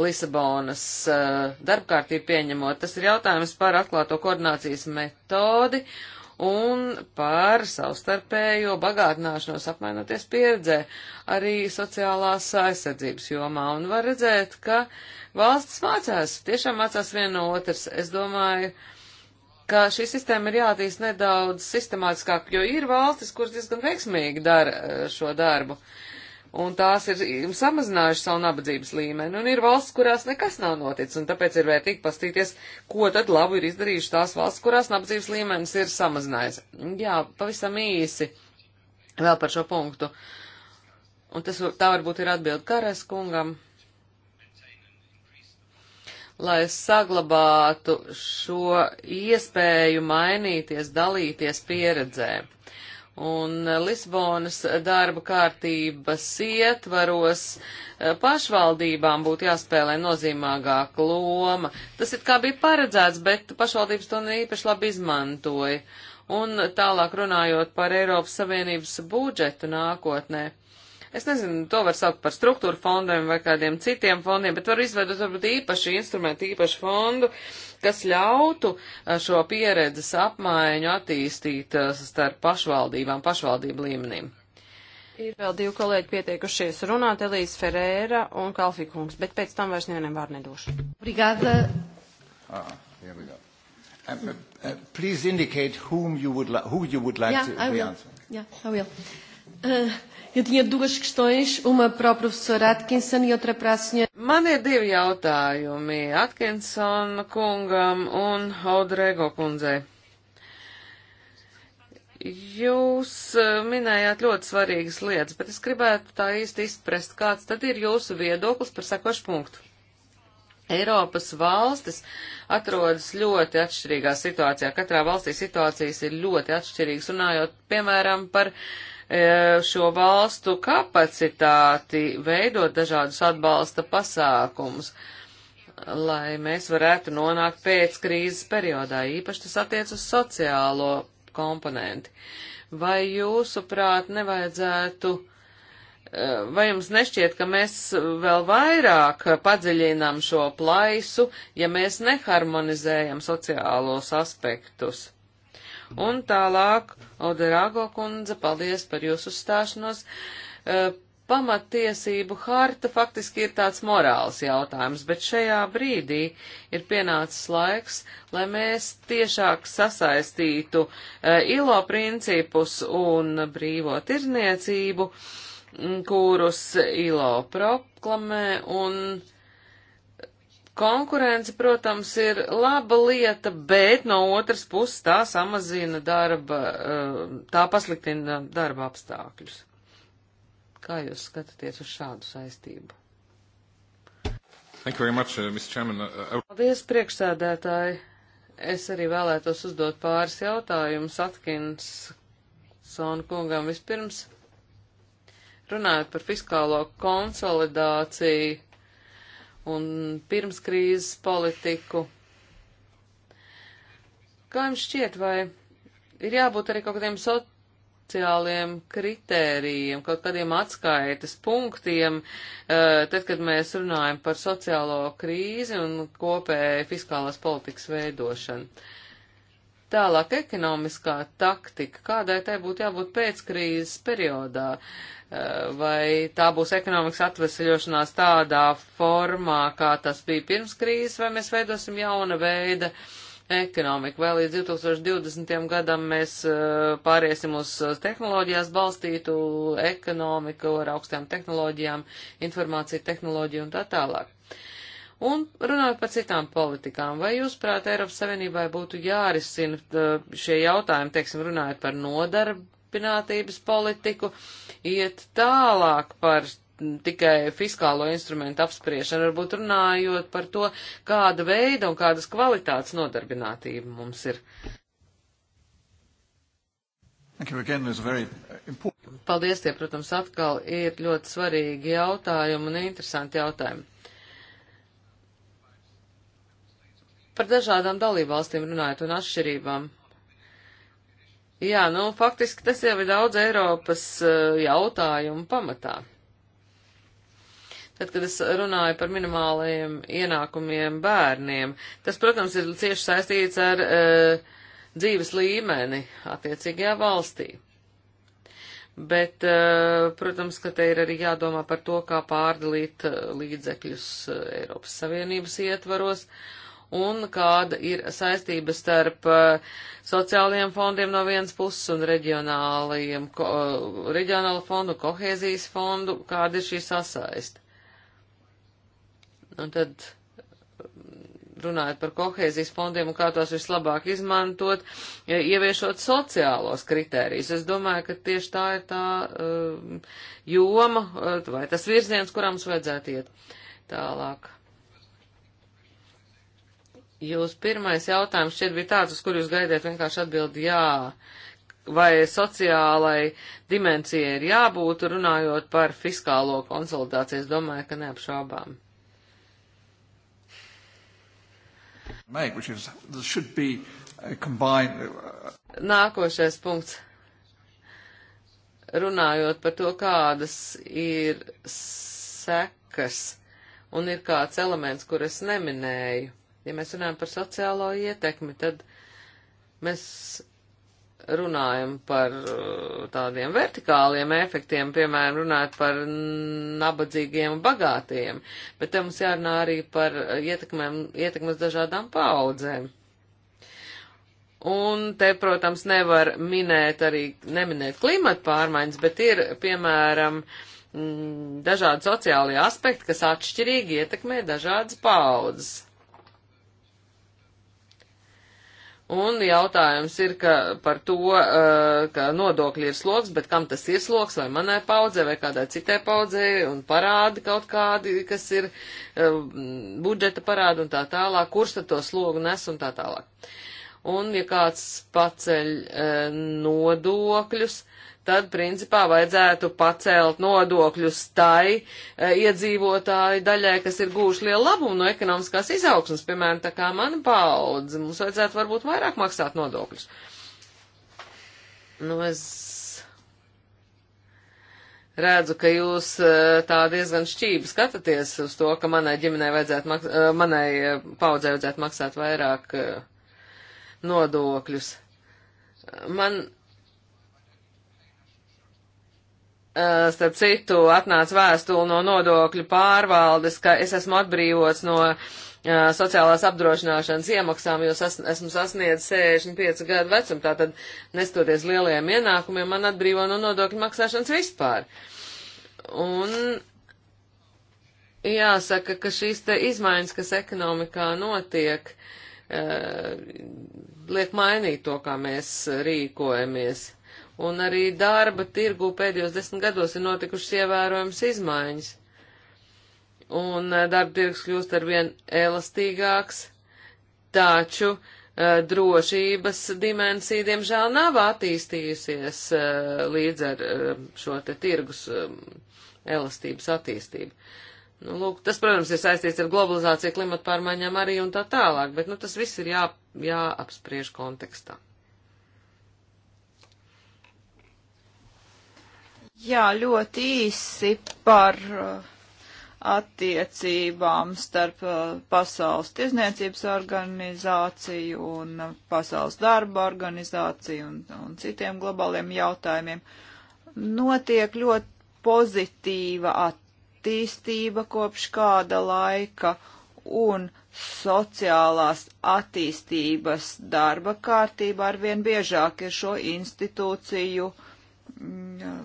Lisabonas eh, darbkārtību pieņemot, tas ir jautājums par atklāto koordinācijas metodi. Uh, un par savstarpējo bagātināšanos apmainoties pieredzē arī sociālās aizsardzības jomā. Un var redzēt, ka valsts mācās, tiešām mācās viena no otras. Es domāju, ka šī sistēma ir jātīst nedaudz sistemātiskāk, jo ir valstis, kuras diezgan veiksmīgi dara eh, šo darbu. Uh, un tās ir samazinājušas savu nabadzības līmeni, un ir valsts, kurās nekas nav noticis, un tāpēc ir vērtīgi pastīties, ko tad labu ir izdarījuši tās valsts, kurās nabadzības līmenis ir samazinājies. Jā, pavisam īsi vēl par šo punktu. Un tas, tā varbūt ir atbild Karas kungam. Lai saglabātu šo iespēju mainīties, dalīties pieredzē. Uh, Un Lisbonas darba kārtības ietvaros eh, pašvaldībām būtu jāspēlē nozīmīgāka loma. Tas it kā bija paredzēts, bet pašvaldības to neīpaši labi izmantoja. Un tālāk runājot par Eiropas Savienības budžetu nākotnē. Es nezinu, to var saukt par struktūru fondiem vai kādiem citiem fondiem, bet var izveidot varbūt īpašu instrumentu, īpašu fondu, kas ļautu šo pieredzes apmaiņu attīstīt starp pašvaldībām, pašvaldību līmenim. Ir vēl divi kolēģi pieteikušies runāt, Elīze Ferēra un Kalfikungs, bet pēc tam vairs nevienam vārdu nedošu. Brigāda. Ah, here we go. Um, uh, uh, please indicate whom you would, li who you would like yeah, to I will. answer. Yeah, I will. Uh, Eu tinha duas questões, uma para o professor Atkinson e outra para a senhora. Man ir divi jautājumi Atkinson kungam un Audrego kundzei. Jūs eh, minējāt ļoti svarīgas lietas, bet es gribētu tā īsti izprast, kāds tad ir jūsu viedoklis par sekošu punktu. Eiropas valstis atrodas ļoti atšķirīgā situācijā. Katrā valstī situācijas ir ļoti atšķirīgas, runājot, piemēram, par uh, E, šo valstu kapacitāti veidot dažādus atbalsta pasākumus, lai mēs varētu nonākt pēc krīzes periodā. Īpaši tas attiec uz sociālo komponenti. Vai jūsuprāt nevajadzētu, e, vai jums nešķiet, ka mēs vēl vairāk padziļinām šo plaisu, ja mēs neharmonizējam sociālos aspektus? Un tālāk, Oderāgo kundze, paldies par jūsu uzstāšanos. Uh, pamatiesību harta faktiski ir tāds morāls jautājums, bet šajā brīdī ir pienācis laiks, lai mēs tiešāk sasaistītu e, ILO principus un brīvo tirzniecību, kurus ILO proklamē un Konkurence, protams, ir laba lieta, bet no otras puses tā samazina darba, eh, tā pasliktina darba apstākļus. Kā jūs skatāties uz šādu saistību? Much, uh, uh, uh, Paldies, priekšsēdētāji. Es arī vēlētos uzdot pāris jautājumus Atkins Sona kungam vispirms. Runājot par fiskālo konsolidāciju un pirms krīzes politiku. Kā jums šķiet, vai ir jābūt arī kaut kādiem sociāliem kritērijiem, kaut kādiem atskaites punktiem, eh, tad, kad mēs runājam par sociālo krīzi un kopēju fiskālās politikas veidošanu? Tālāk ekonomiskā taktika, kādai tai būtu jābūt pēc krīzes periodā, eh, vai tā būs ekonomikas atvesaļošanās tādā formā, kā tas bija pirms krīzes, vai mēs veidosim jauna veida ekonomiku, vai līdz 2020. gadam mēs eh, pāriesim uz tehnoloģijās balstītu ekonomiku ar augstām tehnoloģijām, informāciju tehnoloģiju un tā tālāk. Un runāt par citām politikām, vai jūs prāt Eiropas Savienībai būtu jārisina uh, šie jautājumi, teiksim, runājot par nodarbinātības politiku, iet tālāk par tikai fiskālo instrumentu apspriešanu, varbūt runājot par to, kāda veida un kādas kvalitātes nodarbinātība mums ir. Paldies, tie, protams, atkal ir ļoti svarīgi jautājumi un interesanti jautājumi. Par dažādām dalībvalstīm runājot un atšķirībām. Jā, nu, faktiski tas jau ir daudz Eiropas eh, jautājumu pamatā. Tad, kad es runāju par minimālajiem ienākumiem bērniem, tas, protams, ir cieši saistīts ar e, dzīves līmeni attiecīgajā valstī. Bet, e, protams, ka te ir arī jādomā par to, kā pārdalīt līdzekļus Eiropas Savienības ietvaros. E, un kāda ir saistība starp eh, sociālajiem fondiem no vienas puses un reģionālajiem, ko, eh, reģionālu fondu, kohēzijas fondu, kāda ir šī sasaiste. Un tad eh, runājot par kohēzijas fondiem un kā tos vislabāk izmantot, ieviešot sociālos kritērijus. Es domāju, ka tieši tā ir tā uh, joma uh, vai tas virziens, kurā mums vajadzētu iet tālāk. Jūs pirmais jautājums šķiet bija tāds, uz kur jūs gaidījāt vienkārši atbildi jā. Vai sociālai dimensijai ir jābūt, runājot par fiskālo konsolidāciju? Es domāju, ka neapšaubām. Make, is, combined... Uh, Nākošais punkts. Runājot par to, kādas ir sekas un ir kāds elements, kur es neminēju Ja mēs runājam par sociālo ietekmi, tad mēs runājam par uh, tādiem vertikāliem efektiem, piemēram, runājot par nabadzīgiem un bagātiem, bet te mums jārunā arī par ietekmēm, ietekmes dažādām paudzēm. Un te, protams, nevar minēt arī, neminēt klimata pārmaiņas, bet ir, piemēram, mm, dažādi sociālie aspekti, kas atšķirīgi ietekmē dažādas paudzes. Un jautājums ir ka par to, eh, ka nodokļi ir sloks, bet kam tas ir sloks, vai manai paudzē, vai kādai citai paudzē, un parādi kaut kādi, kas ir eh, budžeta parādi un tā tālāk, kurš tad to slogu nes un tā tālāk. Un ja kāds paceļ eh, nodokļus, tad principā vajadzētu pacelt nodokļus tai e, iedzīvotāju daļai, kas ir gūši lielu labumu no ekonomiskās izaugsmas, piemēram, tā kā mana paudze, mums vajadzētu varbūt vairāk maksāt nodokļus. Nu, es redzu, ka jūs e, tā diezgan šķīvi skatāties uz to, ka manai ģimenei vajadzētu, maks e, manai paudzei vajadzētu maksāt vairāk nodokļus. Man Eh, starp citu, atnāca vēstule no nodokļu pārvaldes, ka es esmu atbrīvots no uh, sociālās apdrošināšanas iemaksām, jo sas, esmu sasniedzis 65 gadu vecumu, tātad nestoties lielajiem ienākumiem, man atbrīvo no nodokļu maksāšanas vispār. Un jāsaka, ka šīs te izmaiņas, kas ekonomikā notiek, uh, liek mainīt to, kā mēs rīkojamies un arī darba tirgu pēdējos desmit gados ir notikušas ievērojams izmaiņas. Un eh, darba tirgs kļūst arvien elastīgāks, taču eh, drošības dimensija, diemžēl, nav attīstījusies eh, līdz ar šo te tirgus elastības attīstību. Nu, lūk, tas, protams, ir saistīts ar globalizāciju, klimatu pārmaiņām arī un tā tālāk, bet nu, tas viss ir jā, jāapspriež kontekstā. Jā, ļoti īsi par uh, attiecībām starp uh, Pasaules tirzniecības organizāciju un uh, Pasaules darba organizāciju un, un citiem globāliem jautājumiem. Notiek ļoti pozitīva attīstība kopš kāda laika un sociālās attīstības darba kārtība arvien biežāk ir šo institūciju. Mm,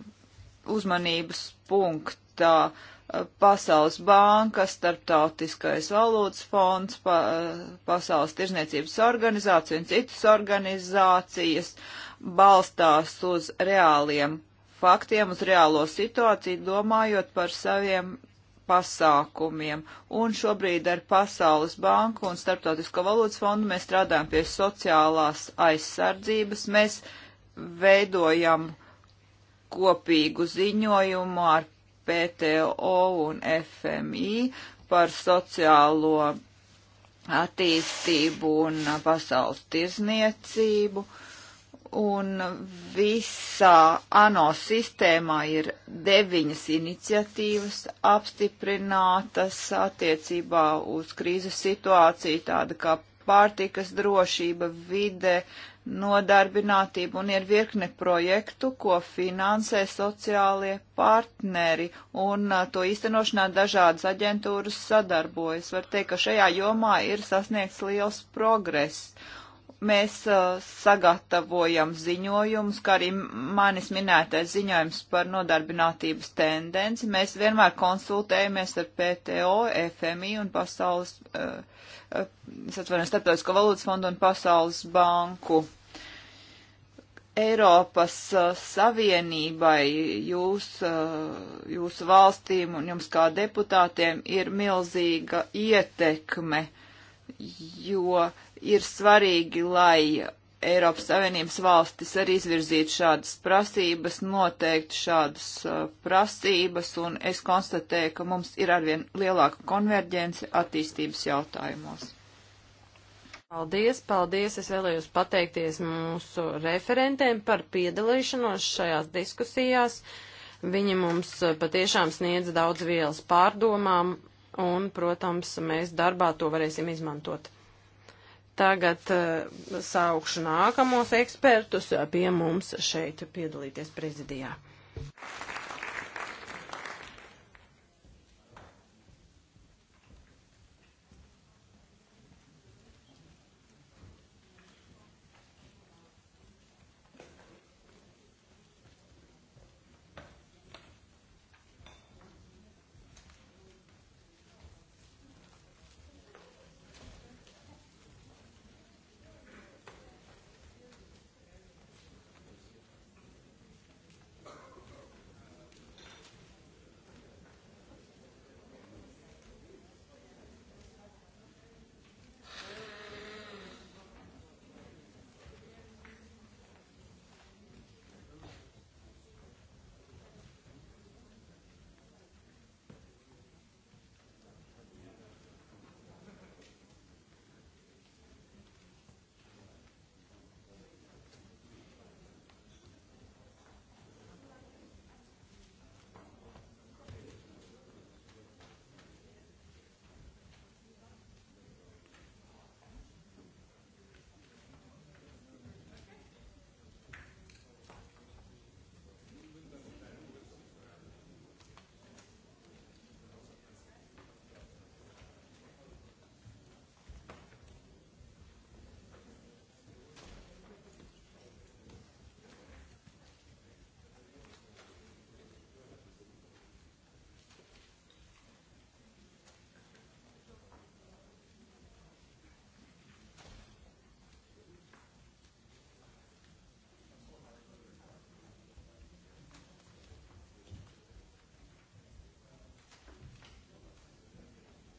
uzmanības punktā eh, Pasaules banka, Starptautiskais valūtas fonds, pa, eh, Pasaules tirzniecības organizācija un citas organizācijas balstās uz reāliem faktiem, uz reālo situāciju, domājot par saviem pasākumiem. Un šobrīd ar Pasaules banku un Starptautisko valūtas fondu mēs strādājam pie sociālās aizsardzības. Mēs veidojam uh, kopīgu ziņojumu ar PTO un FMI par sociālo attīstību un pasaules tirzniecību. Un visā ANO sistēmā ir deviņas iniciatīvas apstiprinātas attiecībā uz krīzes situāciju, tāda kā pārtikas drošība, vide, uh, nodarbinātību un ir virkne projektu, ko finansē sociālie partneri un uh, to īstenošanā dažādas aģentūras sadarbojas. Var teikt, ka šajā jomā ir sasniegts liels progress mēs uh, sagatavojam ziņojumus, kā arī manis minētais ziņojums par nodarbinātības tendenci. Mēs vienmēr konsultējamies ar PTO, FMI un Pasaules, uh, uh es atvainu, Starptautisko valūtas fondu un Pasaules banku. Eiropas uh, Savienībai jūs, uh, jūsu valstīm un jums kā deputātiem ir milzīga ietekme, jo uh, ir svarīgi, lai Eiropas Savienības valstis arī izvirzītu šādas prasības, noteikti šādas uh, prasības, un es konstatēju, ka mums ir arvien lielāka konverģence attīstības jautājumos. Paldies, paldies! Es vēlējos pateikties mūsu referentēm par piedalīšanos šajās diskusijās. Viņi mums uh, patiešām sniedz daudz vielas pārdomām, un, protams, mēs darbā to varēsim izmantot. Tagad uh, saukšu nākamos ekspertus eh, pie mums šeit piedalīties prezidijā. Thank you.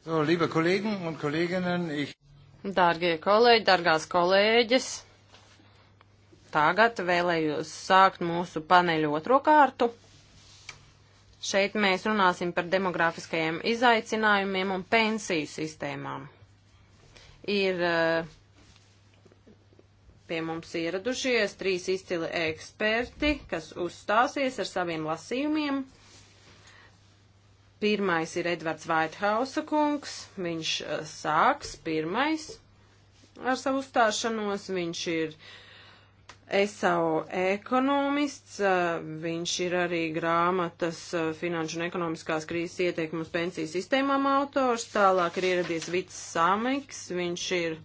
So, liebe Kollegen und Kolleginnen, ich... Dārgie kolēģi, dārgās kolēģis, tagad vēlējos sākt mūsu paneļu otro kārtu. Šeit mēs runāsim par demografiskajiem izaicinājumiem un pensiju sistēmām. Ir eh, pie mums ieradušies trīs izcili eksperti, kas uzstāsies ar saviem lasījumiem. Pirmais ir Edvards Vaithausa kungs, viņš eh, sāks pirmais ar savu uzstāšanos, viņš ir ESAO ekonomists, eh, viņš ir arī grāmatas eh, Finanšu un ekonomiskās krīzes ieteikumus pensiju sistēmām autors, tālāk ir ieradies Vits Samiks, viņš ir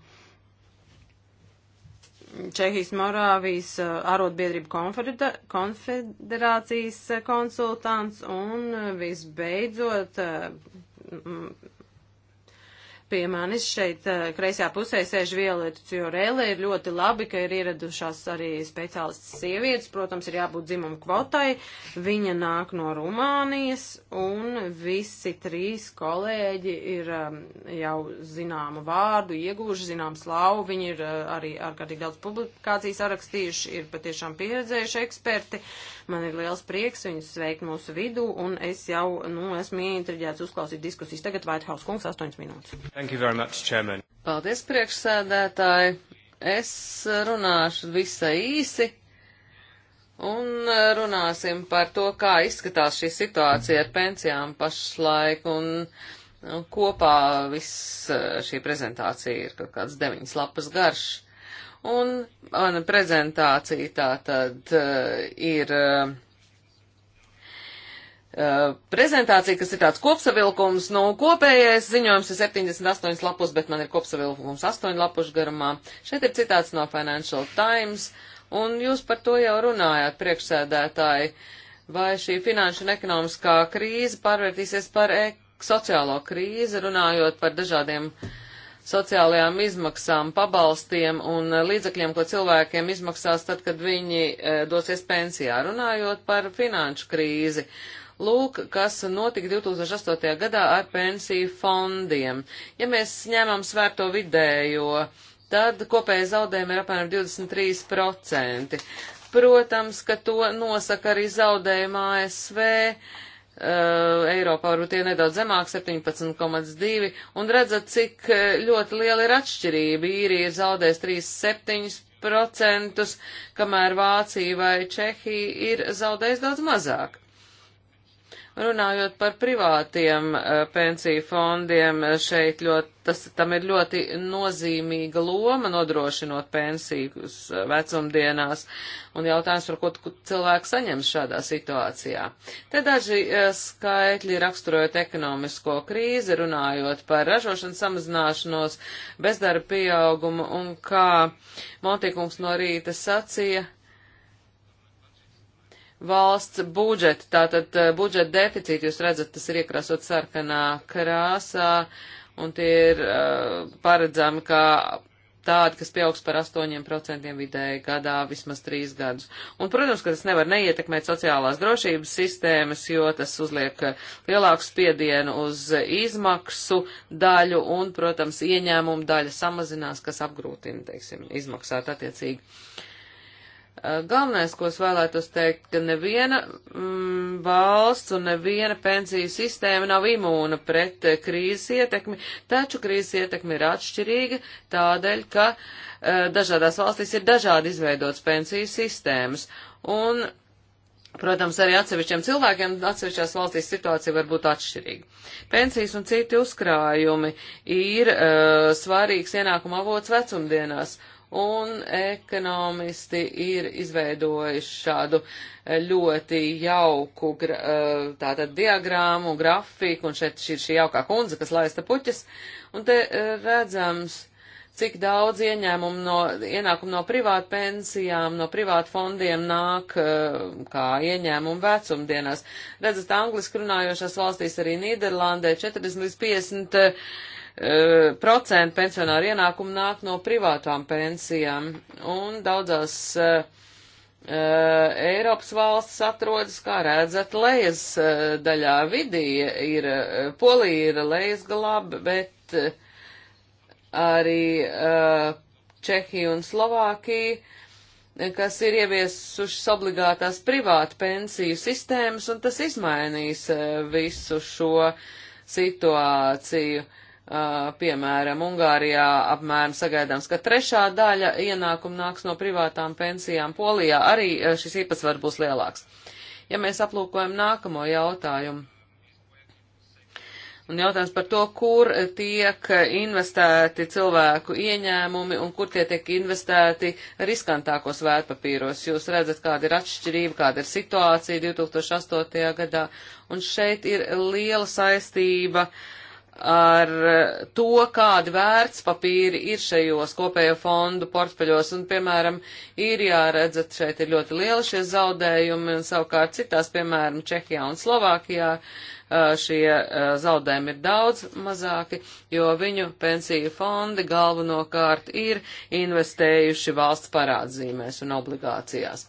Čehijas Morāvijas eh, arotbiedrību konfederācijas eh, konsultants un eh, visbeidzot Pie manis šeit eh, kreisajā pusē sēž Violeta Ciorele. Ir ļoti labi, ka ir ieradušās arī speciālistas sievietes. Protams, ir jābūt dzimumu kvotai. Viņa nāk no Rumānijas un visi trīs kolēģi ir eh, jau zināmu vārdu, ieguvuši zināmu slavu. Viņi ir eh, arī ārkārtīgi daudz publikācijas rakstījuši, ir patiešām pieredzējuši eksperti. Uh, Man ir liels prieks viņus sveikt mūsu vidū, un es jau, nu, esmu ieintriģēts uzklausīt diskusijas. Tagad Vaithaus kungs, 8 minūtes. Thank you very much, Chairman. Paldies, priekšsēdētāji. Es runāšu visai īsi. Un runāsim par to, kā izskatās šī situācija ar pensijām pašlaik, un, un kopā viss šī prezentācija ir kaut kāds deviņas lapas garš. Un mana prezentācija tā tad eh, ir eh, eh, prezentācija, kas ir tāds kopsavilkums, nu, kopējais ziņojums ir 78 lapus, bet man ir kopsavilkums 8 lapušu garumā. Šeit ir citāts no Financial Times, un jūs par to jau runājāt, priekšsēdētāji, vai šī finanšu un ekonomiskā krīze pārvērtīsies par ek sociālo krīzi, runājot par dažādiem uh, sociālajām izmaksām, pabalstiem un eh, līdzekļiem, ko cilvēkiem izmaksās tad, kad viņi eh, dosies pensijā, runājot par finanšu krīzi. Lūk, kas notika 2008. gadā ar pensiju fondiem. Ja mēs ņemam svērto vidējo, tad kopēja zaudējumi ir apmēram 23%. Protams, ka to nosaka arī zaudējuma ASV Uh, Eiropā varbūt ir nedaudz zemāk, 17,2, un redzat, cik eh, ļoti liela ir atšķirība. Īrija ir zaudējis 3,7%, kamēr Vācija vai Čehija ir zaudējis daudz mazāk. Runājot par privātiem eh, pensiju fondiem, eh, šeit ļoti, tas, tam ir ļoti nozīmīga loma nodrošinot pensijas eh, vecumdienās un jautājums, par ko cilvēks saņems šādā situācijā. Te daži skaitļi raksturojot ekonomisko krīzi, runājot par ražošanas samazināšanos, bezdarba pieaugumu un kā Montīkums no rīta sacīja, valsts budžeta, tātad eh, budžeta deficīti, jūs redzat, tas ir iekrāsot sarkanā krāsā, un tie ir uh, paredzami kā tādi, kas pieaugs par 8% vidēji gadā vismaz 3 gadus. Un, protams, ka tas nevar neietekmēt sociālās drošības sistēmas, jo tas uzliek eh, lielāku spiedienu uz izmaksu daļu un, protams, ieņēmumu daļa samazinās, kas apgrūtina, teiksim, izmaksāt attiecīgi. Uh, Eh, galvenais, ko es vēlētos teikt, ka neviena mm, valsts un neviena pensiju sistēma nav imūna pret eh, krīzes ietekmi, taču krīzes ietekmi ir atšķirīga tādēļ, ka uh, dažādās valstīs ir dažādi izveidotas pensiju sistēmas. Un, protams, arī atsevišķiem cilvēkiem atsevišķās valstīs situācija var būt atšķirīga. Pensijas un citi uzkrājumi ir uh, svarīgs ienākuma avots vecumdienās un ekonomisti ir izveidojuši šādu eh, ļoti jauku eh, tātad diagrāmu, grafiku, un šeit šī ir šī jaukā kundze, kas laista puķis, un te eh, redzams, cik daudz ieņēmumu no, ienākumu no privātu pensijām, no privātu fondiem nāk kā ieņēmumu vecumdienās. Redzat, angliski runājošās valstīs arī Nīderlandē 40 līdz 50 procentu pensionāru ienākumu nāk no privātām pensijām, un daudzās uh, Eiropas valsts atrodas, kā redzat, lejas uh, daļā vidī ir, uh, Polija ir lejas galā, bet arī Čehija un Slovākija, kas ir ieviesušas obligātās privātu pensiju sistēmas, un tas izmainīs visu šo situāciju. Uh, Uh, piemēram, Ungārijā apmēram sagaidāms, ka trešā daļa ienākumu nāks no privātām pensijām. Polijā arī šis īpatsvars būs lielāks. Ja mēs aplūkojam nākamo jautājumu. Un jautājums par to, kur tiek investēti cilvēku ieņēmumi un kur tie tiek investēti riskantākos vērtpapīros. Jūs redzat, kāda ir atšķirība, kāda ir situācija 2008. gadā. Un šeit ir liela saistība uh, ar eh, to, kādi vērtspapīri ir šajos kopējo fondu portfeļos, un, piemēram, īrijā redzat, šeit ir ļoti lieli šie zaudējumi, un savukārt citās, piemēram, Čehijā un Slovākijā eh, šie eh, zaudējumi ir daudz mazāki, jo viņu pensiju fondi galvenokārt ir investējuši valsts parādzīmēs un obligācijās.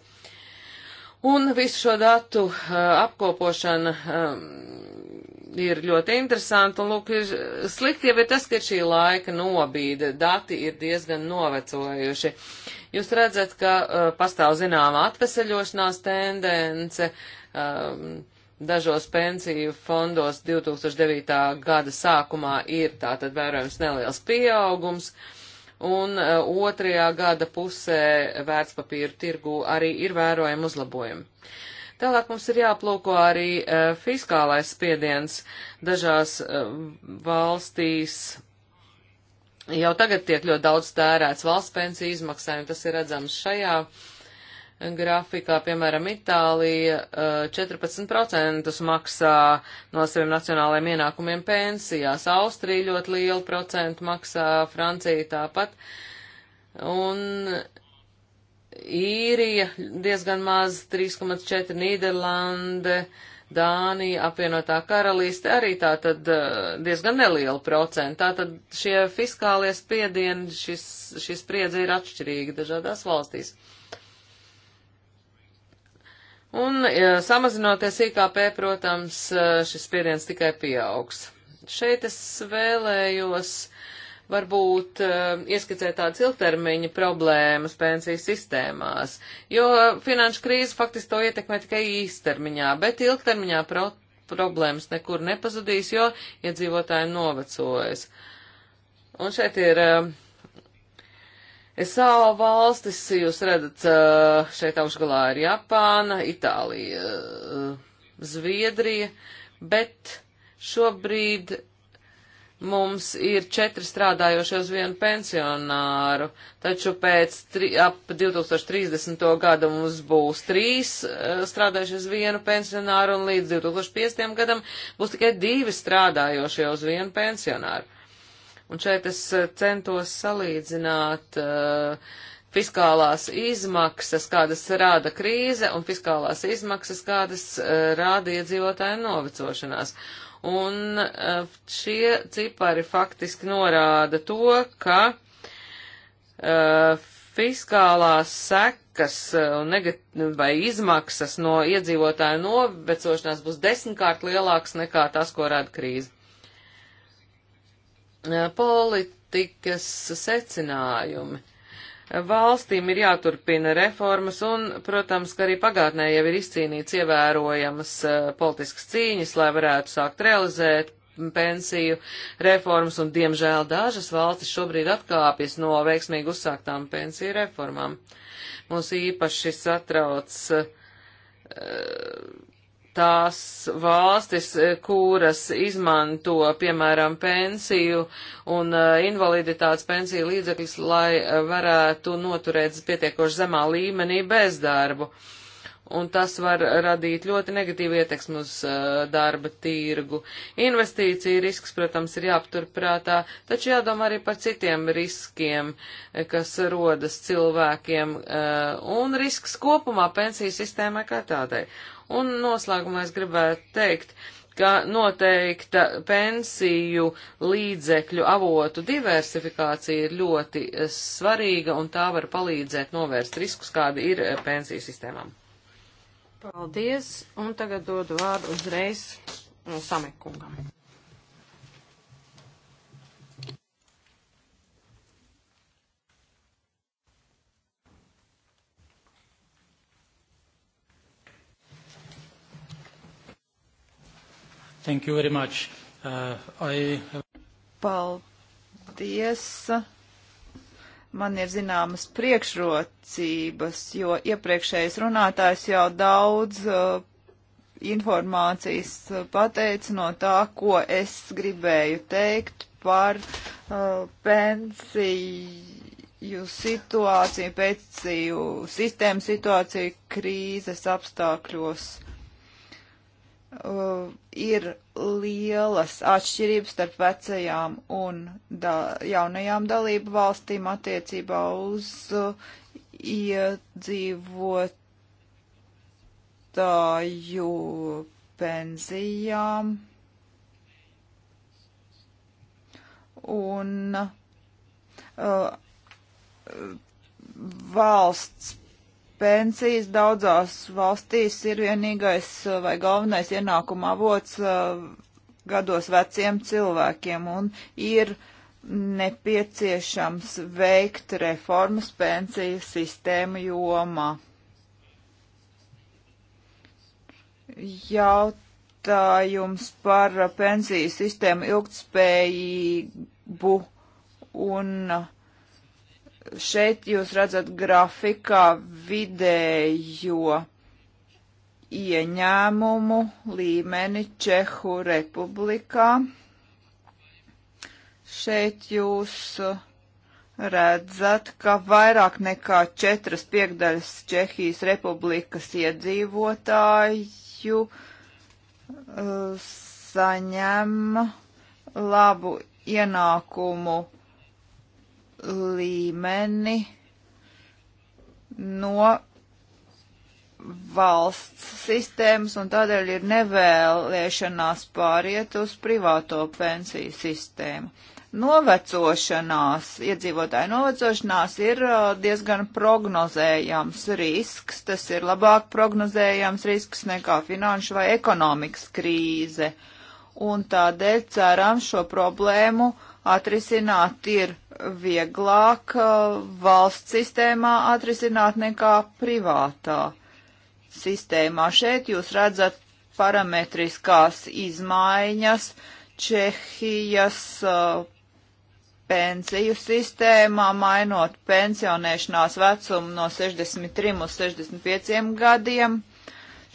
Un visu šo datu apkopošana ehm, ir ļoti interesanti, un lūk, ir slikti jau ir tas, ka šī laika nobīde, dati ir diezgan novecojuši. Jūs redzat, ka uh, pastāv zināma atveseļošanās tendence. Um, Dažos pensiju fondos 2009. gada sākumā ir tātad vērojams neliels pieaugums, un uh, otrajā gada pusē vērtspapīru tirgu arī ir vērojami uzlabojumi. Uh, Tālāk mums ir jāplūko arī uh, fiskālais spiediens dažās uh, valstīs. Jau tagad tiek ļoti daudz tērēts valsts pensiju izmaksājumi, tas ir redzams šajā grafikā, piemēram, Itālija 14% e, maksā no saviem nacionālajiem ienākumiem pensijās, Austrija ļoti lielu procentu maksā, Francija tāpat. Un Īrija diezgan maz, 3,4 Nīderlande, Dānija, apvienotā karalīste arī tā tad eh, diezgan neliela procenta. Tā tad šie fiskālie spiedieni, šis, šis spriedze ir atšķirīga dažādās valstīs. Un ja, samazinoties IKP, protams, eh, šis spiediens tikai pieaugs. Šeit es vēlējos uh, varbūt uh, ieskicēt tādas ilgtermiņa problēmas pensiju sistēmās, jo finanšu krīze faktiski to ietekmē tikai īstermiņā, bet ilgtermiņā pro problēmas nekur nepazudīs, jo iedzīvotāji novecojas. Un šeit ir uh, eh, SAO valstis, jūs redzat, uh, šeit augšgalā ir Japāna, Itālija, Zviedrija, bet šobrīd mums ir četri strādājošie uz vienu pensionāru, taču pēc tri, ap 2030. gada mums būs trīs eh, strādājušie uz vienu pensionāru un līdz 2050. gadam būs tikai divi strādājošie uz vienu pensionāru. Un šeit es eh, centos salīdzināt uh, fiskālās izmaksas, kādas rāda krīze, un fiskālās izmaksas, kādas uh, rāda iedzīvotāju novecošanās. Uh, un eh, šie cipari faktiski norāda to, ka uh, fiskālās sekas eh, vai izmaksas no iedzīvotāju novecošanās būs desmitkārt lielākas nekā tas, ko rada krīze. Politikas secinājumi. Uh, Valstīm ir jāturpina reformas un, protams, ka arī pagātnē jau ir izcīnīts ievērojamas eh, politiskas cīņas, lai varētu sākt realizēt pensiju reformas, un, diemžēl, dažas valstis šobrīd atkāpjas no veiksmīgi uzsāktām pensiju reformām. Mums īpaši satrauc uh, tās valstis, e, kuras izmanto, piemēram, pensiju un e, invaliditātes pensiju līdzekļus, lai e, varētu noturēt pietiekoši zemā līmenī bezdarbu. Uh, un tas var radīt ļoti negatīvu ietekmi uz uh, darba tirgu. Investīcija risks, protams, ir jāaptur prātā, taču jādomā arī par citiem riskiem, eh, kas rodas cilvēkiem, uh, un risks kopumā pensiju sistēmai kā tādai. Un noslēgumā es gribētu teikt, ka noteikta pensiju līdzekļu avotu diversifikācija ir ļoti svarīga, un tā var palīdzēt novērst riskus, kādi ir pensiju sistēmām. Paldies, un tagad dodu vārdu uzreiz no nu, samekungam. Thank you very much. Uh, I... Paldies man ir zināmas priekšrocības, jo iepriekšējais runātājs jau daudz uh, informācijas uh, pateica no tā, ko es gribēju teikt par uh, pensiju situāciju, pensiju sistēmu situāciju krīzes apstākļos. Uh, ir lielas atšķirības starp vecajām un da jaunajām dalību valstīm attiecībā uz uh, iedzīvotāju pensijām. Un uh, valsts pensijas daudzās valstīs ir vienīgais eh, vai galvenais ienākuma avots eh, gados veciem cilvēkiem un ir nepieciešams veikt reformas pensiju sistēmu jomā. Jautājums par pensiju sistēmu ilgtspējību un uh, Šeit jūs redzat grafikā vidējo ieņēmumu līmeni Čehu republikā. Šeit jūs redzat, ka vairāk nekā četras piekdaļas Čehijas republikas iedzīvotāju uh, saņem labu ienākumu līmeni no valsts sistēmas un tādēļ ir nevēlēšanās pāriet uz privāto pensiju sistēmu. Novecošanās, iedzīvotāju novecošanās ir uh, diezgan prognozējams risks, tas ir labāk prognozējams risks nekā finanšu vai ekonomikas krīze, un tādēļ ceram šo problēmu atrisināt ir vieglāk uh, valsts sistēmā atrisināt nekā privātā sistēmā. Šeit jūs redzat parametriskās izmaiņas Čehijas uh, pensiju sistēmā, mainot pensionēšanās vecumu no 63 uz 65 gadiem.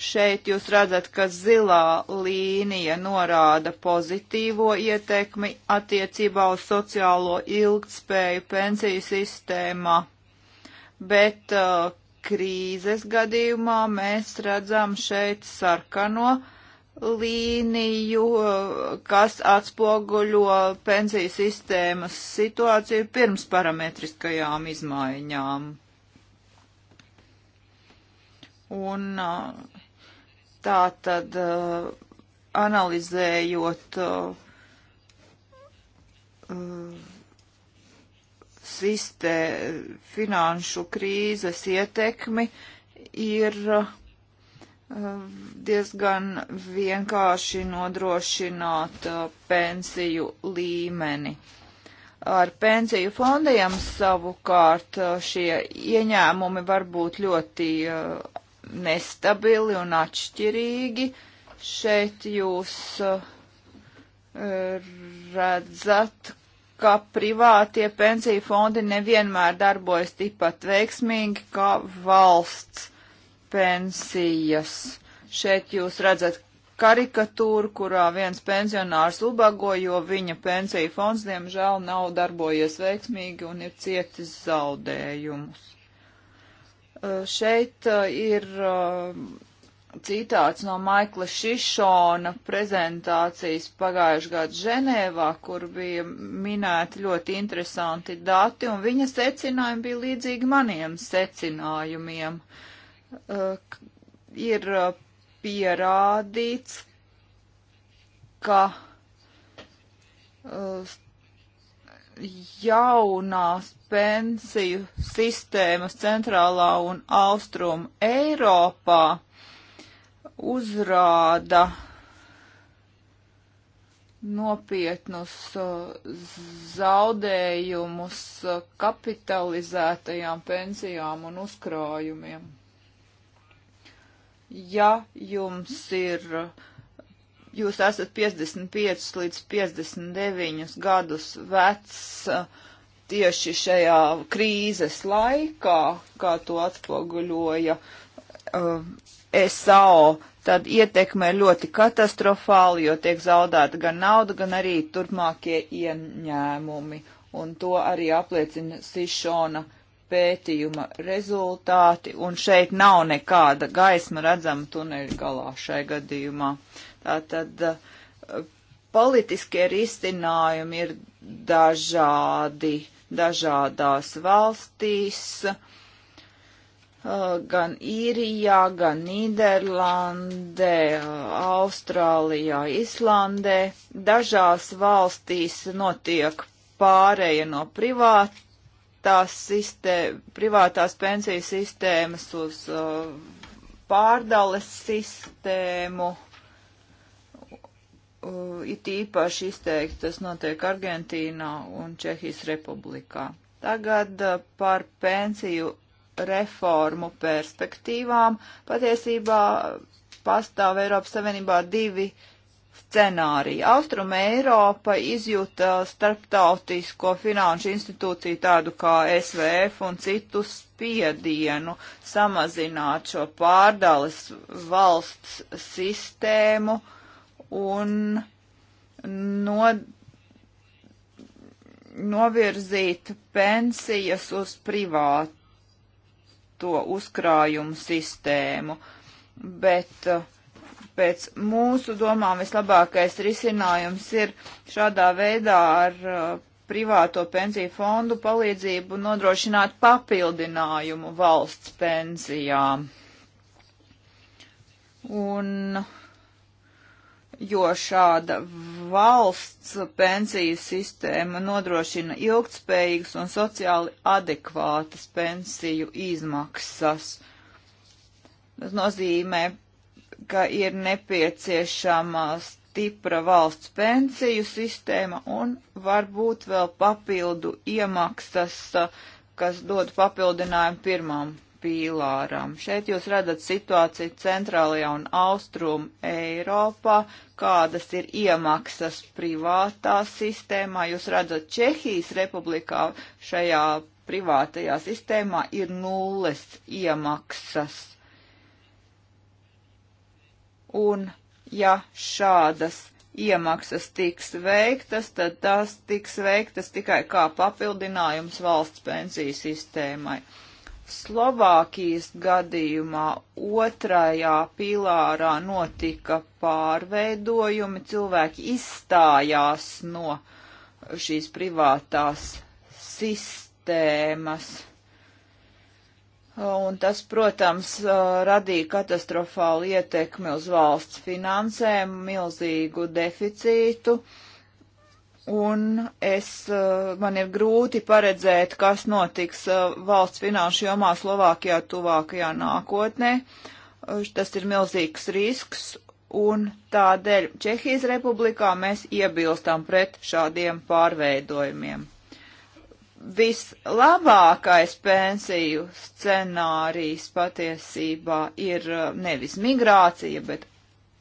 Šeit jūs redzat, ka zilā līnija norāda pozitīvo ietekmi attiecībā uz sociālo ilgtspēju pensiju sistēmā, bet uh, krīzes gadījumā mēs redzam šeit sarkano līniju, uh, kas atspoguļo pensiju sistēmas situāciju pirms parametriskajām izmaiņām. Un uh, Tā tad uh, analizējot uh, uh sistē, finanšu krīzes ietekmi, ir uh, diezgan vienkārši nodrošināt uh, pensiju līmeni. Ar pensiju fondiem savukārt uh, šie ieņēmumi var būt ļoti nestabili un atšķirīgi. Šeit jūs eh, redzat, ka privātie pensiju fondi nevienmēr darbojas tikpat veiksmīgi kā valsts pensijas. Šeit jūs redzat karikatūru, kurā viens pensionārs ubago, jo viņa pensiju fonds, diemžēl, nav darbojies veiksmīgi un ir cietis zaudējumus. Eh, šeit eh, ir eh, citāts no Maikla Šišona prezentācijas pagājušajā gadā Ženēvā, kur bija minēti ļoti interesanti dati, un viņa secinājumi bija līdzīgi maniem secinājumiem. Uh, ir pierādīts, ka uh, jaunās pensiju sistēmas centrālā un austrum Eiropā uzrāda nopietnus uh, zaudējumus uh, kapitalizētajām pensijām un uzkrājumiem. Ja jums ir uh, jūs esat 55 līdz 59 gadus vecs uh, tieši šajā krīzes laikā, kā to atspoguļoja uh, SAO, tad ietekme ir ļoti katastrofāli, jo tiek zaudēta gan nauda, gan arī turpmākie ieņēmumi. Un to arī apliecina Sišona pētījuma rezultāti, un šeit nav nekāda gaisma redzama tuneļa galā šai gadījumā. Uh, Tātad eh, politiskie risinājumi ir dažādi dažādās valstīs, eh, gan Īrijā, gan Nīderlandē, Austrālijā, Islandē. Dažās valstīs notiek pāreja no privātās, sistē, privātās pensijas sistēmas uz eh, pārdales sistēmu Uh, it īpaši izteikti tas notiek Argentīnā un Čehijas republikā. Tagad uh, par pensiju reformu perspektīvām patiesībā pastāv Eiropas Savienībā divi scenāriji. Austruma Eiropa izjūta uh, starptautisko finanšu institūciju tādu kā SVF un citu spiedienu samazināt šo pārdales valsts sistēmu uh, un no, novirzīt pensijas uz privāto uzkrājumu sistēmu, bet uh, pēc mūsu domām vislabākais risinājums ir šādā veidā ar uh, privāto pensiju fondu palīdzību nodrošināt papildinājumu valsts pensijām. Un uh, jo šāda valsts pensiju sistēma nodrošina ilgtspējīgas un sociāli adekvātas pensiju izmaksas. Tas nozīmē, ka ir nepieciešama stipra valsts pensiju sistēma un varbūt vēl papildu iemaksas, kas dod papildinājumu pirmām pīlāram. Šeit jūs redzat situāciju centrālajā un austrum Eiropā, kādas ir iemaksas privātā sistēmā. Jūs redzat Čehijas republikā šajā privātajā sistēmā ir nulles iemaksas. Un ja šādas iemaksas tiks veiktas, tad tās tiks veiktas tikai kā papildinājums valsts pensiju sistēmai. Uh, Slovākijas gadījumā otrajā pilārā notika pārveidojumi, cilvēki izstājās no šīs privātās sistēmas. Un tas, protams, radīja katastrofālu ietekmi uz valsts finansēm, milzīgu deficītu. Uh, un es, eh, man ir grūti paredzēt, kas notiks eh, valsts finanšu jomā Slovākijā tuvākajā nākotnē. Eh, tas ir milzīgs risks, un tādēļ Čehijas republikā mēs iebilstam pret šādiem pārveidojumiem. Vislabākais pensiju scenārijs patiesībā ir nevis migrācija, bet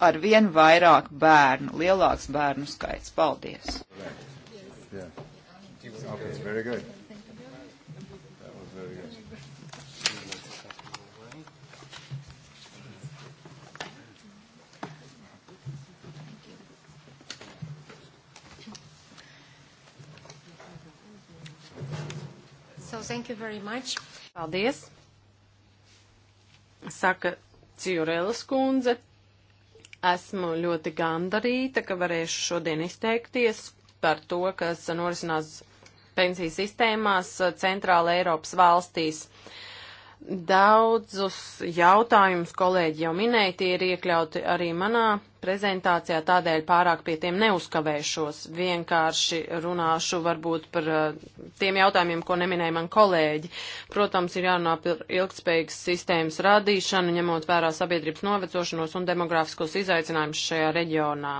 ar vien vairāk bērnu, lielāks bērnu skaits. Paldies! Yeah. Okay, very good. That was very good. So thank you very much. Paldies. Saka Ciurelas kundze. Esmu ļoti gandarīta, ka varēšu šodien izteikties par to, kas norisinās pensiju sistēmās Centrāla Eiropas valstīs. Daudzus jautājumus kolēģi jau minēja, tie ir iekļauti arī manā prezentācijā, tādēļ pārāk pie tiem neuzkavēšos. Vienkārši runāšu varbūt par eh, tiem jautājumiem, ko neminēja man kolēģi. Protams, ir jārunā par ilgspējīgas sistēmas radīšanu, ņemot vērā sabiedrības novecošanos un demografiskos izaicinājumus šajā reģionā.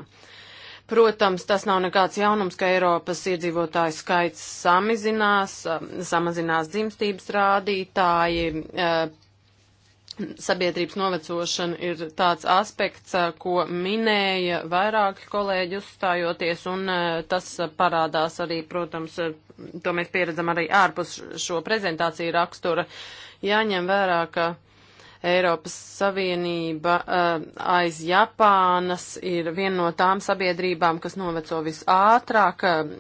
Protams, tas nav nekāds jaunums, ka Eiropas iedzīvotāju skaits samazinās, eh, samazinās dzimstības rādītāji, eh, Sabiedrības novecošana ir tāds aspekts, ko minēja vairāki kolēģi uzstājoties, un tas parādās arī, protams, to mēs pieredzam arī ārpus šo prezentāciju rakstura. Jāņem vērā, ka. Uh, Eiropas Savienība uh, aiz Japānas ir viena no tām sabiedrībām, kas noveco visātrāk, uh,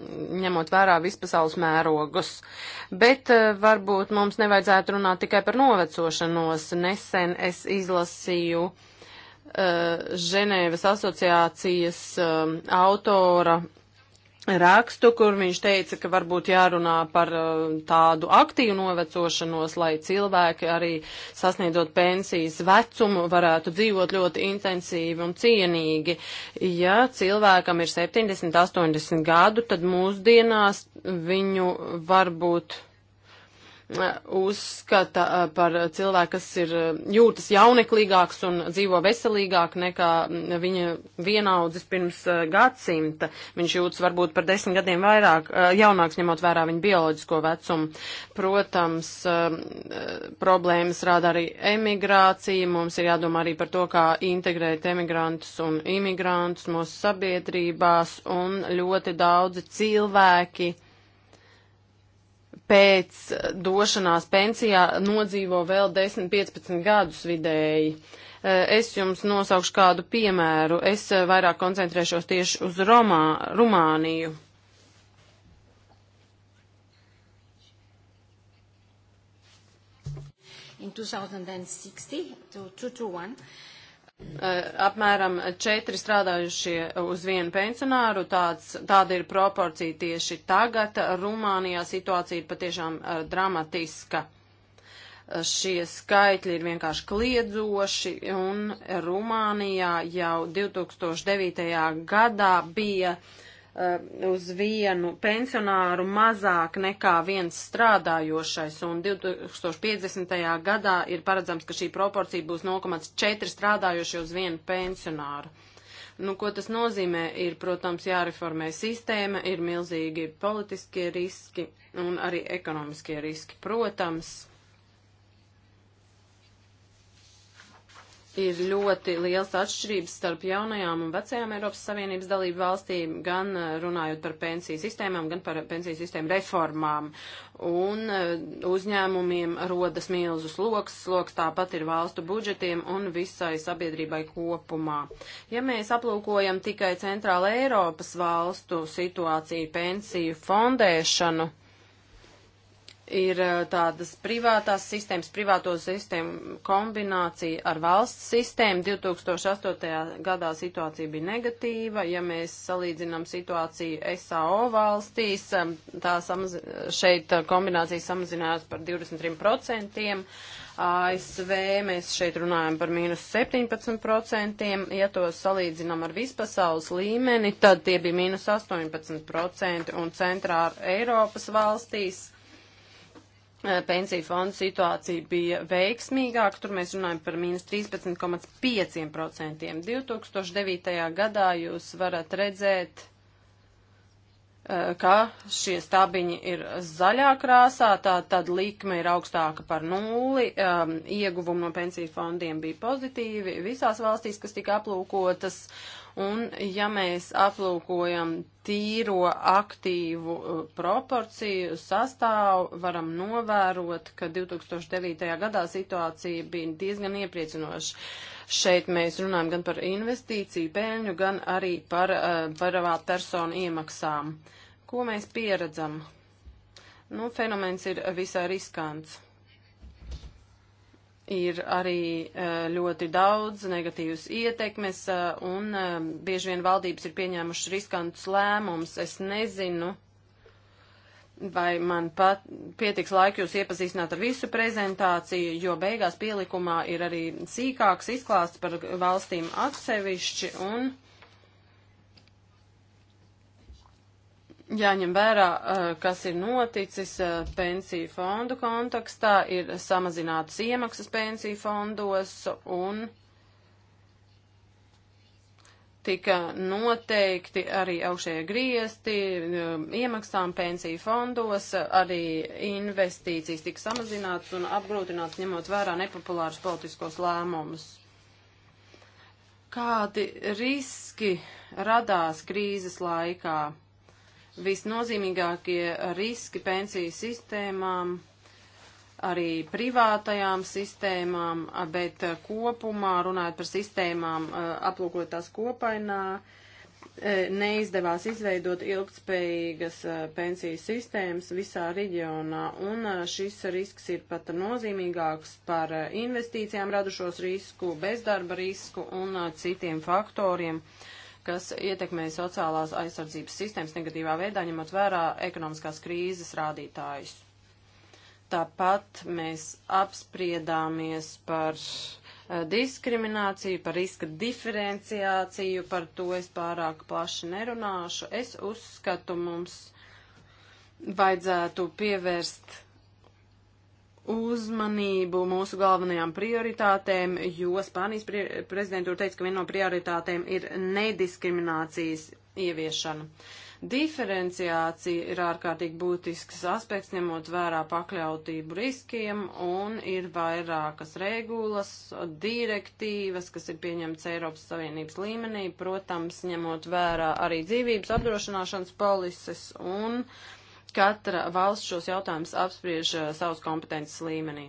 ņemot vērā vispasaules mērogus. Bet uh, varbūt mums nevajadzētu runāt tikai par novecošanos. Nesen es izlasīju Ženēvas asociācijas autora rakstu, kur viņš teica, ka varbūt jārunā par uh, tādu aktīvu novecošanos, lai cilvēki arī sasniedzot pensijas vecumu varētu dzīvot ļoti intensīvi un cienīgi. Ja cilvēkam ir 70, 80 gadu, tad mūsdienās viņu varbūt uzskata par cilvēku, kas ir jūtas jauneklīgāks un dzīvo veselīgāk nekā viņa vienaudzis pirms gadsimta. Viņš jūtas varbūt par desmit gadiem vairāk, jaunāks ņemot vērā viņa bioloģisko vecumu. Protams, problēmas rāda arī emigrācija. Mums ir jādomā arī par to, kā integrēt emigrantus un imigrantus mūsu sabiedrībās un ļoti daudzi cilvēki pēc došanās pensijā nodzīvo vēl 10-15 gadus vidēji. Eh, es jums nosaukšu kādu piemēru. Es eh, vairāk koncentrēšos tieši uz Romā, Rumāniju. In 2060 to 221 apmēram četri strādājušie uz vienu pensionāru, tāds, tāda ir proporcija tieši tagad. Rumānijā situācija ir patiešām dramatiska. Šie skaitļi ir vienkārši kliedzoši, un Rumānijā jau 2009. gadā bija uh, Eh, uz vienu pensionāru mazāk nekā viens strādājošais, un 2050. gadā ir paredzams, ka šī proporcija būs 0,4 strādājošie uz vienu pensionāru. Nu, ko tas nozīmē? Ir, protams, jāreformē sistēma, ir milzīgi politiskie riski un arī ekonomiskie riski, protams. ir ļoti liels atšķirības starp jaunajām un vecajām Eiropas Savienības dalību valstīm, gan eh, runājot par pensiju sistēmām, gan par pensiju sistēmu reformām. Un eh, uzņēmumiem rodas milzu sloks, sloks tāpat ir valstu budžetiem un visai sabiedrībai kopumā. Ja mēs aplūkojam tikai Centrāla Eiropas valstu situāciju, pensiju fondēšanu, ir eh, tādas privātās sistēmas, privāto sistēmu kombinācija ar valsts sistēmu. 2008. gadā situācija bija negatīva. Ja mēs salīdzinām situāciju SAO valstīs, eh, tā samaz... šeit eh, kombinācija samazinājās par 23%. ASV mēs šeit runājam par mīnus 17%, ja to salīdzinām ar vispasaules līmeni, tad tie bija mīnus 18% un centrā Eiropas valstīs Eh, pensiju fondu situācija bija veiksmīgāka, tur mēs runājam par mīnus 13,5%. 2009. gadā jūs varat redzēt, eh, ka šie stabiņi ir zaļā krāsā, tā tad likme ir augstāka par nulli, ehm, ieguvumi no pensiju fondiem bija pozitīvi visās valstīs, kas tika aplūkotas, Un ja mēs aplūkojam tīro aktīvu uh, proporciju sastāvu, varam novērot, ka 2009. gadā situācija bija diezgan iepriecinoša. Šeit mēs runājam gan par investīciju peļņu, gan arī par varavā uh, uh, personu iemaksām. Ko mēs pieredzam? Nu, fenomens ir visai riskants ir arī e, ļoti daudz negatīvas ietekmes, e, un e, bieži vien valdības ir pieņēmušas riskantus lēmumus. Es nezinu, vai man pat pietiks laika jūs iepazīstināt ar visu prezentāciju, jo beigās pielikumā ir arī sīkāks izklāsts par valstīm atsevišķi, un jāņem vērā, eh, kas ir noticis eh, pensiju fondu kontekstā, ir samazinātas iemaksas pensiju fondos un tika noteikti arī augšējie griesti eh, iemaksām pensiju fondos, arī investīcijas tika samazinātas un apgrūtināts ņemot vērā nepopulārus politiskos lēmumus. Kādi riski radās krīzes laikā? visnozīmīgākie riski pensiju sistēmām, arī privātajām sistēmām, bet kopumā, runājot par sistēmām, eh, aplūkot tās kopainā, eh, neizdevās izveidot ilgtspējīgas eh, pensiju sistēmas visā reģionā, un šis risks ir pat nozīmīgāks par investīcijām radušos risku, bezdarba risku un citiem faktoriem. Uh, kas ietekmē sociālās aizsardzības sistēmas negatīvā veidā, ņemot vērā ekonomiskās krīzes rādītājus. Tāpat mēs apspriedāmies par eh, diskrimināciju, par riska diferenciāciju, par to es pārāk plaši nerunāšu. Es uzskatu, mums vajadzētu pievērst uzmanību mūsu galvenajām prioritātēm, jo Spānijas pre prezidentūra teica, ka viena no prioritātēm ir nediskriminācijas ieviešana. Diferenciācija ir ārkārtīgi būtisks aspekts, ņemot vērā pakļautību riskiem, un ir vairākas regulas, direktīvas, kas ir pieņemtas Eiropas Savienības līmenī, protams, ņemot vērā arī dzīvības apdrošināšanas polises un uh, Katra valsts šos jautājumus apspriež uh, savas kompetences līmenī.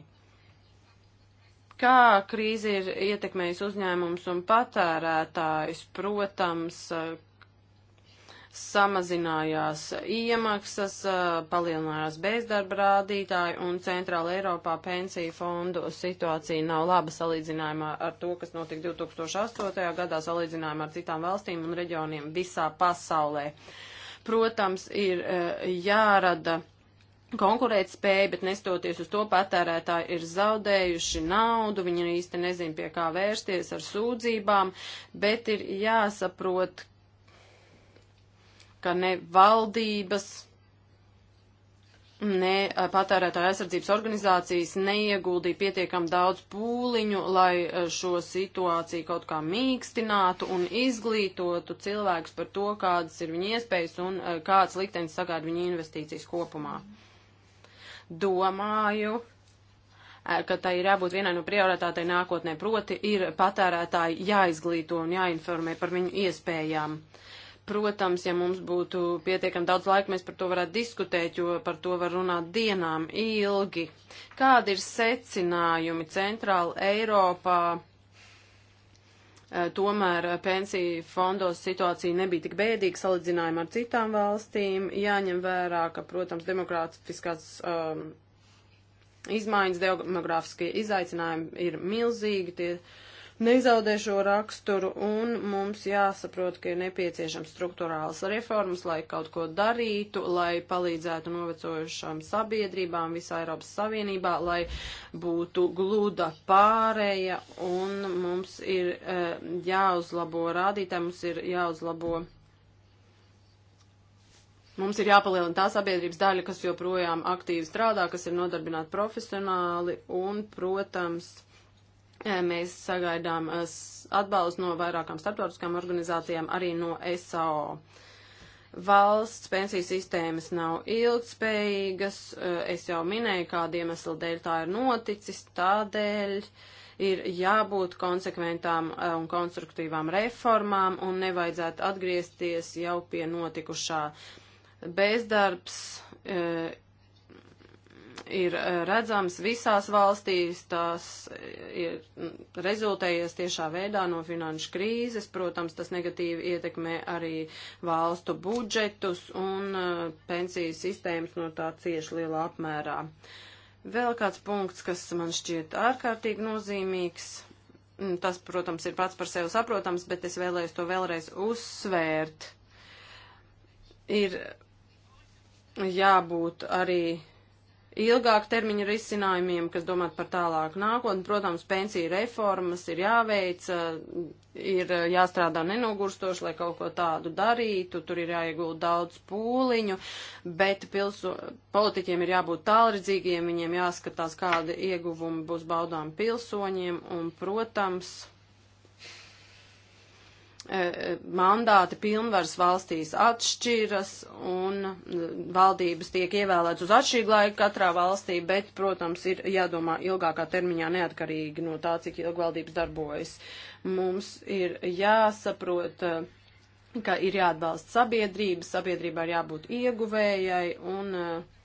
Kā krīze ir ietekmējusi uzņēmums un patērētājs, protams, uh, samazinājās iemaksas, uh, palielinājās bezdarba rādītāji un Centrāla Eiropā pensiju fondu situācija nav laba salīdzinājumā ar to, kas notika 2008. gadā, salīdzinājumā ar citām valstīm un reģioniem visā pasaulē. Uh, Protams, ir e, jārada konkurētspēja, bet nestoties uz to patērētāji ir zaudējuši naudu, viņi īsti nezin pie kā vērsties ar sūdzībām, bet ir jāsaprot, ka ne valdības ne eh, patērētāja aizsardzības organizācijas neieguldīja pietiekam daudz pūliņu, lai eh, šo situāciju kaut kā mīkstinātu un izglītotu cilvēkus par to, kādas ir viņa iespējas un eh, kāds liktenis sagaida viņa investīcijas kopumā. Domāju, ka tai ir jābūt vienai no prioritātei nākotnē, proti ir patērētāji jāizglīto un jāinformē par viņu iespējām. Uh, Protams, ja mums būtu pietiekami daudz laika, mēs par to varētu diskutēt, jo par to var runāt dienām ilgi. Kādi ir secinājumi Centrāla Eiropā? Eh, tomēr pensiju fondos situācija nebija tik bēdīga salīdzinājumā ar citām valstīm. Jāņem vērā, ka, protams, demokrātiskās um, izmaiņas, demogrāfiskie izaicinājumi ir milzīgi. Tie, uh, nezaudēšo raksturu, un mums jāsaprot, ka ir nepieciešams struktūrāls reformas, lai kaut ko darītu, lai palīdzētu novecojušām sabiedrībām visā Eiropas Savienībā, lai būtu gluda pārēja, un mums ir e, jāuzlabo rādītāji, mums ir jāuzlabo. Mums ir jāpalielina tā sabiedrības daļa, kas joprojām aktīvi strādā, kas ir nodarbināti profesionāli un, protams, uh, Eh, mēs sagaidām eh, atbalstu no vairākām starptautiskām organizācijām, arī no SAO. Valsts pensiju sistēmas nav ilgspējīgas, eh, es jau minēju, kāda iemesla dēļ tā ir noticis, tādēļ ir jābūt konsekventām un konstruktīvām reformām un nevajadzētu atgriezties jau pie notikušā. Bezdarbs ir eh, redzams visās valstīs, tās eh, ir rezultējies tiešā veidā no finanšu krīzes. Protams, tas negatīvi ietekmē arī valstu budžetus un eh, pensiju sistēmas no tā cieši lielā apmērā. Vēl kāds punkts, kas man šķiet ārkārtīgi nozīmīgs. Tas, protams, ir pats par sevi saprotams, bet es vēlējos to vēlreiz uzsvērt. Ir jābūt arī ilgāk termiņa risinājumiem, kas domāt par tālāku nākotni. Protams, pensiju reformas ir jāveic, eh, ir eh, jāstrādā nenogurstoši, lai kaut ko tādu darītu, tur ir jāiegūt daudz pūliņu, bet pilso, politiķiem ir jābūt tālredzīgiem, viņiem jāskatās, kādi ieguvumi būs baudām pilsoņiem un, protams, E, mandāti pilnvaras valstīs atšķiras un e, valdības tiek ievēlētas uz atšķirīgu laiku katrā valstī, bet, protams, ir jādomā ilgākā termiņā neatkarīgi no tā, cik ilgi valdības darbojas. Mums ir jāsaprot, e, ka ir jāatbalsta sabiedrība, sabiedrībā ir jābūt ieguvējai un uh,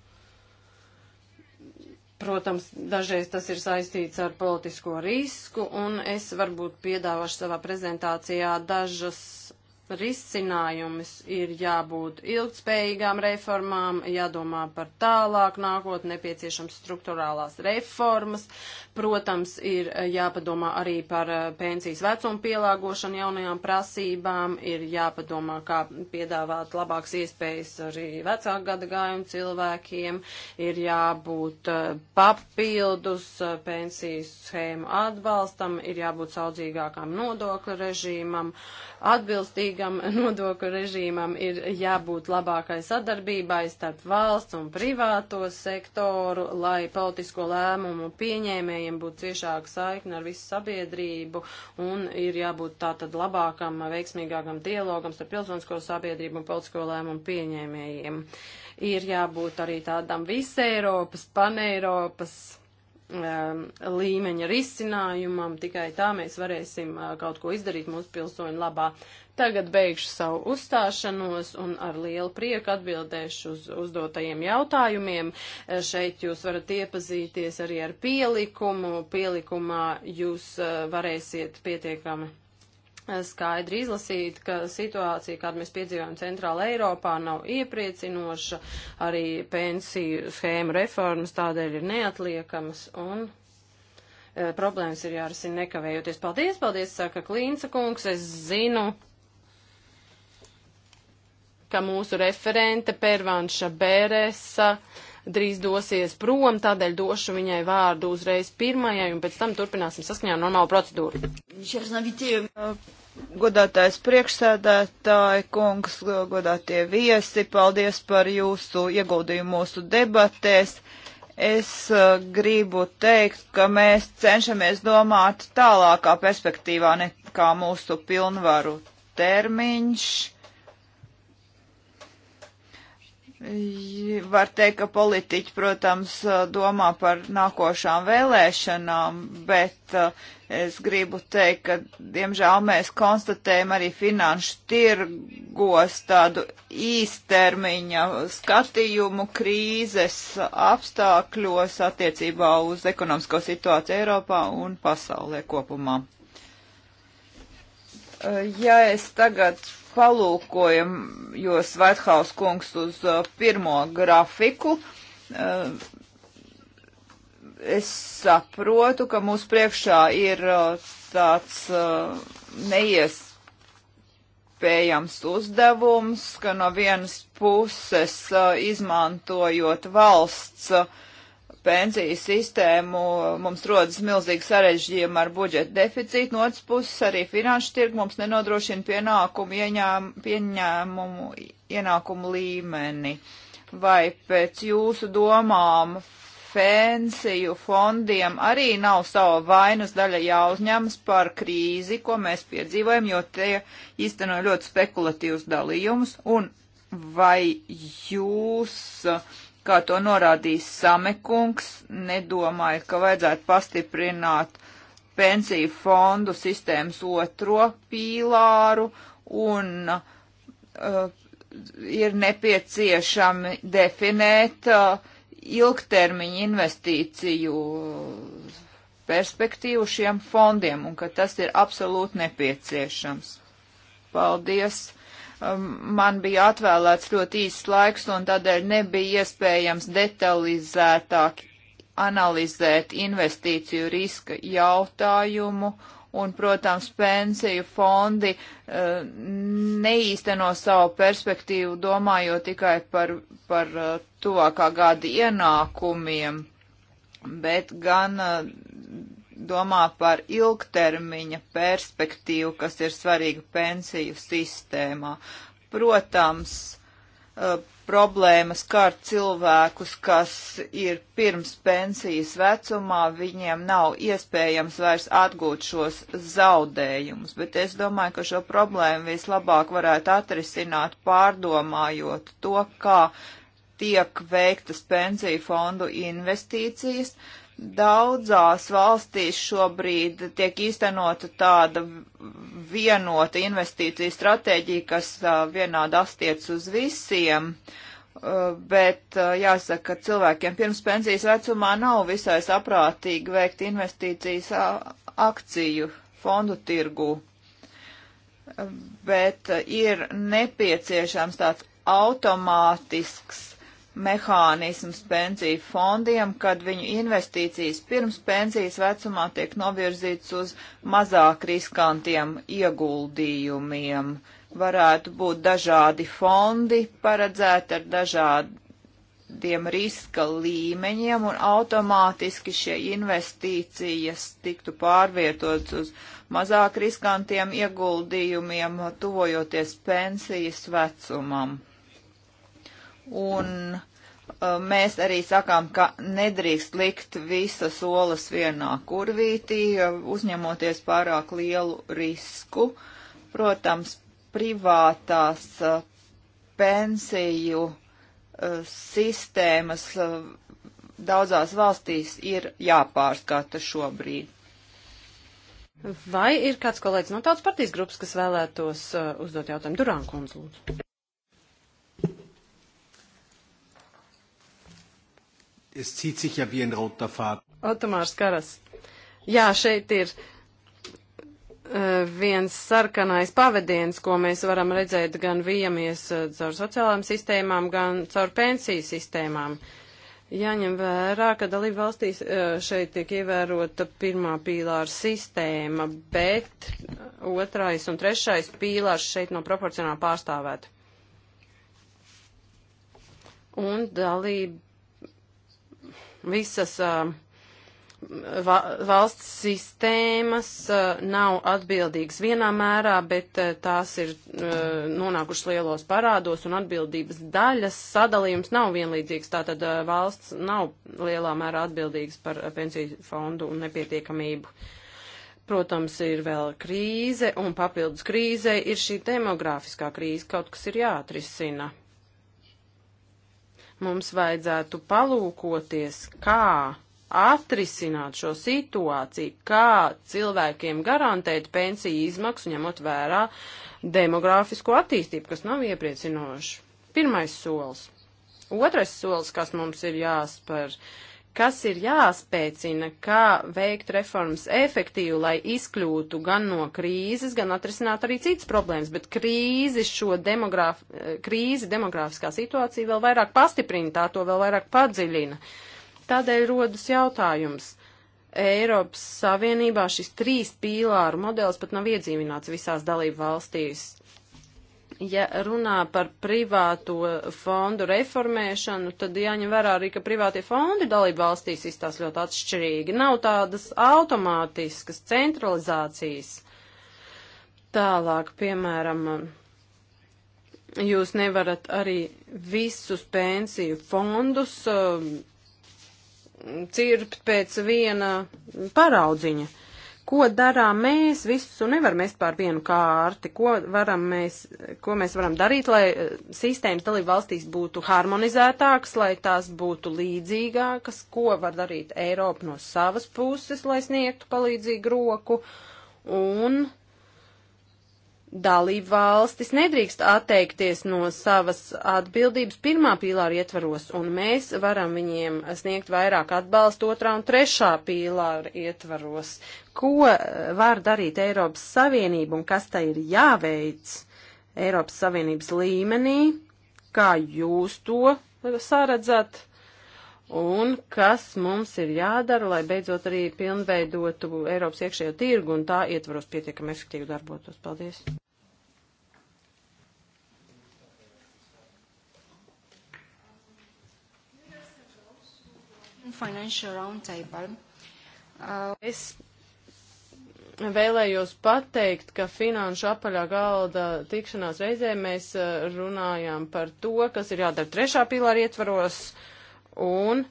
Protams, dažreiz tas ir saistīts ar politisko risku, un es varbūt piedāvāšu savā prezentācijā dažas risinājumus, ir jābūt ilgspējīgām reformām, jādomā par tālāk nākotnē nepieciešams struktūrālās reformas, protams, ir eh, jāpadomā arī par eh, pensijas vecumu pielāgošanu jaunajām prasībām, ir jāpadomā, kā piedāvāt labākas iespējas arī vecāku gada gājumu cilvēkiem, ir jābūt eh, papildus pensijas schēmu atbalstam, ir jābūt saudzīgākam nodokļu režīmam, atbilstīgi godīgam nodokļu režīmam ir jābūt labākai sadarbībai starp valsts un privāto sektoru, lai politisko lēmumu pieņēmējiem būtu ciešāka saikne ar visu sabiedrību un ir jābūt tātad labākam, veiksmīgākam dialogam starp pilsonisko sabiedrību un politisko lēmumu pieņēmējiem. Ir jābūt arī tādam visēropas, paneiropas um, līmeņa risinājumam, tikai tā mēs varēsim uh, kaut ko izdarīt mūsu pilsoņu labā. Tagad beigšu savu uzstāšanos un ar lielu prieku atbildēšu uz uzdotajiem jautājumiem. E, šeit jūs varat iepazīties arī ar pielikumu. Pielikumā jūs e, varēsiet pietiekami e, skaidri izlasīt, ka situācija, kādu mēs piedzīvojam Centrāla Eiropā, nav iepriecinoša, arī pensiju schēmu reformas tādēļ ir neatliekamas un e, problēmas ir jārisina nekavējoties. Paldies, paldies, saka Klīnca kungs, es zinu, ka mūsu referente Pervanša Bēresa drīz dosies prom, tādēļ došu viņai vārdu uzreiz pirmajai un pēc tam turpināsim saskaņā ar normālu procedūru. Godātais priekšsēdētāji, kungs, godātie viesi, paldies par jūsu ieguldījumu mūsu debatēs. Es uh, gribu teikt, ka mēs cenšamies domāt tālākā perspektīvā nekā mūsu pilnvaru termiņš. Uh, Var teikt, ka politiķi, protams, domā par nākošām vēlēšanām, bet eh, es gribu teikt, ka, diemžēl, mēs konstatējam arī finanšu tirgos tādu īstermiņa skatījumu krīzes apstākļos attiecībā uz ekonomisko situāciju Eiropā un pasaulē kopumā. Eh, ja es tagad palūkojam, jo Svethaus kungs uz uh, pirmo grafiku. Uh, es saprotu, ka mūsu priekšā ir uh, tāds neiespējams uzdevums, ka no vienas puses izmantojot valsts pensiju sistēmu mums rodas milzīgi sarežģījumi ar budžeta deficītu, no otras puses arī finanšu tirgu mums nenodrošina pienākumu ieņēm, pieņēmumu ienākumu līmeni. Vai pēc jūsu domām pensiju fondiem arī nav sava vainas daļa jāuzņemas par krīzi, ko mēs piedzīvojam, jo tie īsteno ļoti spekulatīvus dalījumus. Un vai jūs uh, kā to norādīja Samekungs, nedomāju, ka vajadzētu pastiprināt pensiju fondu sistēmas otro pīlāru un uh, ir nepieciešami definēt uh, ilgtermiņa investīciju perspektīvu šiem fondiem un ka tas ir absolūti nepieciešams. Paldies! Um, man bija atvēlēts ļoti īsts laiks un tādēļ nebija iespējams detalizētāk analizēt investīciju riska jautājumu. Un, protams, pensiju fondi uh, neīsteno savu perspektīvu, domājot tikai par, par uh, tuvākā gada ienākumiem, bet gan uh, domā par ilgtermiņa perspektīvu, kas ir svarīga pensiju sistēmā. Protams, eh, problēmas kā ar cilvēkus, kas ir pirms pensijas vecumā, viņiem nav iespējams vairs atgūt šos zaudējumus, bet es domāju, ka šo problēmu vislabāk varētu atrisināt pārdomājot to, kā tiek veiktas pensiju fondu investīcijas, uh, Daudzās valstīs šobrīd tiek īstenota tāda vienota investīcija stratēģija, kas vienādi astiec uz visiem, bet jāsaka, ka cilvēkiem pirms pensijas vecumā nav visai saprātīgi veikt investīcijas akciju fondu tirgu, bet ir nepieciešams tāds automātisks mehānisms pensiju fondiem, kad viņu investīcijas pirms pensijas vecumā tiek novirzīts uz mazāk riskantiem ieguldījumiem. Varētu būt dažādi fondi paredzēti ar dažādiem riska līmeņiem, un automātiski šie investīcijas tiktu pārvietotas uz mazāk riskantiem ieguldījumiem, tuvojoties pensijas vecumam Un uh, mēs arī sakām, ka nedrīkst likt visas olas vienā kurvītī, uh, uzņemoties pārāk lielu risku. Protams, privātās uh, pensiju sistēmas daudzās valstīs ir jāpārskata šobrīd. Vai ir kāds kolēģis no tautas partijas grupas, kas vēlētos uzdot jautājumu? Durāna kundze, lūdzu. Es zieht sich ja wie ein roter Faden. Otomārs Karas. Jā, šeit ir uh, viens sarkanais pavadiens, ko mēs varam redzēt gan viemies uh, e, caur sociālām sistēmām, gan caur pensiju sistēmām. Jāņem vērā, ka dalība valstīs uh, šeit tiek ievērota pirmā pīlāra sistēma, bet otrais un trešais pīlārs šeit nav no proporcionāli pārstāvēt. Un dalība visas uh, valsts sistēmas uh, nav atbildīgas vienā mērā, bet uh, tās ir uh, nonākušas lielos parādos un atbildības daļas sadalījums nav vienlīdzīgs. Tātad valsts nav lielā mērā atbildīgas par pensiju fondu un nepietiekamību. Protams, ir vēl krīze un papildus krīzei ir šī demografiskā krīze, kaut kas ir jāatrisina. Mums vajadzētu palūkoties, kā atrisināt šo situāciju, kā cilvēkiem garantēt pensiju izmaksu, ņemot vērā demogrāfisko attīstību, kas nav iepriecinoša. Pirmais solis. Otrais solis, kas mums ir jāspēr, uh, kas ir jāspēcina, kā veikt reformas efektīvi, lai izkļūtu gan no krīzes, gan atrisināt arī citas problēmas, bet krīzi šo demogrāf, krīzi demografiskā situācija vēl vairāk pastiprina, tā to vēl vairāk padziļina. Tādēļ rodas jautājums. Eiropas Savienībā šis trīs pīlāru modelis pat nav iedzīvināts visās dalību valstīs ja runā par privāto fondu reformēšanu, tad jāņem vērā arī, ka privātie fondi dalība valstīs izstās ļoti atšķirīgi. Nav tādas automātiskas centralizācijas. Tālāk, piemēram, jūs nevarat arī visus pensiju fondus um, cirpt pēc viena paraudziņa. Uh, ko darām mēs, visu nevar mest pār vienu kārti, ko, varam mēs, ko mēs varam darīt, lai eh, sistēmas dalību valstīs būtu harmonizētākas, lai tās būtu līdzīgākas, ko var darīt Eiropa no savas puses, lai sniegtu palīdzīgu roku. Un dalību valstis nedrīkst atteikties no savas atbildības pirmā pīlāra ietvaros, un mēs varam viņiem sniegt vairāk atbalstu otrā un trešā pīlāra ietvaros. Ko eh, var darīt Eiropas Savienība un kas tai ir jāveic Eiropas Savienības līmenī? Kā jūs to saredzat? un kas mums ir jādara, lai beidzot arī pilnveidotu Eiropas iekšējo tirgu un tā ietvaros pietiekami efektīvi darbotos. Paldies! Financial Roundtable. Uh, es vēlējos pateikt, ka finanšu apaļā galda tikšanās reizē mēs uh, runājām par to, kas ir jādara trešā pilāra ietvaros. Uh, un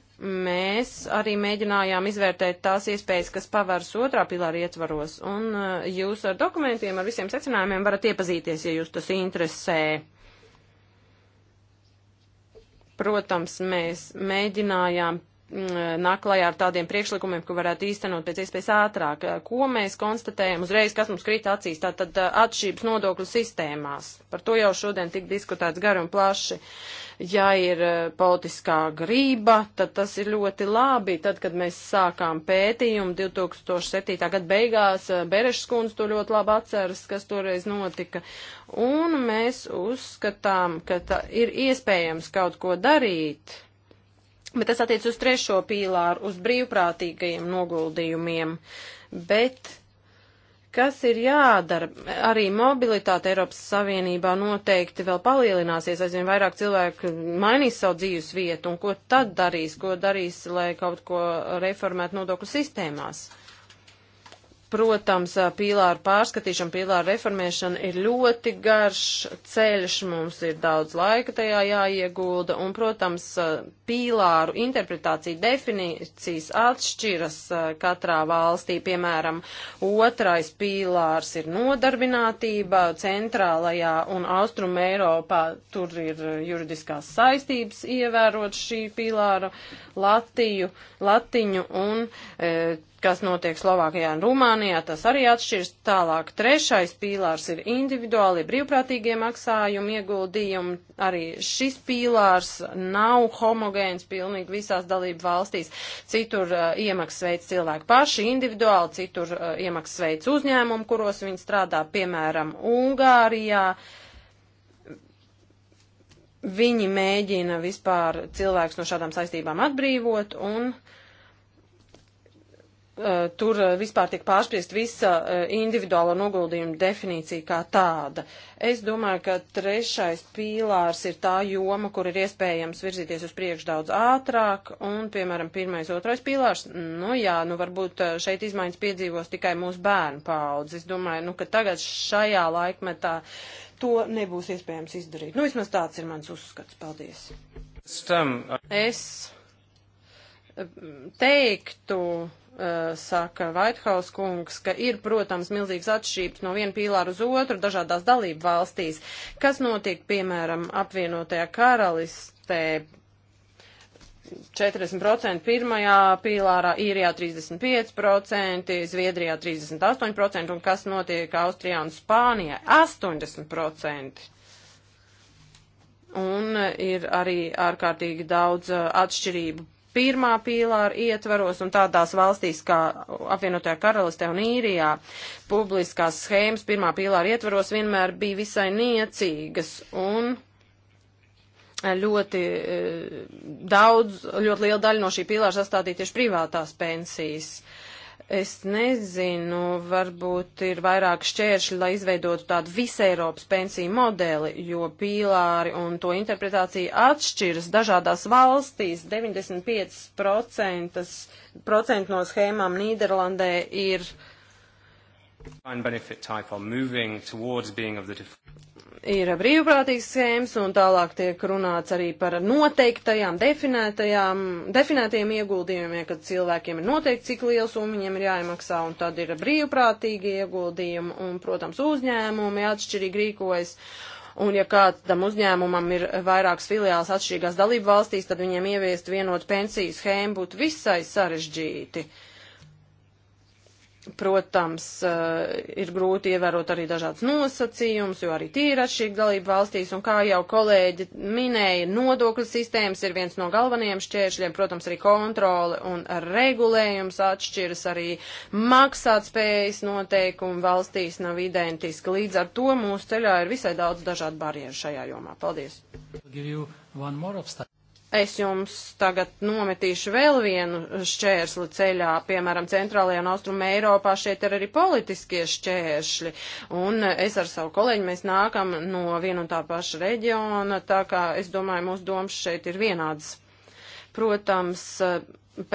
mēs arī mēģinājām izvērtēt tās iespējas, kas pavērs otrā pilāra ietvaros, un eh, jūs ar dokumentiem, ar visiem secinājumiem varat iepazīties, ja jūs tas interesē. Protams, mēs mēģinājām Mm, nāk klajā ar tādiem priekšlikumiem, ko varētu īstenot pēc iespējas ātrāk. Ko mēs konstatējam uzreiz, kas mums krīt acīs, tātad atšķības nodokļu sistēmās. Par to jau šodien tik diskutēts gari un plaši. Ja ir politiskā grība, tad tas ir ļoti labi. Tad, kad mēs sākām pētījumu 2007. gada beigās, Berešs kundze to ļoti labi atceras, kas toreiz notika. Un mēs uzskatām, ka ir iespējams kaut ko darīt Bet tas attiec uz trešo pīlāru, uz brīvprātīgajiem noguldījumiem. Bet kas ir jādara. Arī mobilitāte Eiropas Savienībā noteikti vēl palielināsies, aizvien vairāk cilvēku mainīs savu dzīves vietu, un ko tad darīs, ko darīs, lai kaut ko reformētu nodokļu sistēmās. Protams, pīlāru pārskatīšana, pīlāru reformēšana ir ļoti garš ceļš, mums ir daudz laika tajā jāiegulda, un, protams, pīlāru interpretācija definīcijas atšķiras katrā valstī. Piemēram, otrais pīlārs ir nodarbinātība, centrālajā un austrum Eiropā tur ir juridiskās saistības ievērot šī pīlāra Latiju, latiņu, un e, kas notiek Slovākijā un Rumānijā, tas arī atšķirs. Tālāk trešais pīlārs ir individuāli brīvprātīgie maksājumi, ieguldījumi. Arī šis pīlārs nav homogēns pilnīgi visās dalību valstīs. Citur uh, iemaksas veids cilvēki paši individuāli, citur uh, iemaksas veids uzņēmumu, kuros viņi strādā, piemēram, Ungārijā. Viņi mēģina vispār cilvēks no šādām saistībām atbrīvot un uh, Eh, tur eh, vispār tiek pārspiest visa eh, individuāla noguldījuma definīcija kā tāda. Es domāju, ka trešais pīlārs ir tā joma, kur ir iespējams virzīties uz priekšu daudz ātrāk, un, piemēram, pirmais, otrais pīlārs, nu jā, nu varbūt šeit izmaiņas piedzīvos tikai mūsu bērnu paudzes. Es domāju, nu, ka tagad šajā laikmetā to nebūs iespējams izdarīt. Nu, vismaz tāds ir mans uzskats. Paldies. Es teiktu, Uh, saka Vaithaus kungs, ka ir, protams, milzīgs atšķības no viena pīlāra uz otru dažādās dalību valstīs. Kas notiek, piemēram, apvienotajā karalistē? 40% pirmajā pīlārā, īrijā 35%, Zviedrijā 38% un kas notiek Austrijā un Spānijā 80%. Un ir arī ārkārtīgi daudz uh, atšķirību pirmā pīlāra ietvaros un tādās valstīs kā apvienotajā karalistē un īrijā publiskās schēmas pirmā pīlāra ietvaros vienmēr bija visai niecīgas un ļoti eh, daudz, ļoti liela daļa no šī pīlāra sastādīja tieši privātās pensijas. Uh, Es nezinu, varbūt ir vairāk šķēršļi, lai izveidotu tādu visu Eiropas pensiju modeli, jo pīlāri un to interpretācija atšķiras dažādās valstīs. 95% no schēmām Nīderlandē ir ir brīvprātīgas schēmas, un tālāk tiek runāts arī par noteiktajām, definētajām, definētajiem ieguldījumiem, kad cilvēkiem ir noteikti, cik liels un viņiem ir jāiemaksā, un tad ir brīvprātīgi ieguldījumi, un, protams, uzņēmumi atšķirīgi rīkojas. Un ja kādam uzņēmumam ir vairākas filiāls atšķirīgās dalību valstīs, tad viņiem ieviest vienotu pensiju schēmu būtu visai sarežģīti. Uh, Protams, eh, ir grūti ievērot arī dažādas nosacījumus, jo arī tie ir atšķirīgi dalību valstīs, un kā jau kolēģi minēja, nodokļu sistēmas ir viens no galvenajiem šķēršļiem, protams, arī kontrole un regulējums atšķiras, arī maksātspējas noteikumi valstīs nav identiski. Līdz ar to mūsu ceļā ir visai daudz dažādu barjeru šajā jomā. Paldies! Es jums tagad nometīšu vēl vienu šķērsli ceļā, piemēram, centrālajā un austrumē Eiropā šeit ir arī politiskie šķēršļi, un es ar savu kolēģi mēs nākam no vienu un tā paša reģiona, tā kā es domāju, mūsu domas šeit ir vienādas. Protams,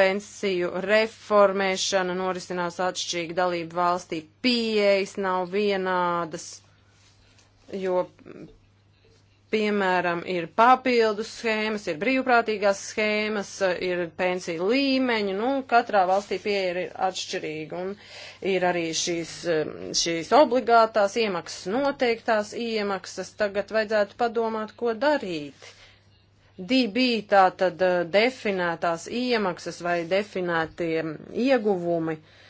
pensiju reformēšana norisinās atšķirīgi dalību valstī, pieejas nav vienādas, jo Piemēram, ir papildus schēmas, ir brīvprātīgās schēmas, ir pensiju līmeņi, nu, katrā valstī pieeja ir atšķirīga, un ir arī šīs, šīs obligātās iemaksas, noteiktās iemaksas, tagad vajadzētu padomāt, ko darīt. DB tā tad eh, definētās iemaksas vai definētie ieguvumi. Uh,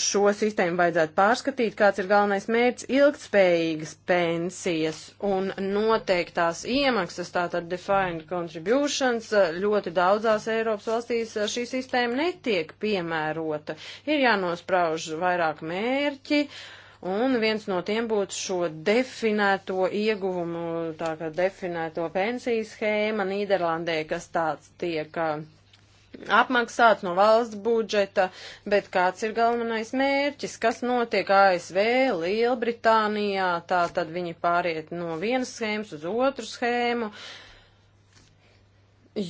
šo sistēmu vajadzētu pārskatīt, kāds ir galvenais mērķis - ilgtspējīgas pensijas un noteiktās iemaksas, tātad defined contributions. Ļoti daudzās Eiropas valstīs šī sistēma netiek piemērota. Ir jānosprauž vairāk mērķi. Un viens no tiem būtu šo definēto ieguvumu, tā kā definēto pensiju schēma Nīderlandē, kas tāds tiek apmaksāts no valsts budžeta, bet kāds ir galvenais mērķis, kas notiek ASV, Lielbritānijā, tā tad viņi pāriet no vienas schēmas uz otru schēmu,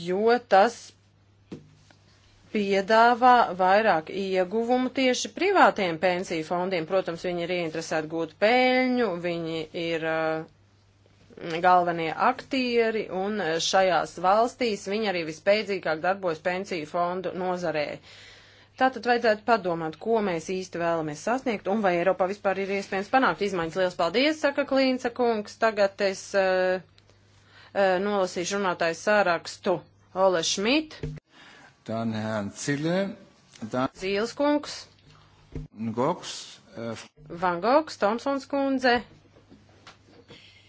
jo tas piedāvā vairāk ieguvumu tieši privātiem pensiju fondiem. Protams, viņi ir ieinteresēti gūt peļņu, viņi ir uh, galvenie aktieri, un šajās valstīs viņi arī vispēcīgāk darbojas pensiju fondu nozarē. Tātad vajadzētu padomāt, ko mēs īsti vēlamies sasniegt, un vai Eiropā vispār ir iespējams panākt izmaiņas. Liels paldies, saka Klīnca kungs. Tagad es uh, uh, nolasīšu runātāju sārakstu Ole Šmit. Dan Herrn Cille. Dan... Zīles kungs. Goks. Uh... Van Goks, eh, Tomsons kundze.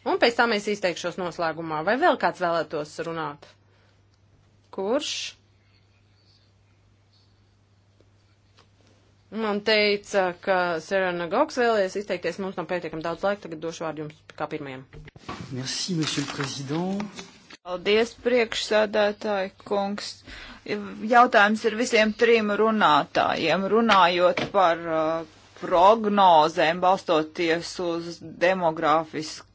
Un pēc tam es izteikšos noslēgumā. Vai vēl kāds vēlētos runāt? Kurš? Man teica, ka Serena Goks vēlējies izteikties. Mums nav pietiekami daudz laika. Tagad došu vārdu jums kā pirmajam. Merci, monsieur le président. Paldies, priekšsādātāji kungs. Jautājums ir visiem trim runātājiem. Runājot par uh, prognozēm, balstoties uz demogrāfisku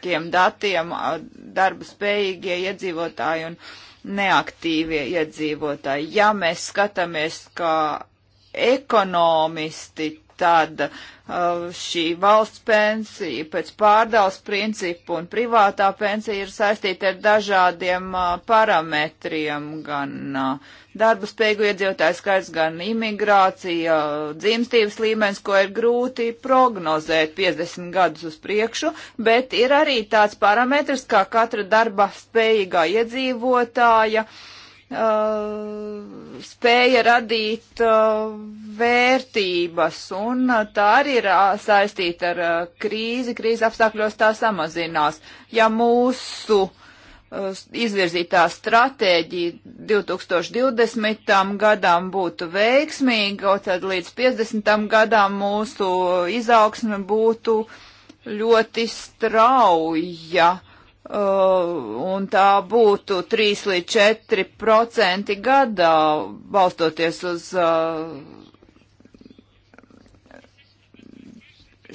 statistikiem datiem darba spējīgie iedzīvotāji un neaktīvie iedzīvotāji. Ja mēs skatāmies kā ekonomisti, tad šī valsts pensija pēc pārdals principu un privātā pensija ir saistīta ar dažādiem parametriem, gan uh, darba spēju iedzīvotāju skaits, gan imigrācija, dzimstības līmenis, ko ir grūti prognozēt 50 gadus uz priekšu, bet ir arī tāds parametrs, kā katra darba spējīgā iedzīvotāja uh, spēja radīt uh, vērtības, un uh, tā arī ir uh, saistīta ar uh, krīzi, krīzes apstākļos tā samazinās. Ja mūsu uh, izvirzītā stratēģija 2020. gadam būtu veiksmīga, tad līdz 50. gadam mūsu izaugsme būtu ļoti strauja. Uh, un tā būtu 3 līdz 4 procenti gadā, balstoties uz uh,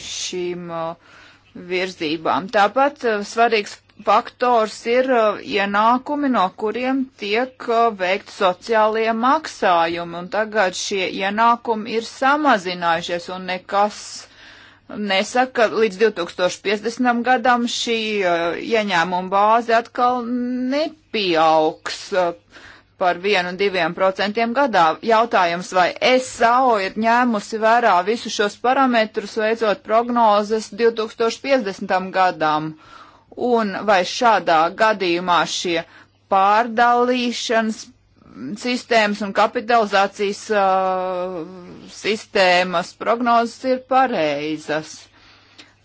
šīm uh, virzībām. Tāpat uh, svarīgs faktors ir uh, ienākumi, no kuriem tiek uh, veikt sociālie maksājumi, un tagad šie ienākumi ir samazinājušies, un nekas nesaka, ka līdz 2050. gadam šī uh, ieņēmuma bāze atkal nepieaugs par 1-2% gadā. Jautājums, vai SAO ir ņēmusi vērā visus šos parametrus, veicot prognozes 2050. gadam? un vai šādā gadījumā šie pārdalīšanas sistēmas un kapitalizācijas uh, sistēmas prognozes ir pareizas.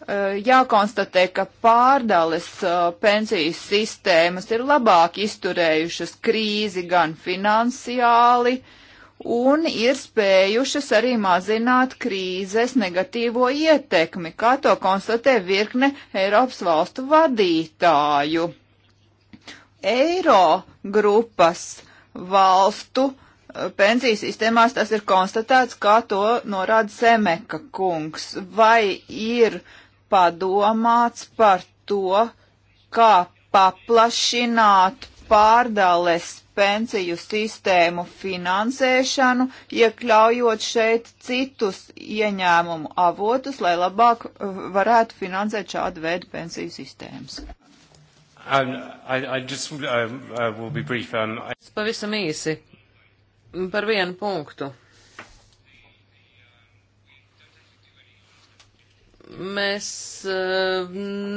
Uh, jākonstatē, ka pārdales uh, pensijas sistēmas ir labāk izturējušas krīzi gan finansiāli, uh, un ir spējušas arī mazināt krīzes negatīvo ietekmi, kā to konstatē virkne Eiropas valstu vadītāju. Eiro grupas valstu eh, pensiju sistēmās tas ir konstatēts, kā to norāda Semeka kungs. Vai ir padomāts par to, kā paplašināt pārdales pensiju sistēmu finansēšanu, iekļaujot šeit citus ieņēmumu avotus, lai labāk eh, varētu finansēt šādu veidu pensiju sistēmas. I, I just, um, uh, brief, um, I... Pavisam īsi par vienu punktu. Mēs uh,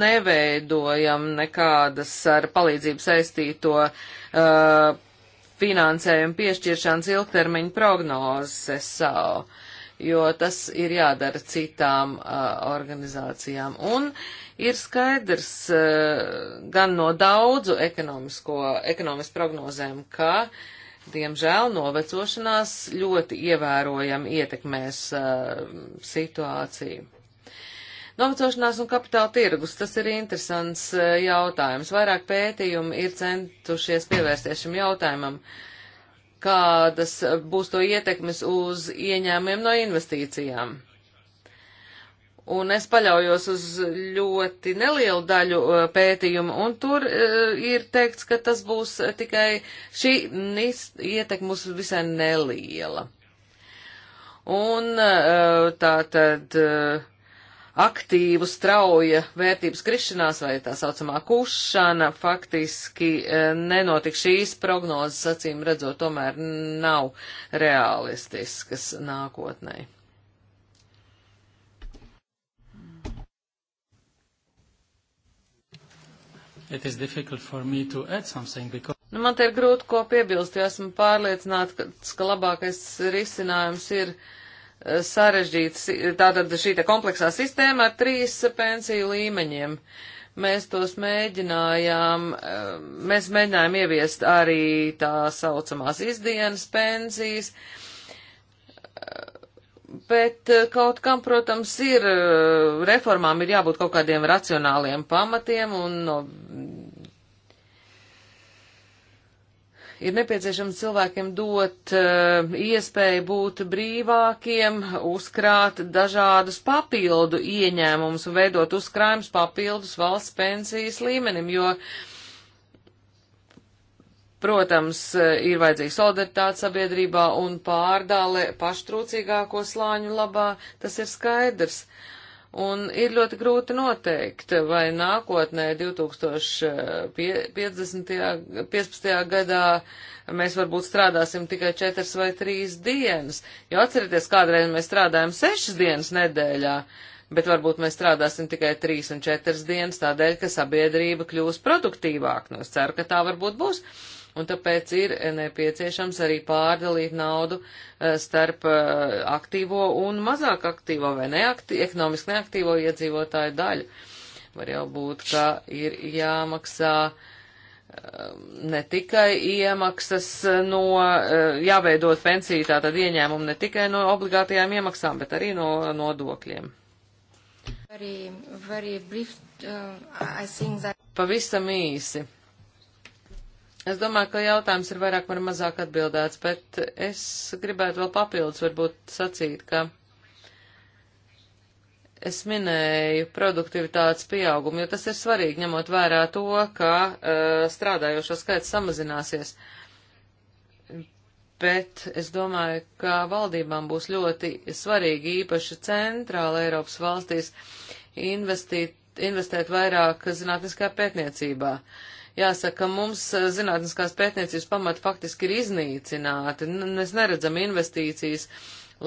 neveidojam nekādas ar palīdzību saistīto uh, finansējuma piešķiršanas ilgtermiņa prognozes savu, jo tas ir jādara citām uh, organizācijām. Un ir skaidrs uh, gan no daudzu ekonomisku prognozēm, ka uh, Diemžēl novecošanās ļoti ievērojami ietekmēs uh, situāciju. Novecošanās un kapitāla tirgus, tas ir interesants e, jautājums. Vairāk pētījumi ir centušies pievērsties šim jautājumam, kādas būs to ietekmes uz ieņēmumiem no investīcijām. Un es paļaujos uz ļoti nelielu daļu e, pētījumu, un tur e, ir teikts, ka tas būs tikai šī ietekmus visai neliela. Un tā tad aktīvu strauja vērtības krišanās vai tā saucamā kušana faktiski e, nenotika šīs prognozes, acīm redzot, tomēr nav realistiskas nākotnē. Because... Nu, man te ir grūti ko piebilst, jo esmu pārliecināta, ka, ka labākais risinājums ir uh, sarežģīts, tātad šī te kompleksā sistēma ar trīs pensiju līmeņiem. Mēs tos mēģinājām, eh, mēs mēģinājām ieviest arī tā saucamās izdienas pensijas, bet eh, kaut kam, protams, ir eh, reformām ir jābūt kaut kādiem racionāliem pamatiem un no ir nepieciešams cilvēkiem dot uh, iespēju būt brīvākiem, uzkrāt dažādus papildu ieņēmumus un veidot uzkrājumus papildus valsts pensijas līmenim, jo, protams, eh, ir vajadzīga solidaritāte sabiedrībā un pārdāle paštrūcīgāko slāņu labā, tas ir skaidrs. Uh, Un ir ļoti grūti noteikt, vai nākotnē 2015. gadā mēs varbūt strādāsim tikai 4 vai 3 dienas. Jo atcerieties, kādreiz mēs strādājam 6 dienas nedēļā, bet varbūt mēs strādāsim tikai 3 un 4 dienas tādēļ, ka sabiedrība kļūs produktīvāk. Nu, es ceru, ka tā varbūt būs. Uh, un tāpēc ir nepieciešams arī pārdalīt naudu eh, starp eh, aktīvo un mazāk aktīvo vai neakti, ekonomiski neaktīvo iedzīvotāju daļu. Var jau būt, ka ir jāmaksā eh, ne tikai iemaksas no, jāveidot pensiju, tātad ieņēmumu ne tikai no obligātajām iemaksām, bet arī no nodokļiem. Very, very brief, uh, that... Pavisam īsi. Es domāju, ka jautājums ir vairāk vai mazāk atbildēts, bet es gribētu vēl papildus varbūt sacīt, ka es minēju produktivitātes pieaugumu, jo tas ir svarīgi, ņemot vērā to, ka uh, strādājošo skaits samazināsies. Bet es domāju, ka valdībām būs ļoti svarīgi, īpaši centrāla Eiropas valstīs, investīt, investēt vairāk zinātniskā pētniecībā. Uh, Jāsaka, mums eh, zinātniskās pētniecības pamati faktiski ir iznīcināti. Mēs neredzam investīcijas,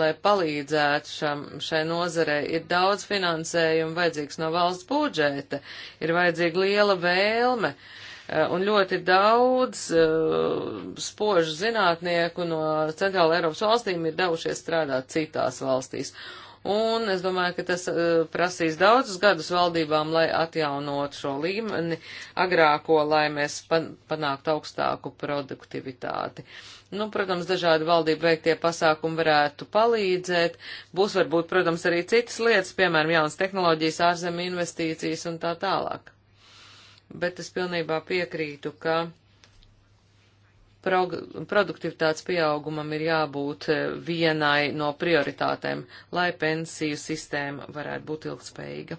lai palīdzētu šam, šai nozarei. Ir daudz finansējumu vajadzīgs no valsts budžeta, ir vajadzīga liela vēlme. Eh, un ļoti daudz uh, spožu zinātnieku no Centrāla Eiropas valstīm ir devušies strādāt citās valstīs. Uh, un es domāju, ka tas eh, prasīs daudzus gadus valdībām, lai atjaunot šo līmeni agrāko, lai mēs panāktu augstāku produktivitāti. Nu, protams, dažādi valdību veiktie pasākumi varētu palīdzēt. Būs varbūt, protams, arī citas lietas, piemēram, jaunas tehnoloģijas, ārzemju investīcijas un tā tālāk. Bet es pilnībā piekrītu, ka produktivitātes pieaugumam ir jābūt e, vienai no prioritātēm, lai pensiju sistēma varētu būt ilgspējīga.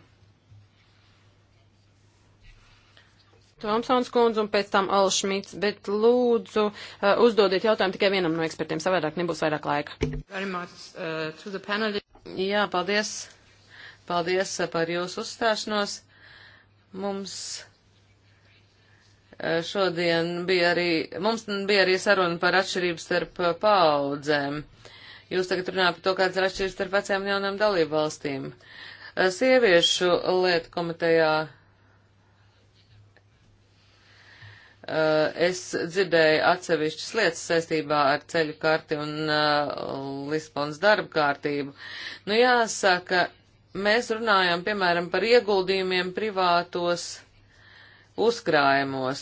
Tomsons kundze un pēc tam Alš Šmits, bet lūdzu uh, uzdodiet jautājumu tikai vienam no ekspertiem, savādāk nebūs vairāk laika. Much, uh, Jā, paldies. Paldies e, par jūsu uzstāšanos. Mums Eh, šodien bija arī, mums bija arī saruna par atšķirību starp eh, paudzēm. Jūs tagad runājat par to, kādas ir atšķirības starp vecajām un jaunām dalību valstīm. Eh, sieviešu lietu komitejā es dzirdēju atsevišķas lietas saistībā ar ceļu karti un Lisbonas darba kārtību. Nu jāsaka, mēs runājam, piemēram, par ieguldījumiem privātos uzkrājumos.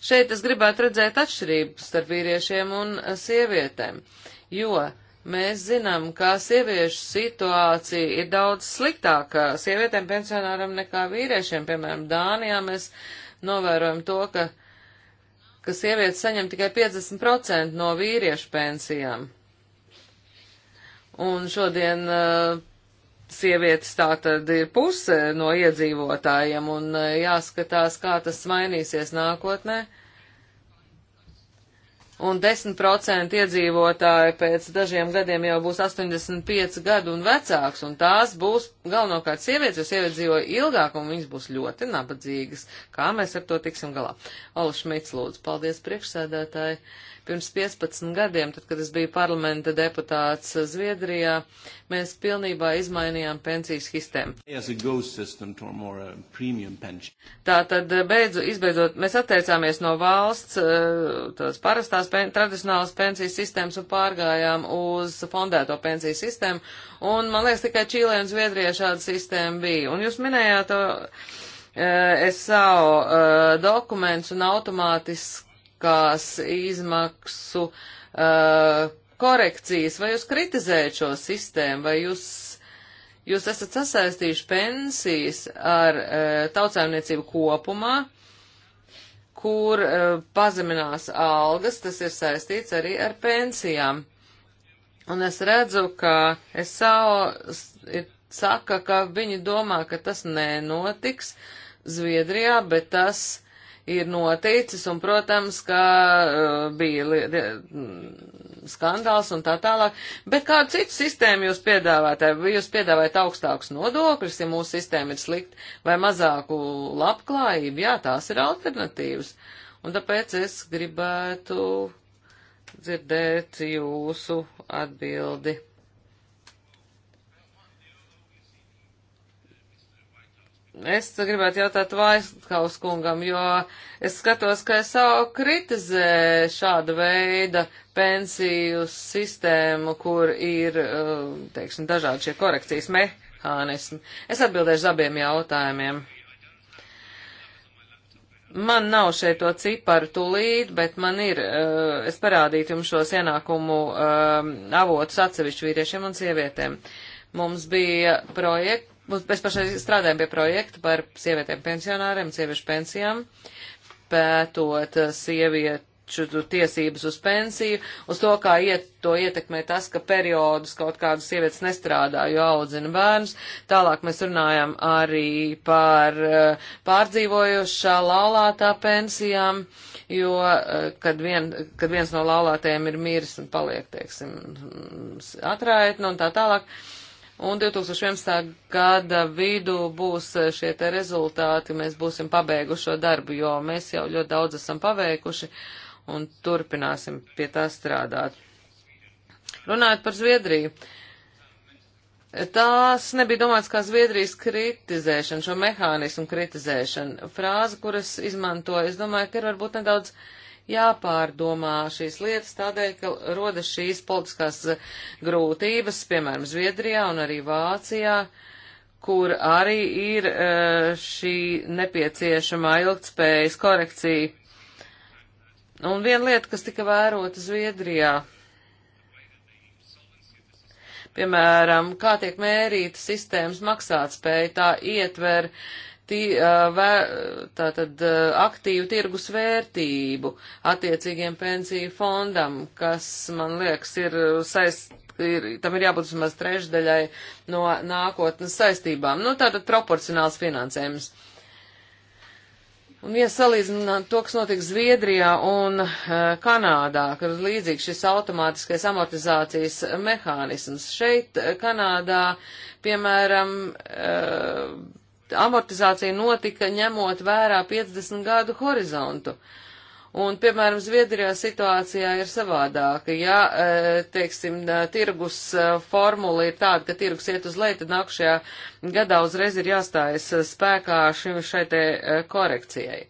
Šeit es gribētu redzēt atšķirību starp vīriešiem un sievietēm, jo mēs zinām, ka sieviešu situācija ir daudz sliktāka sievietēm pensionāram nekā vīriešiem. Piemēram, Dānijā mēs novērojam to, ka, ka sievietes saņem tikai 50% no vīriešu pensijām. Un šodien uh, sievietes tā tad ir puse no iedzīvotājiem un e, jāskatās, kā tas mainīsies nākotnē. Un 10% iedzīvotāji pēc dažiem gadiem jau būs 85 gadu un vecāks, un tās būs galvenokārt sievietes, jo sievietes dzīvo ilgāk, un viņas būs ļoti nabadzīgas. Kā mēs ar to tiksim galā? Ola Šmits, lūdzu, paldies priekšsēdētāji. Pirms 15 gadiem, tad, kad es biju parlamenta deputāts Zviedrijā, mēs pilnībā izmainījām pensiju schistēmu. Tātad, beidzu, izbeidzot, mēs atteicāmies no valsts, uh, tās parastās pen, tradicionālas pensiju sistēmas un pārgājām uz fondēto pensiju sistēmu. Un, man liekas, tikai Čīlē un Zviedrijā šāda sistēma bija. Un jūs minējāt to. Uh, es savu uh, dokumentus un automātiski lielākās izmaksu uh, korekcijas, vai jūs kritizējat šo sistēmu, vai jūs, jūs esat sasaistījuši pensijas ar uh, tautsēmniecību kopumā, kur uh, pazeminās algas, tas ir saistīts arī ar pensijām. Un es redzu, ka SAO saka, ka viņi domā, ka tas nenotiks Zviedrijā, bet tas ir noticis, un, protams, ka uh, bija li, li, mm, skandāls un tā tālāk, bet kādu citu sistēmu jūs piedāvājat? Vai jūs piedāvājat augstākus nodokļus, ja mūsu sistēma ir slikta, vai mazāku labklājību? Jā, tās ir alternatīvas. Un tāpēc es gribētu dzirdēt jūsu atbildi. Es gribētu jautāt Vaiskaus kungam, jo es skatos, ka es savu kritizē šādu veidu pensiju sistēmu, kur ir, uh, teiksim, dažādi šie korekcijas mehānismi. Es atbildēšu abiem jautājumiem. Man nav šeit to ciparu tūlīt, bet man ir, uh, es parādītu jums šos ienākumu uh, avotus atsevišķu vīriešiem un sievietēm. Mums bija projekts Mēs pašai strādājam pie projekta par sievietēm pensionāriem, sieviešu pensijām, pētot eh, sieviešu tiesības uz pensiju, uz to, kā iet, to ietekmē tas, ka periodus kaut kādas sievietes nestrādā, jo audzina bērnus. Tālāk mēs runājam arī par eh, pārdzīvojušā laulātā pensijām, jo, eh, kad, vien, kad viens no laulātiem ir miris un paliek, teiksim, atraitni nu, un tā tālāk. Uh, un 2011. gada vidū būs eh, šie te rezultāti, mēs būsim pabeiguši šo darbu, jo mēs jau ļoti daudz esam paveikuši un turpināsim pie tā strādāt. Runājot par Zviedriju. Tās nebija domāts kā Zviedrijas kritizēšana, šo mehānismu kritizēšana. Frāze, kuras izmantoja, es domāju, ka ir varbūt nedaudz uh, jāpārdomā šīs lietas tādēļ, ka rodas šīs politiskās grūtības, piemēram, Zviedrijā un arī Vācijā, kur arī ir e, šī nepieciešamā ilgtspējas korekcija. Un viena lieta, kas tika vērota Zviedrijā, piemēram, kā tiek mērīta sistēmas maksātspēja, tā ietver uh, tī, vē, tātad, aktīvu tirgus vērtību attiecīgiem pensiju fondam, kas, man liekas, ir saist, ir, tam ir jābūt vismaz trešdaļai no nākotnes saistībām. Nu, tātad proporcionāls finansējums. Un, ja salīdzinām to, kas notiek Zviedrijā un uh, Kanādā, kad ir līdzīgs šis automātiskais amortizācijas mehānisms, šeit Kanādā, piemēram, uh, amortizācija notika ņemot vērā 50 gadu horizontu. Un, piemēram, Zviedrijā situācijā ir savādāka. Ja, e, teiksim, e, tirgus e, formula ir tāda, ka tirgus iet uz leju, tad nākšajā gadā uzreiz ir jāstājas spēkā šim šai te korekcijai.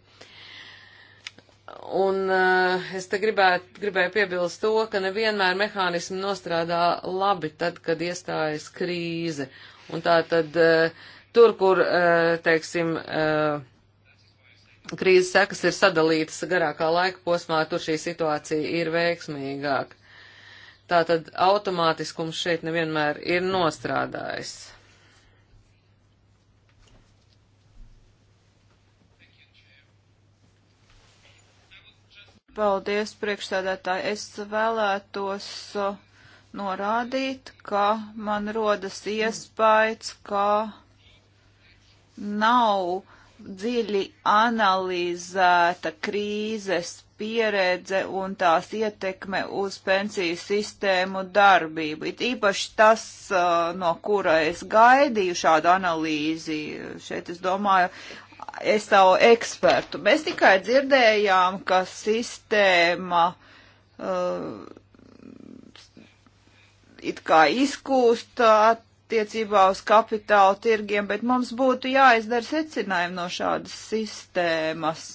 Un es te gribētu, gribēju piebilst to, ka nevienmēr mehānismi nostrādā labi tad, kad iestājas krīze. Un tā tad uh, Tur, kur, eh, teiksim, eh, krīzes sekas ir sadalītas garākā laika posmā, tur šī situācija ir veiksmīgāka. Tātad automātiskums šeit nevienmēr ir nostrādājis. Paldies, priekšsēdētāji. Es vēlētos eh, norādīt, ka man rodas iespējas, ka nav dziļi analizēta krīzes pieredze un tās ietekme uz pensiju sistēmu darbību. It īpaši tas, uh, no kura es gaidīju šādu analīzi, šeit es domāju, es savu ekspertu. Mēs tikai dzirdējām, ka sistēma uh, it kā izkūst at attiecībā uz kapitāla tirgiem, bet mums būtu jāizdara secinājumi no šādas sistēmas.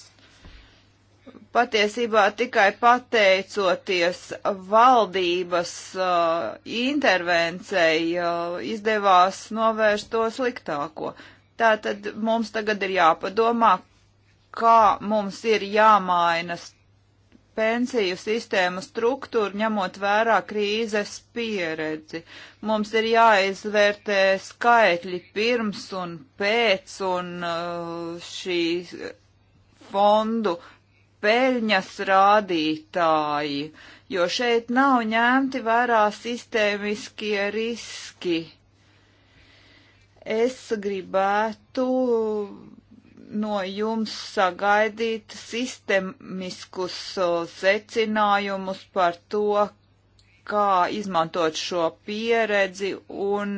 Patiesībā tikai pateicoties valdības uh, intervencei uh, izdevās novērst to sliktāko. Tātad mums tagad ir jāpadomā, kā mums ir jāmaina pensiju sistēmu struktūru, ņemot vērā krīzes pieredzi. Mums ir jāizvērtē skaitļi pirms un pēc un uh, šī fondu peļņas rādītāji, jo šeit nav ņemti vērā sistēmiskie riski. Es gribētu no jums sagaidīt sistemiskus secinājumus par to, kā izmantot šo pieredzi un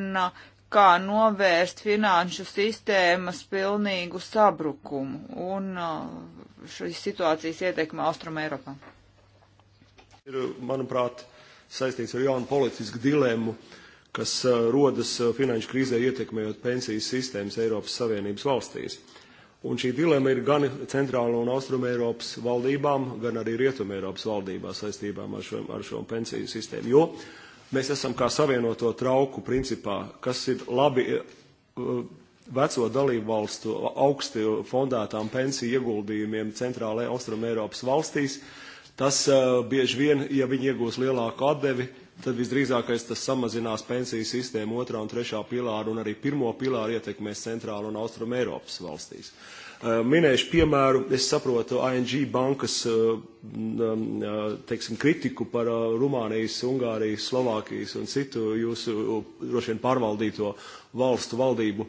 kā novērst finanšu sistēmas pilnīgu sabrukumu un šīs situācijas ietekmi Austrum Eiropā? Ir, manuprāt, saistīts ar jaunu politisku dilemmu, kas rodas finanšu krīzē ietekmējot pensijas sistēmas Eiropas Savienības valstīs. Uh, Un šī dilema ir gan centrāla un austruma Eiropas valdībām, gan arī rietuma Eiropas valdībā saistībām ar šo, ar šo pensiju sistēmu. Jo mēs esam kā savienoto trauku principā, kas ir labi e, veco dalību valstu augsti fondētām pensiju ieguldījumiem centrālajā austruma Eiropas valstīs. Tas uh, bieži vien, ja viņi iegūs lielāku atdevi, uh, tad visdrīzākais tas samazinās pensiju sistēmu otrā un trešā pilāra un arī pirmo pilāru ietekmēs centrāla un austrum Eiropas valstīs. Eh, minēšu piemēru, es saprotu ANG bankas eh, eh, teiksim, kritiku par Rumānijas, Ungārijas, Slovākijas un citu jūsu droši vien pārvaldīto valstu valdību,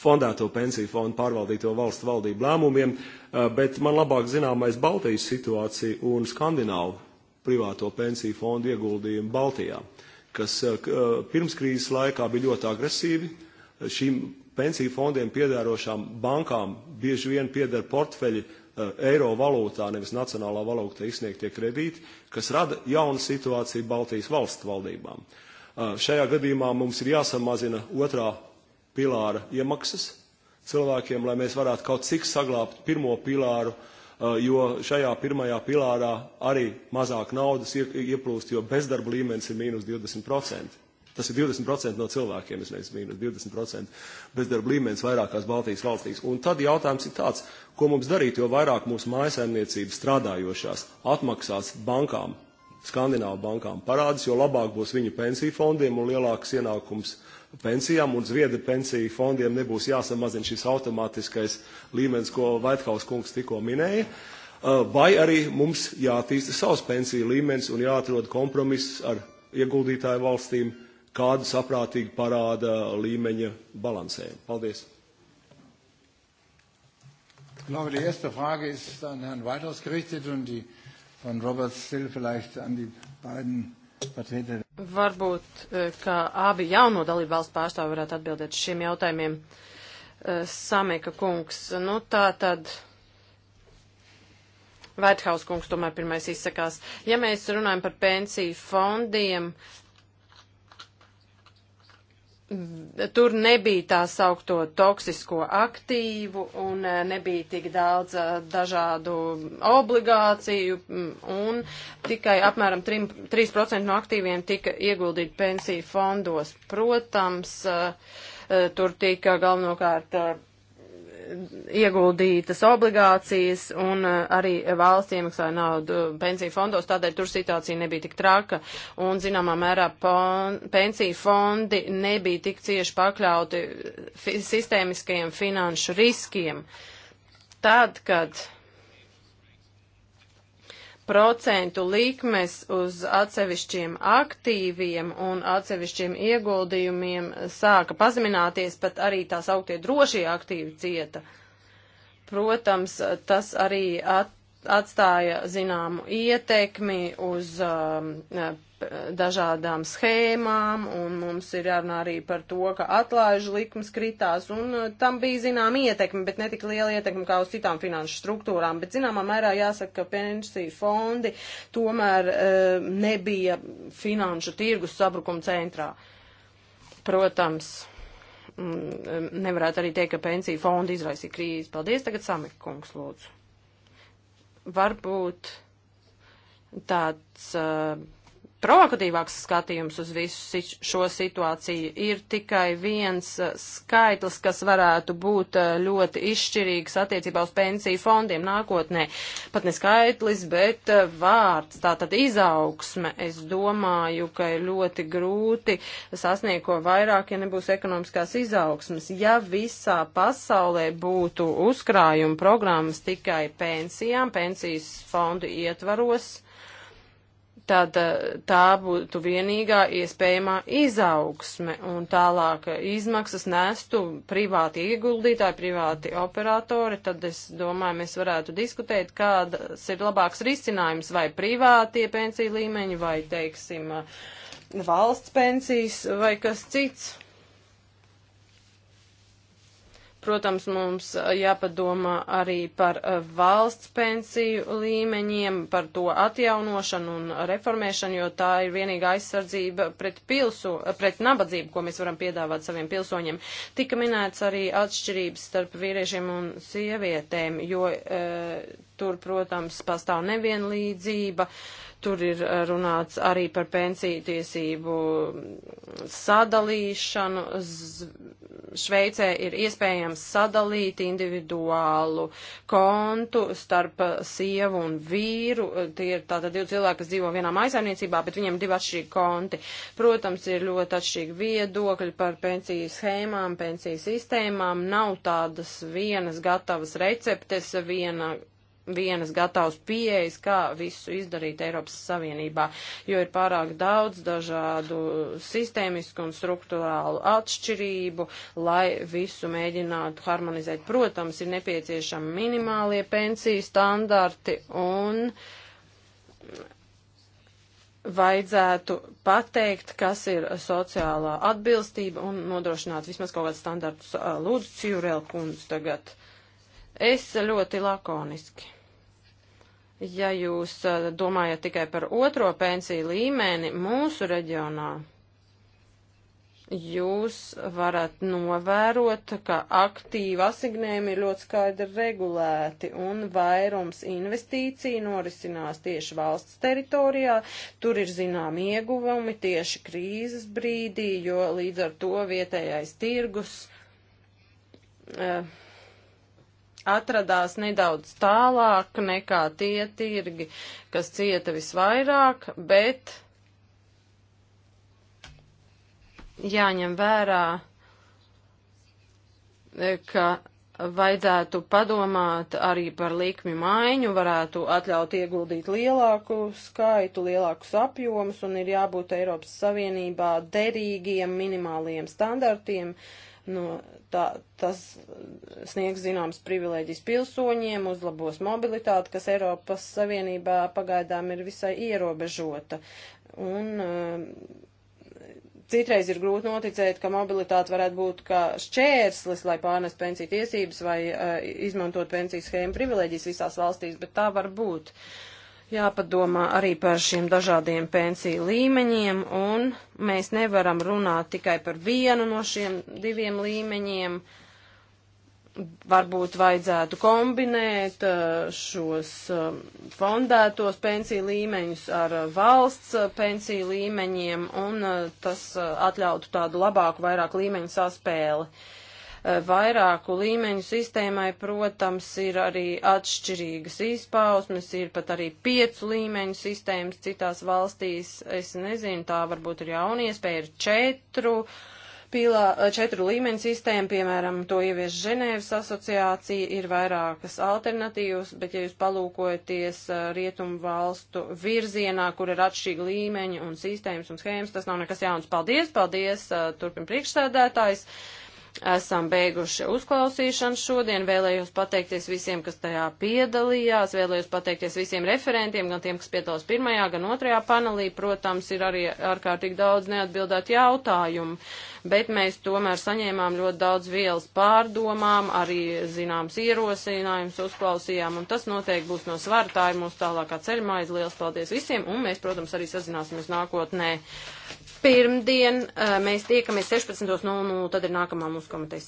fondēto pensiju fondu pārvaldīto valstu valdību lēmumiem, bet man labāk zināmais Baltijas situācija un Skandināvu privāto pensiju fondu ieguldījumu Baltijā, kas eh, eh, pirms krīzes laikā bija ļoti agresīvi. Šīm pensiju fondiem piedērošām bankām bieži vien pieder portfeļi eh, eiro valūtā, nevis nacionālā valūtā izsniegtie kredīti, kas rada jaunu situāciju Baltijas valstu valdībām. Šajā gadījumā mums ir jāsamazina otrā pilāra iemaksas cilvēkiem, lai mēs varētu kaut cik saglābt pirmo pilāru uh, Uh, jo šajā pirmajā pilārā arī mazāk naudas ieplūst, jo bezdarba līmenis ir mīnus 20%. Tas ir 20% no cilvēkiem, es nezinu, mīnus 20% bezdarba līmenis vairākās Baltijas valstīs. Un tad jautājums ir tāds, ko mums darīt, jo vairāk mūsu mājasēmniecības strādājošās atmaksās bankām, Skandināvu bankām parādus, jo labāk būs viņu pensiju fondiem un lielāks ienākums uh, pensijām, un zviedru pensiju fondiem nebūs jāsamazina šis automātiskais līmenis, ko Vaitkaus kungs tikko minēja. Uh, vai arī mums jātīsta savs pensiju līmenis un jāatrod kompromiss ar ieguldītāju valstīm, kādu saprātīgu parāda līmeņa balansējumu. Paldies! Ich glaube, die erste Frage ist an Herrn Weithaus gerichtet und die von Robert Still vielleicht an die beiden Varbūt, e, ka abi jauno dalību valstu pārstāvi varētu atbildēt šiem jautājumiem. E, Sameka kungs, nu tā tad. Vaithaus kungs tomēr pirmais izsakās. Ja mēs runājam par pensiju fondiem, tur nebija tā saukto toksisko aktīvu un eh, nebija tik daudz eh, dažādu obligāciju mm, un tikai apmēram 3%, 3 no aktīviem tika ieguldīti pensiju fondos. Protams, eh, tur tika galvenokārt ieguldītas obligācijas un uh, arī valsts iemaksāja naudu pensiju fondos, tādēļ tur situācija nebija tik traka un, zināmā mērā, pon, pensiju fondi nebija tik cieši pakļauti sistēmiskajiem finanšu riskiem. Tad, kad procentu likmes uz atsevišķiem aktīviem un atsevišķiem ieguldījumiem sāka pazemināties, pat arī tās augtie drošie aktīvi cieta. Protams, tas arī at, atstāja zināmu ietekmi uz um, eh, dažādām schēmām, un mums ir jārunā arī par to, ka atlaižu likmes kritās, un eh, tam bija zinām ietekme, bet ne tik liela ietekme kā uz citām finanšu struktūrām, bet zināmā mērā jāsaka, ka pensiju fondi tomēr uh, nebija finanšu tirgus sabrukuma centrā. Protams mm, nevarētu arī teikt, ka pensiju fonda izraisīja krīzi. Paldies, tagad Samek kungs lūdzu varbūt tāds uh, provokatīvāks skatījums uz visu šo situāciju. Ir tikai viens eh, skaitlis, kas varētu būt eh, ļoti izšķirīgs attiecībā uz pensiju fondiem nākotnē. Pat ne skaitlis, bet eh, vārds. Tātad izaugsme. Es domāju, ka ir ļoti grūti sasniegt ko vairāk, ja nebūs ekonomiskās izaugsmes. Ja visā pasaulē būtu uzkrājuma programmas tikai pensijām, pensijas fondu ietvaros, tad eh, tā būtu vienīgā iespējamā izaugsme un tālāk eh, izmaksas nestu privāti ieguldītāji, privāti operatori, tad es domāju, mēs varētu diskutēt, kādas ir labāks risinājums vai privātie pensiju līmeņi vai, teiksim, eh, valsts pensijas vai kas cits. Protams, mums jāpadomā arī par valsts pensiju līmeņiem, par to atjaunošanu un reformēšanu, jo tā ir vienīgā aizsardzība pret, pilsu, pret nabadzību, ko mēs varam piedāvāt saviem pilsoņiem. Tika minēts arī atšķirības starp vīriešiem un sievietēm, jo e, tur, protams, pastāv nevienlīdzība. E, Tur ir eh, runāts arī par pensiju tiesību sadalīšanu. Šveicē ir iespējams sadalīt individuālu kontu starp sievu un vīru. Tie ir tātad divi cilvēki, kas dzīvo vienā maisaimniecībā, bet viņiem divi atšķirīgi konti. Protams, ir ļoti atšķirīgi viedokļi par pensiju schēmām, pensiju sistēmām. Nav tādas vienas gatavas receptes, viena vienas gatavas pieejas, kā visu izdarīt Eiropas Savienībā, jo ir pārāk daudz dažādu sistēmisku un struktūrālu atšķirību, lai visu mēģinātu harmonizēt. Protams, ir nepieciešami minimālie pensiju standarti un vajadzētu pateikt, kas ir sociālā atbilstība un nodrošināt vismaz kaut kādus standartus. Lūdzu, Ciurel kundze tagad. Es ļoti lakoniski ja jūs eh, domājat tikai par otro pensiju līmeni mūsu reģionā, jūs varat novērot, ka aktīvi asignējumi ir ļoti skaidri regulēti un vairums investīciju norisinās tieši valsts teritorijā. Tur ir zinām ieguvumi tieši krīzes brīdī, jo līdz ar to vietējais tirgus. Uh, atradās nedaudz tālāk nekā tie tirgi, kas cieta visvairāk, bet jāņem vērā, e, ka vajadzētu padomāt arī par likmi maiņu, varētu atļaut ieguldīt lielāku skaitu, lielākus apjomus un ir jābūt Eiropas Savienībā derīgiem minimāliem standartiem, uh, No, tā, tas sniegs zināmas privilēģijas pilsoņiem, uzlabos mobilitāti, kas Eiropas Savienībā pagaidām ir visai ierobežota. Un, uh, citreiz ir grūti noticēt, ka mobilitāte varētu būt kā šķērslis, lai pārnest pensiju tiesības vai uh, izmantot pensiju schēmu privilēģijas visās valstīs, bet tā var būt. Uh, jāpadomā arī par šiem dažādiem pensiju līmeņiem, un mēs nevaram runāt tikai par vienu no šiem diviem līmeņiem. Varbūt vajadzētu kombinēt uh, šos um, fondētos pensiju līmeņus ar uh, valsts uh, pensiju līmeņiem, un tas atļautu tādu labāku, vairāk līmeņu saspēli vairāku līmeņu sistēmai, protams, ir arī atšķirīgas izpausmes, ir pat arī piecu līmeņu sistēmas citās valstīs. Es nezinu, tā varbūt ir jauna iespēja, ir četru. Pilā, četru līmeņu sistēmu, piemēram, to ievies Ženēvas asociācija, ir vairākas alternatīvas, bet ja jūs palūkojaties rietumu valstu virzienā, kur ir atšķirīgi līmeņi un sistēmas un schēmas, tas nav nekas jauns. Paldies, paldies, turpin priekšsēdētājs. Uh, Esam beiguši uzklausīšanu šodien. Vēlējos pateikties visiem, kas tajā piedalījās. Vēlējos pateikties visiem referentiem, gan tiem, kas piedalās pirmajā, gan otrajā panelī. Protams, ir arī ārkārtīgi daudz neatbildēt jautājumu. Uh, bet mēs tomēr saņēmām ļoti daudz vielas pārdomām, arī zināms ierosinājums uzklausījām, un tas noteikti būs no svara, tā ir mūsu tālākā ceļmaiz. Liels paldies visiem, un mēs, protams, arī sazināsimies nākotnē. Pirmdien eh, mēs tiekamies 16.00, nu, nu, tad ir nākamā mūsu komitejas.